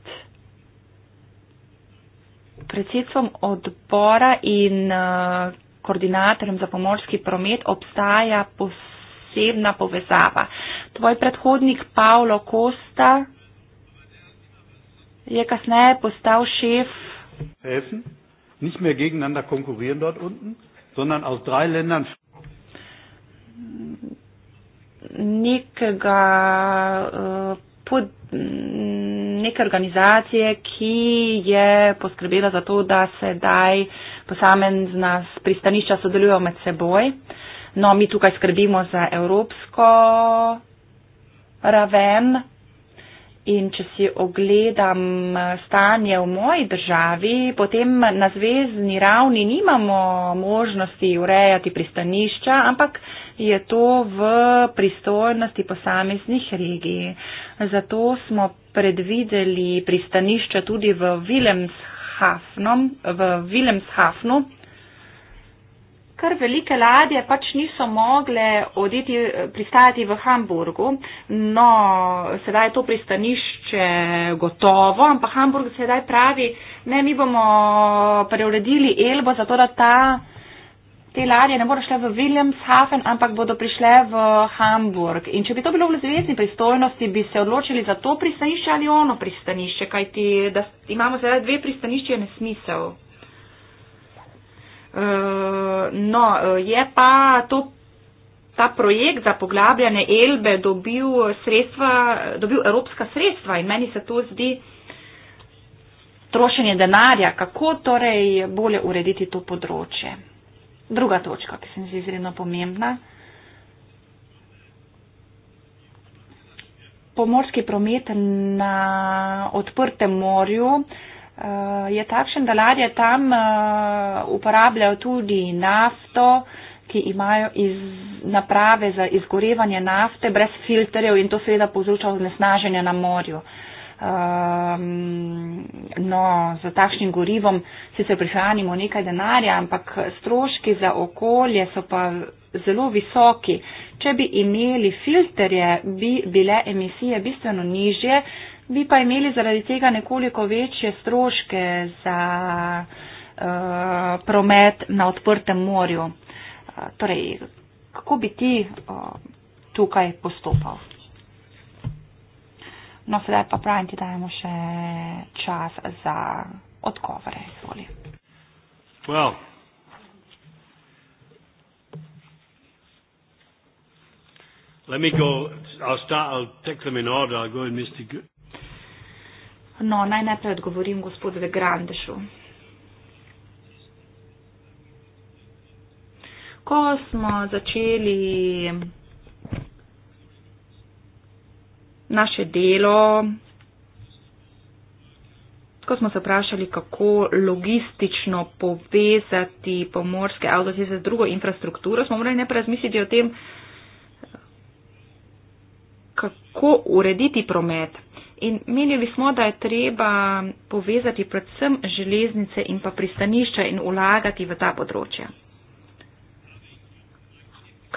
predsedstvom odbora in eh, koordinatorjem za pomorski promet obstaja posebna povezava. Tvoj predhodnik Paolo Kosta je kasneje postal šef. Nekega uh, pod neke organizacije, ki je poskrbela za to, da se daj posamezna pristanišča sodelujo med seboj. No, mi tukaj skrbimo za evropsko raven in če si ogledam stanje v moji državi, potem na zvezdni ravni nimamo možnosti urejati pristanišča, ampak je to v pristojnosti posameznih regij zato smo predvideli pristanišče tudi v Vilemshafnu, ker velike ladje pač niso mogle oditi, pristajati v Hamburgu. No, sedaj je to pristanišče gotovo, ampak Hamburg sedaj pravi, ne, mi bomo preuredili Elbo, zato da ta te ladje ne bodo šle v Williamshafen, ampak bodo prišle v Hamburg. In če bi to bilo v zvezdni pristojnosti, bi se odločili za to pristanišče ali ono pristanišče, kajti da imamo sedaj dve pristanišče, je nesmisel. Eh, no, eh, je pa to, ta projekt za poglabljanje Elbe dobil, sredstva, dobil evropska sredstva in meni se to zdi trošenje denarja, kako torej bolje urediti to področje druga točka, ki se mi zdi izredno pomembna. Pomorski promet na odprtem morju eh, je takšen, da ladje tam eh, uporabljajo tudi nafto, ki imajo iz naprave za izgorevanje nafte brez filterjev in to seveda povzroča oznesnaženje na morju um, no, z takšnim gorivom sicer prihranimo nekaj denarja, ampak stroški za okolje so pa zelo visoki. Če bi imeli filterje, bi bile emisije bistveno nižje, bi pa imeli zaradi tega nekoliko večje stroške za uh, promet na odprtem morju. Uh, torej, kako bi ti uh, tukaj postopal? No, sedaj pa pravim, ti dajemo še čas za odgovore. Izvoli. Well. No, naj najprej odgovorim gospodu de Grandešu. Ko smo začeli naše delo. Ko smo se vprašali, kako logistično povezati pomorske avtoceste z drugo infrastrukturo, smo morali najprej razmisliti o tem, kako urediti promet. In menili smo, da je treba povezati predvsem železnice in pa pristanišča in ulagati v ta področja.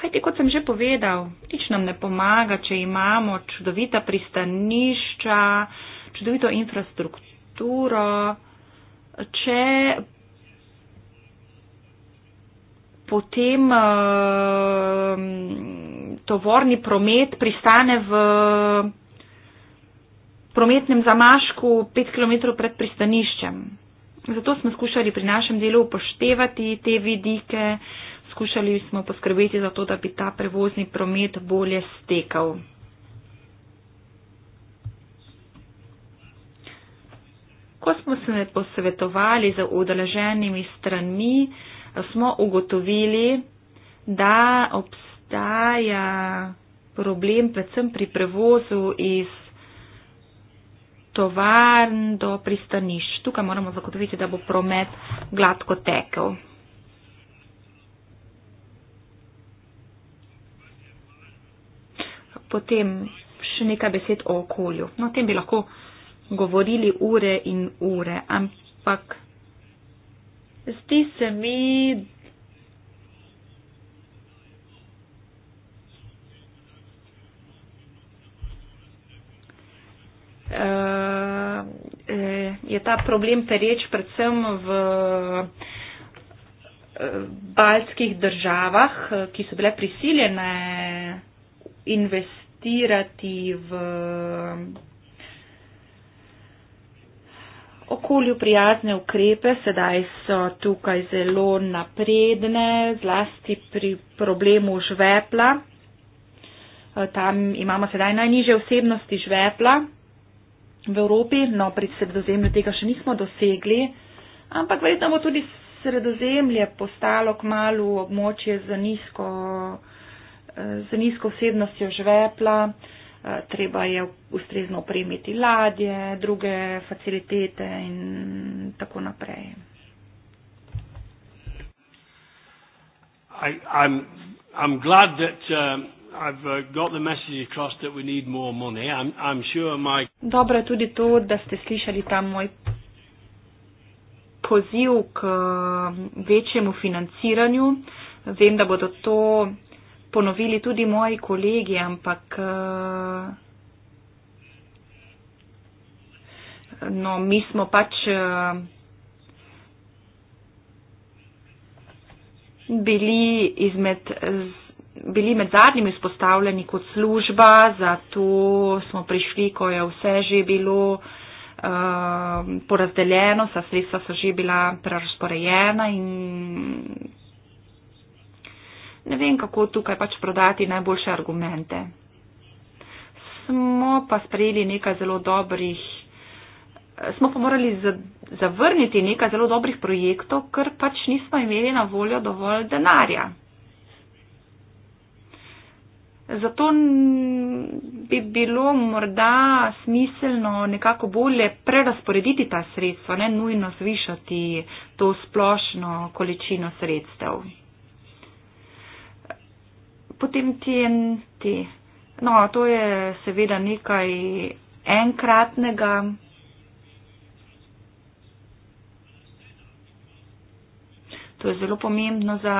Kajti, kot sem že povedal, nič nam ne pomaga, če imamo čudovita pristanišča, čudovito infrastrukturo, če potem uh, tovorni promet pristane v prometnem zamašku 5 km pred pristaniščem. Zato smo skušali pri našem delu upoštevati te vidike, uh, skušali smo poskrbeti za to, da bi ta prevozni promet bolje stekal. Ko smo se posvetovali z udeleženimi strani, smo ugotovili, da obstaja problem predvsem pri prevozu iz tovarn do pristanišč. Tukaj moramo zagotoviti, da bo promet gladko tekel. potem še nekaj besed o okolju. No, o tem bi lahko govorili ure in ure, ampak zdi se mi, eh, eh, je ta problem pereč predvsem v eh, baltskih državah, ki so bile prisiljene investirati investirati v okolju prijazne ukrepe. Sedaj so tukaj zelo napredne, zlasti pri problemu žvepla. E, tam imamo sedaj najniže osebnosti žvepla v Evropi, no pri sredozemlju tega še nismo dosegli, ampak verjetno bo tudi sredozemlje postalo k malu območje za nizko z nizko osebnostjo žvepla, eh, treba je ustrezno opremiti ladje, druge facilitete in tako naprej. I, I'm, I'm glad that uh, I've uh, got the message across that we need more money. I'm, I'm sure my. Dobro je tudi to, da ste slišali ta moj poziv k uh, večjemu financiranju. Vem, da bodo to uh, ponovili tudi moji kolegi, ampak eh, no, mi smo pač eh, bili izmed. Bili med zadnjimi izpostavljeni kot služba, zato smo prišli, ko je vse že bilo uh, porazdeljeno, sa sredstva so že bila prerasporejena in ne vem, kako tukaj pač prodati najboljše argumente. Smo pa sprejeli nekaj zelo dobrih, smo pa morali zavrniti nekaj zelo dobrih projektov, ker pač nismo imeli na voljo dovolj denarja. Zato bi bilo morda smiselno nekako bolje prerasporediti ta sredstva, ne nujno zvišati to splošno količino sredstev potem ti en ti. No, to je seveda nekaj enkratnega. To je zelo pomembno za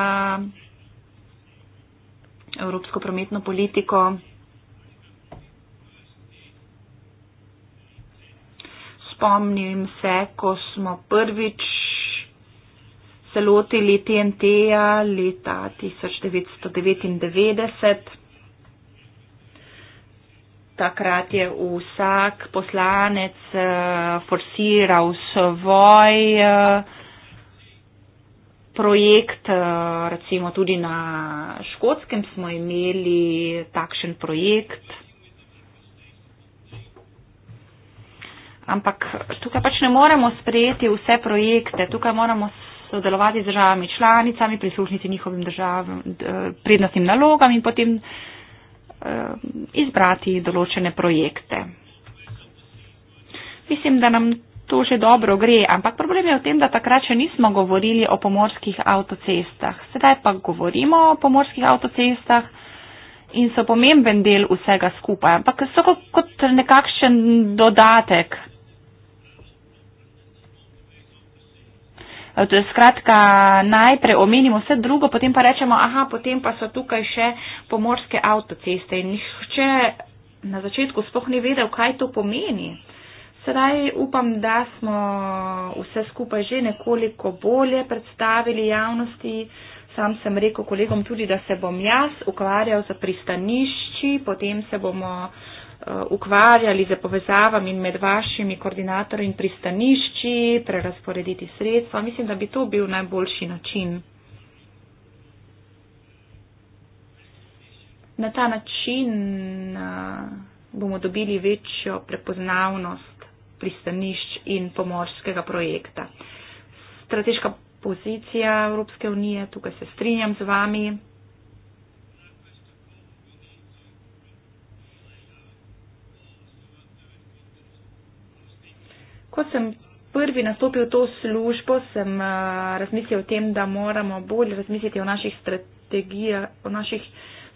evropsko prometno politiko. Spomnim se, ko smo prvič se lotili TNT-ja leta 1999. Takrat je vsak poslanec eh, forsiral svoj eh, projekt, eh, recimo tudi na Škotskem smo imeli takšen projekt. Ampak tukaj pač ne moremo sprejeti vse projekte, tukaj moramo sodelovati z državami članicami, prisluhniti njihovim državam, eh, prednostnim nalogam in potem eh, izbrati določene projekte. Mislim, da nam to že dobro gre, ampak problem je v tem, da takrat še nismo govorili o pomorskih avtocestah. Sedaj pa govorimo o pomorskih avtocestah in so pomemben del vsega skupaj, ampak so kot nekakšen dodatek Eh, skratka, najprej omenimo vse drugo, potem pa rečemo, aha, potem pa so tukaj še pomorske avtoceste. In nihče na začetku sploh ni vedel, kaj to pomeni. Sedaj upam, da smo vse skupaj že nekoliko bolje predstavili javnosti. Sam sem rekel kolegom tudi, da se bom jaz ukvarjal za pristanišči, potem se bomo. Eh, ukvarjali z povezavami med vašimi koordinatorji in pristanišči, prerasporediti sredstva. Mislim, da bi to bil najboljši način. Na ta način eh, bomo dobili večjo prepoznavnost pristanišč in pomorskega projekta. Strateška pozicija Evropske unije, tukaj se strinjam z vami, ko sem prvi nastopil to službo, sem uh, razmislil o tem, da moramo bolj razmisliti o naših strategijah, o naših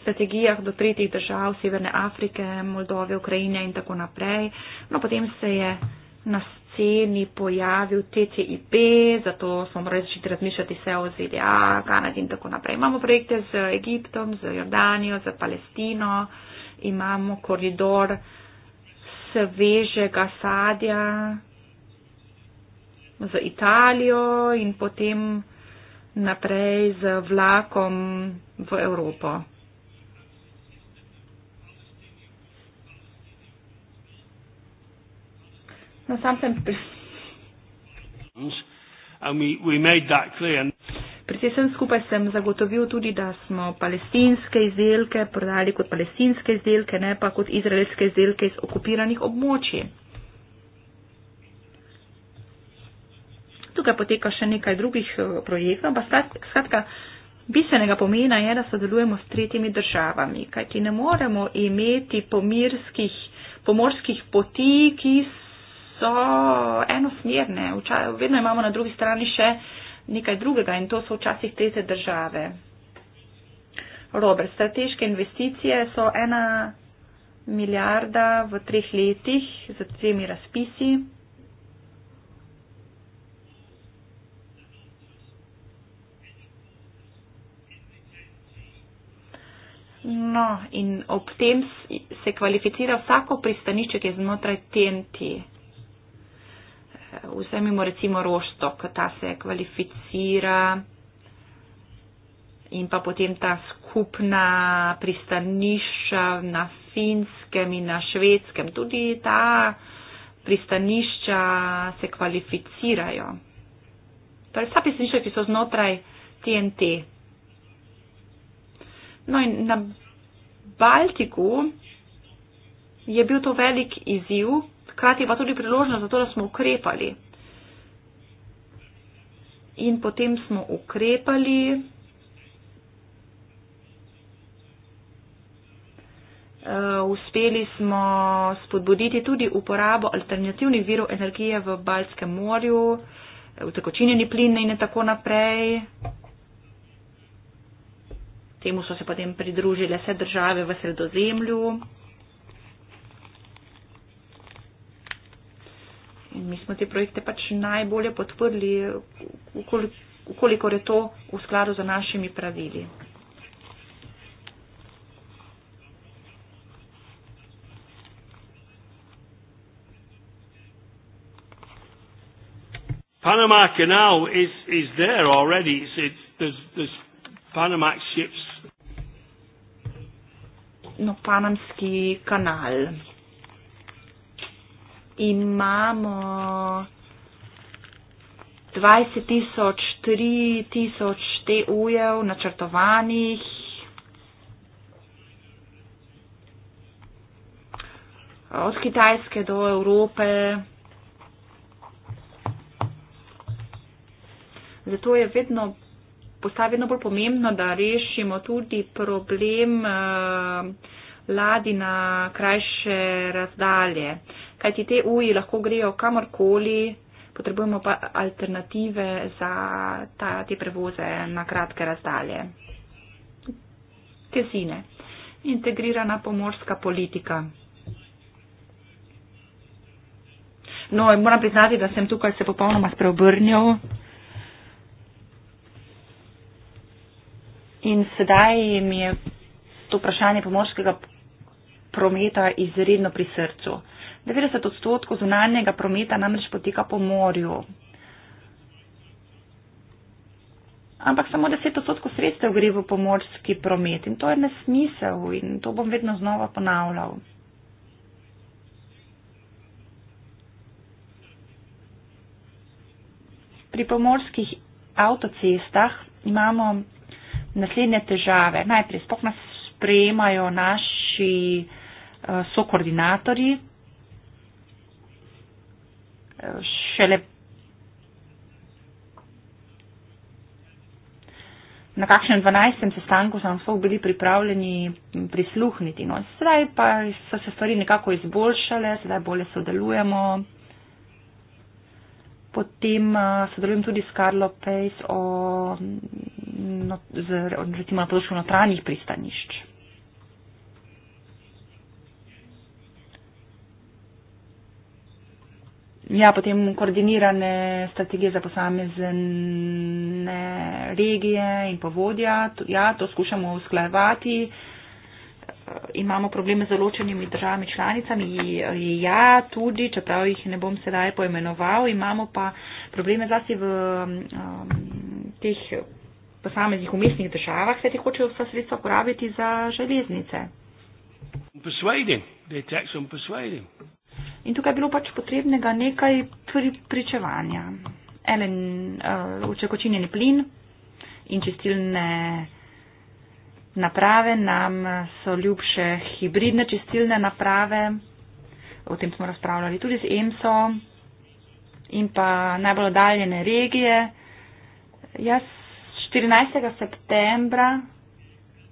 strategijah do tretjih držav, Severne Afrike, Moldove, Ukrajine in tako naprej. No, potem se je na sceni pojavil TTIP, zato smo morali začeti razmišljati vse o ZDA, Kanadi in tako naprej. Imamo projekte z Egiptom, z Jordanijo, z Palestino, imamo koridor svežega sadja, z Italijo in potem naprej z vlakom v Evropo. No, sam sem pri. Pri vsem skupaj sem zagotovil tudi, da smo palestinske izdelke prodali kot palestinske izdelke, ne pa kot izraelske izdelke iz okupiranih območij. Tukaj poteka še nekaj drugih eh, projektov, ampak skratka, bistvenega pomena je, da sodelujemo s tretjimi državami, kajti ne moremo imeti pomirskih, pomorskih poti, ki so enosmerne. Vedno imamo na drugi strani še nekaj drugega in to so včasih tretje države. Robert, strateške investicije so ena milijarda v treh letih za temi razpisi. No, in ob tem se kvalificira vsako pristanišče, ki je znotraj TNT. Eh, Vse mimo recimo Roštok, ta se kvalificira in pa potem ta skupna pristanišča na finskem in na švedskem. Tudi ta pristanišča se kvalificirajo. Torej vsa pristanišča, ki so znotraj TNT. No in na Baltiku je bil to velik izziv, hkrati pa tudi priložnost za to, da smo ukrepali. In potem smo ukrepali. Uh, uspeli smo spodbuditi tudi uporabo alternativnih virov energije v Baltskem morju, v tekočinjeni plin in tako naprej temu so se potem pridružile vse države v sredozemlju. In mi smo te projekte pač najbolje podprli, ukolikor je to v skladu z našimi pravili. Panama Canal is, is there already. It's, it's, there's, there's Panamax ships. No, Panamski kanal. Imamo 20 tisoč, 3 tisoč TU-jev načrtovanih. Od Kitajske do Evrope. Zato je vedno postavi vedno bolj pomembno, da rešimo tudi problem uh, eh, ladi na krajše razdalje. Kajti te uji lahko grejo kamorkoli, potrebujemo pa alternative za ta, te prevoze na kratke razdalje. Tesine. Integrirana pomorska politika. No, moram priznati, da sem tukaj se popolnoma spreobrnil. In sedaj mi je to vprašanje pomorskega prometa izredno pri srcu. 90 odstotkov zunanjega prometa namreč poteka po morju. Ampak samo 10 odstotkov sredstev gre v pomorski promet in to je nesmisel in to bom vedno znova ponavljal. Pri pomorskih avtocestah imamo naslednje težave. Najprej spok nas sprejemajo naši uh, sokoordinatorji, eh, šele na kakšnem 12. sestanku smo vsi bili pripravljeni prisluhniti. No, sedaj pa so se stvari nekako izboljšale, sedaj bolje sodelujemo. Potem uh, sodelujem tudi s Karlo Pejs o No, z, recimo na področju notranjih pristanišč. Ja, potem koordinirane strategije za posamezne regije in povodja. Ja, to skušamo usklajevati. Imamo probleme z določenimi državami članicami. Ja, tudi, čeprav jih ne bom sedaj poimenoval, imamo pa probleme zlasti v um, teh posameznih umestnih državah, kajti hočejo vsa sredstva porabiti za železnice. In tukaj je bilo pač potrebnega nekaj pri pričevanja. Elen, uh, učekočinjeni plin in čistilne naprave, nam so ljubše hibridne čistilne naprave, o tem smo razpravljali tudi z EMSO in pa najbolj oddaljene regije. Jaz 14. septembra,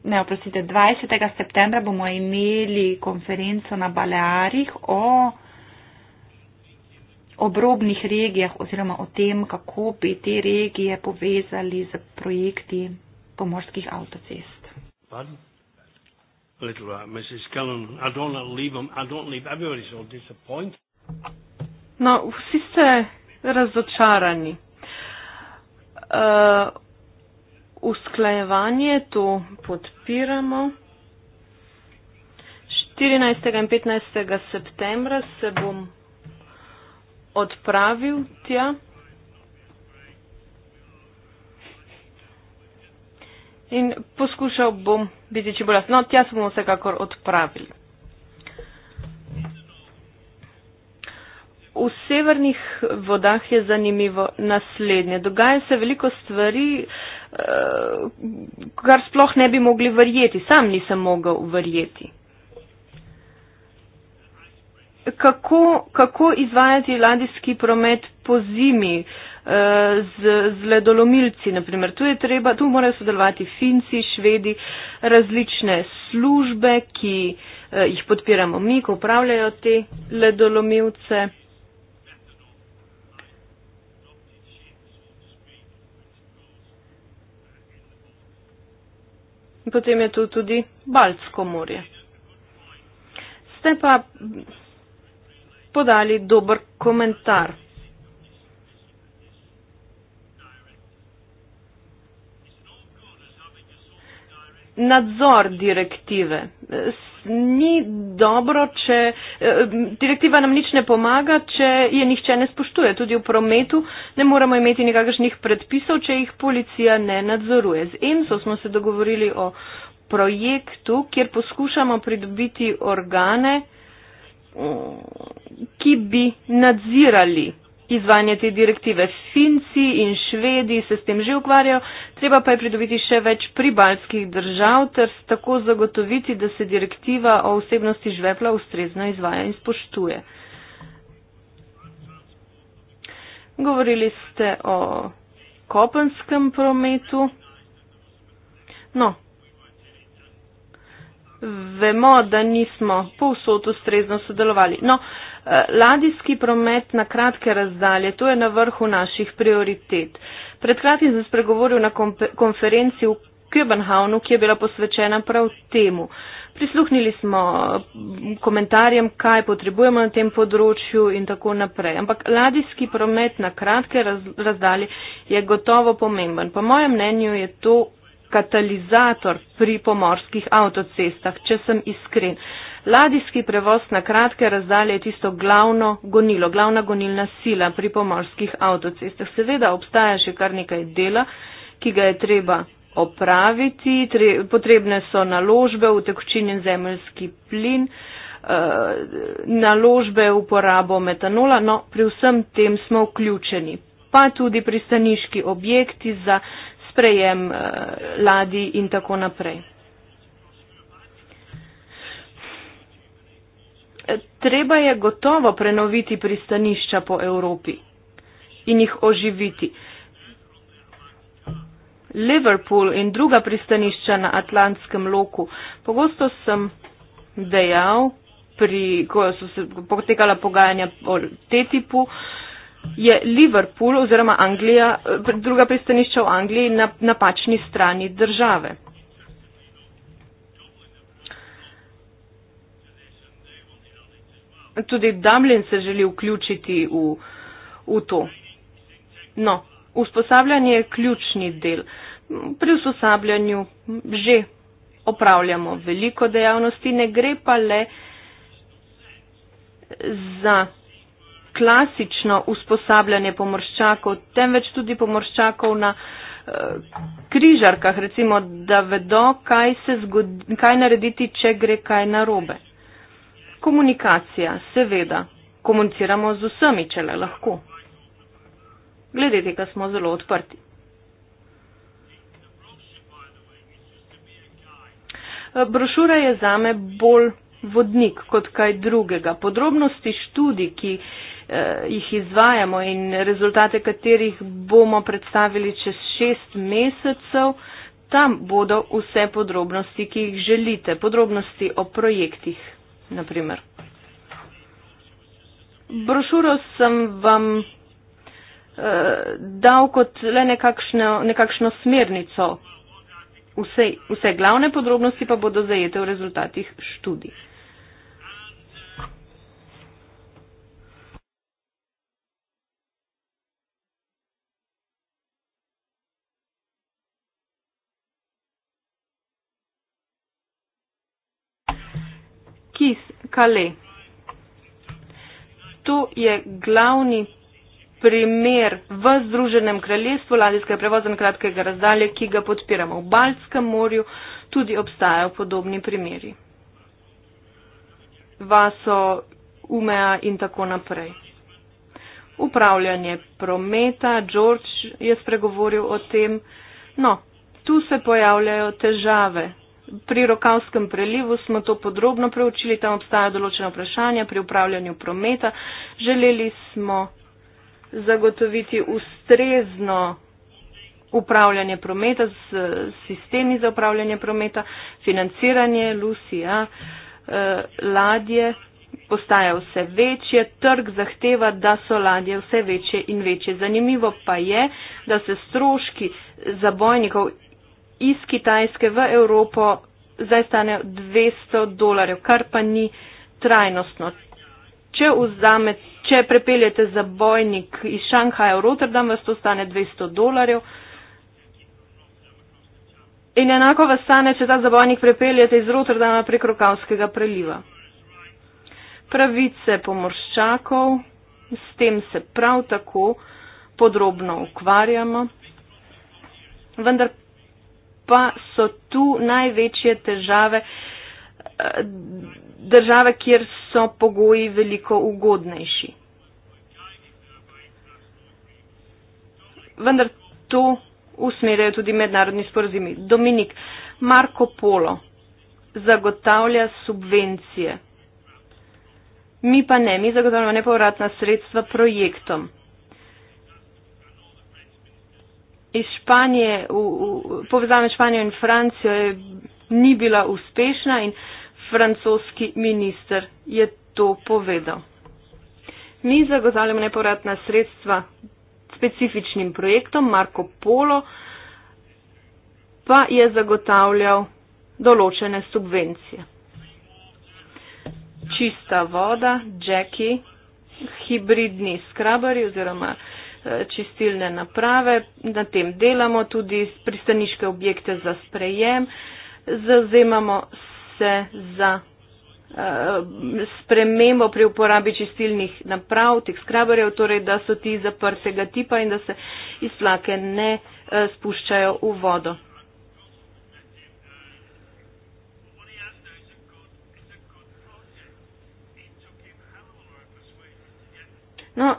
ne, oprostite, 20. septembra bomo imeli konferenco na Balearih o obrobnih regijah oziroma o tem, kako bi te regije povezali z projekti pomorskih avtocest. Pardon? Little, uh, Mrs. Cullen, I don't want to leave them. I don't leave everybody so disappointed. No, vsi ste razočarani. Uh, usklajevanje, to podpiramo. 14. in 15. septembra se bom odpravil tja. In poskušal bom biti čim bolj jasen. No, tja se bomo vsekakor odpravili. V severnih vodah je zanimivo naslednje. Dogaja se veliko stvari, uh, Eh, kar sploh ne bi mogli verjeti, sam nisem mogel verjeti. Kako, kako izvajati ladijski promet po zimi eh, z, z ledolomilci? Naprimer, tu, treba, tu morajo sodelovati Finci, Švedi, različne službe, ki eh, jih podpiramo mi, ko upravljajo te ledolomilce. In potem je tu tudi Baltsko morje. Ste pa podali dober komentar nadzor direktive. Ni dobro, če eh, direktiva nam nič ne pomaga, če je nihče ne spoštuje. Tudi v prometu ne moramo imeti nikakršnih predpisov, če jih policija ne nadzoruje. Z EMSO smo se dogovorili o projektu, kjer poskušamo pridobiti organe, mm, ki bi nadzirali izvajanje te direktive. Finci in Švedi se s tem že ukvarjajo, treba pa je pridobiti še več pribalskih držav ter tako zagotoviti, da se direktiva o osebnosti žvepla ustrezno izvaja in spoštuje. Govorili ste o kopenskem prometu. No, vemo, da nismo povsod ustrezno sodelovali. No, eh, ladijski promet na kratke razdalje, to je na vrhu naših prioritet. Pred kratkim sem spregovoril na konferenci v Köbenhavnu, ki je bila posvečena prav temu. Prisluhnili smo eh, komentarjem, kaj potrebujemo na tem področju in tako naprej. Ampak ladijski promet na kratke razdalje je gotovo pomemben. Po mojem mnenju je to katalizator pri pomorskih avtocestah, če sem iskren. Ladijski prevoz na kratke razdalje je tisto glavno gonilo, glavna gonilna sila pri pomorskih avtocestah. Seveda obstaja še kar nekaj dela, ki ga je treba opraviti, tre, potrebne so naložbe v tekočin in zemljski plin, eh, naložbe v uporabo metanola, no pri vsem tem smo vključeni. Pa tudi pristaniški objekti za sprejem eh, ladi in tako naprej. Treba je gotovo prenoviti pristanišča po Evropi in jih oživiti. Liverpool in druga pristanišča na Atlantskem loku. Pogosto sem dejal, pri, ko so se potekala pogajanja o TTIP-u, je Liverpool oziroma Anglija, eh, druga pristanišča v Angliji na napačni strani države. Tudi Dublin se želi vključiti v, v to. No, usposabljanje je ključni del. Pri usposabljanju že opravljamo veliko dejavnosti, ne gre pa le za klasično usposabljanje pomorščakov, temveč tudi pomorščakov na eh, križarkah, recimo, da vedo, kaj, zgodi, kaj narediti, če gre kaj narobe. Komunikacija, seveda, komuniciramo z vsemi, če le lahko. Glede tega smo zelo odprti. Eh, brošura je zame bolj vodnik kot kaj drugega. Podrobnosti študij, ki Eh, jih izvajamo in rezultate, katerih bomo predstavili čez šest mesecev, tam bodo vse podrobnosti, ki jih želite, podrobnosti o projektih, naprimer. Brošuro sem vam eh, dal kot le nekakšno, nekakšno smernico. Vse, vse glavne podrobnosti pa bodo zajete v rezultatih študij. Kale. To je glavni primer v Združenem kraljestvu ladijskega prevoza na kratkega razdalje, ki ga podpiramo v Baltskem morju, tudi obstajajo podobni primeri. Vaso, Umea in tako naprej. Upravljanje prometa, George je spregovoril o tem, no, tu se pojavljajo težave, Pri Rokavskem prelivu smo to podrobno preučili, tam obstaja določena vprašanja pri upravljanju prometa. Želeli smo zagotoviti ustrezno upravljanje prometa z sistemi za upravljanje prometa, financiranje, lusija, eh, ladje postaja vse večje, trg zahteva, da so ladje vse večje in večje. Zanimivo pa je, da se stroški zabojnikov iz Kitajske v Evropo zdaj stanejo 200 dolarjev, kar pa ni trajnostno. Če, vzame, če prepeljete za bojnik iz Šanghaja v Rotterdam, vas to stane 200 dolarjev. In enako vas stane, če ta zabojnik prepeljete iz Rotterdama prek Rokavskega preliva. Pravice pomorščakov, s tem se prav tako podrobno ukvarjamo, vendar pa so tu največje težave eh, države, kjer so pogoji veliko ugodnejši. Vendar to usmerjajo tudi mednarodni sporozumi. Dominik Marko Polo zagotavlja subvencije. Mi pa ne, mi zagotavljamo nepovratna sredstva projektom. iz Španije, v, v, povezava med Španijo in Francijo je, ni bila uspešna in francoski minister je to povedal. Mi zagotavljamo nepovratna sredstva specifičnim projektom, Marko Polo pa je zagotavljal določene subvencije. Čista voda, Jackie, hibridni skrabari oziroma Eh, čistilne naprave. Na tem delamo tudi pristaniške objekte za sprejem. Zazemamo se za eh, spremembo pri uporabi čistilnih naprav, teh skraberjev, torej da so ti zaprtega tipa in da se iz slake ne eh, spuščajo v vodo. No,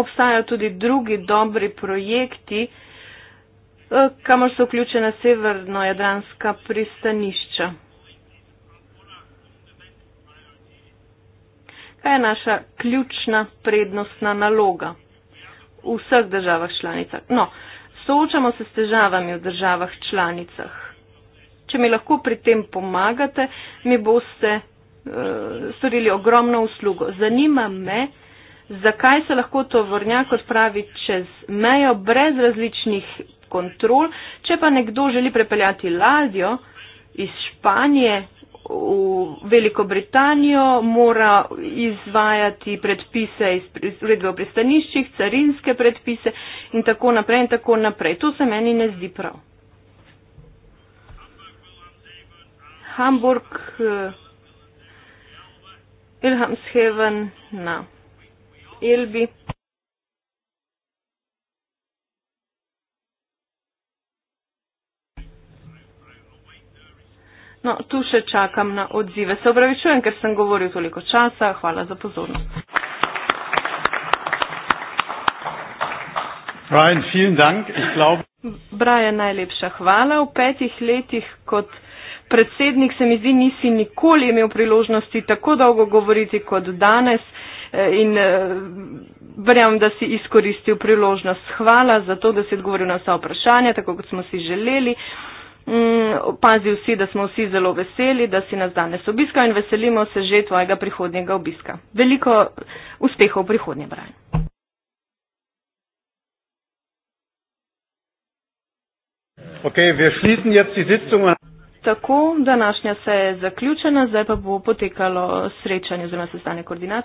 obstajajo tudi drugi dobri projekti, eh, kamor so vključena severno-jadranska pristanišča. Kaj je naša ključna prednostna naloga v vseh državah članicah? No, soočamo se s težavami v državah članicah. Če mi lahko pri tem pomagate, mi boste uh, storili ogromno uslugo. Zanima me, uh, zakaj se lahko to vrnjak odpravi čez mejo brez različnih kontrol, če pa nekdo želi prepeljati ladjo iz Španije v Veliko Britanijo, mora izvajati predpise iz uredbe o pristaniščih, carinske predpise in tako naprej in tako naprej. To se meni ne zdi prav. Hamburg, uh, Ilhamshaven, na. No. Elbi. No, tu še čakam na odzive. Se opravičujem, ker sem govoril toliko časa. Hvala za pozornost. Brian, Brian najlepša hvala. V petih letih kot predsednik se mi zdi nisi nikoli imel priložnosti tako dolgo govoriti kot danes eh, in eh, verjamem, da si izkoristil priložnost. Hvala za to, da si odgovoril na vsa vprašanja, tako kot smo si želeli. Mm, Pazi vsi, da smo vsi zelo veseli, da si nas danes obiskal in veselimo se že tvojega prihodnjega obiska. Veliko uspehov v prihodnje, Brian. Okay, wir schließen jetzt die Sitzung an. Tako današnja se je zaključena, zdaj pa bo potekalo srečanje oziroma sestanje koordinat.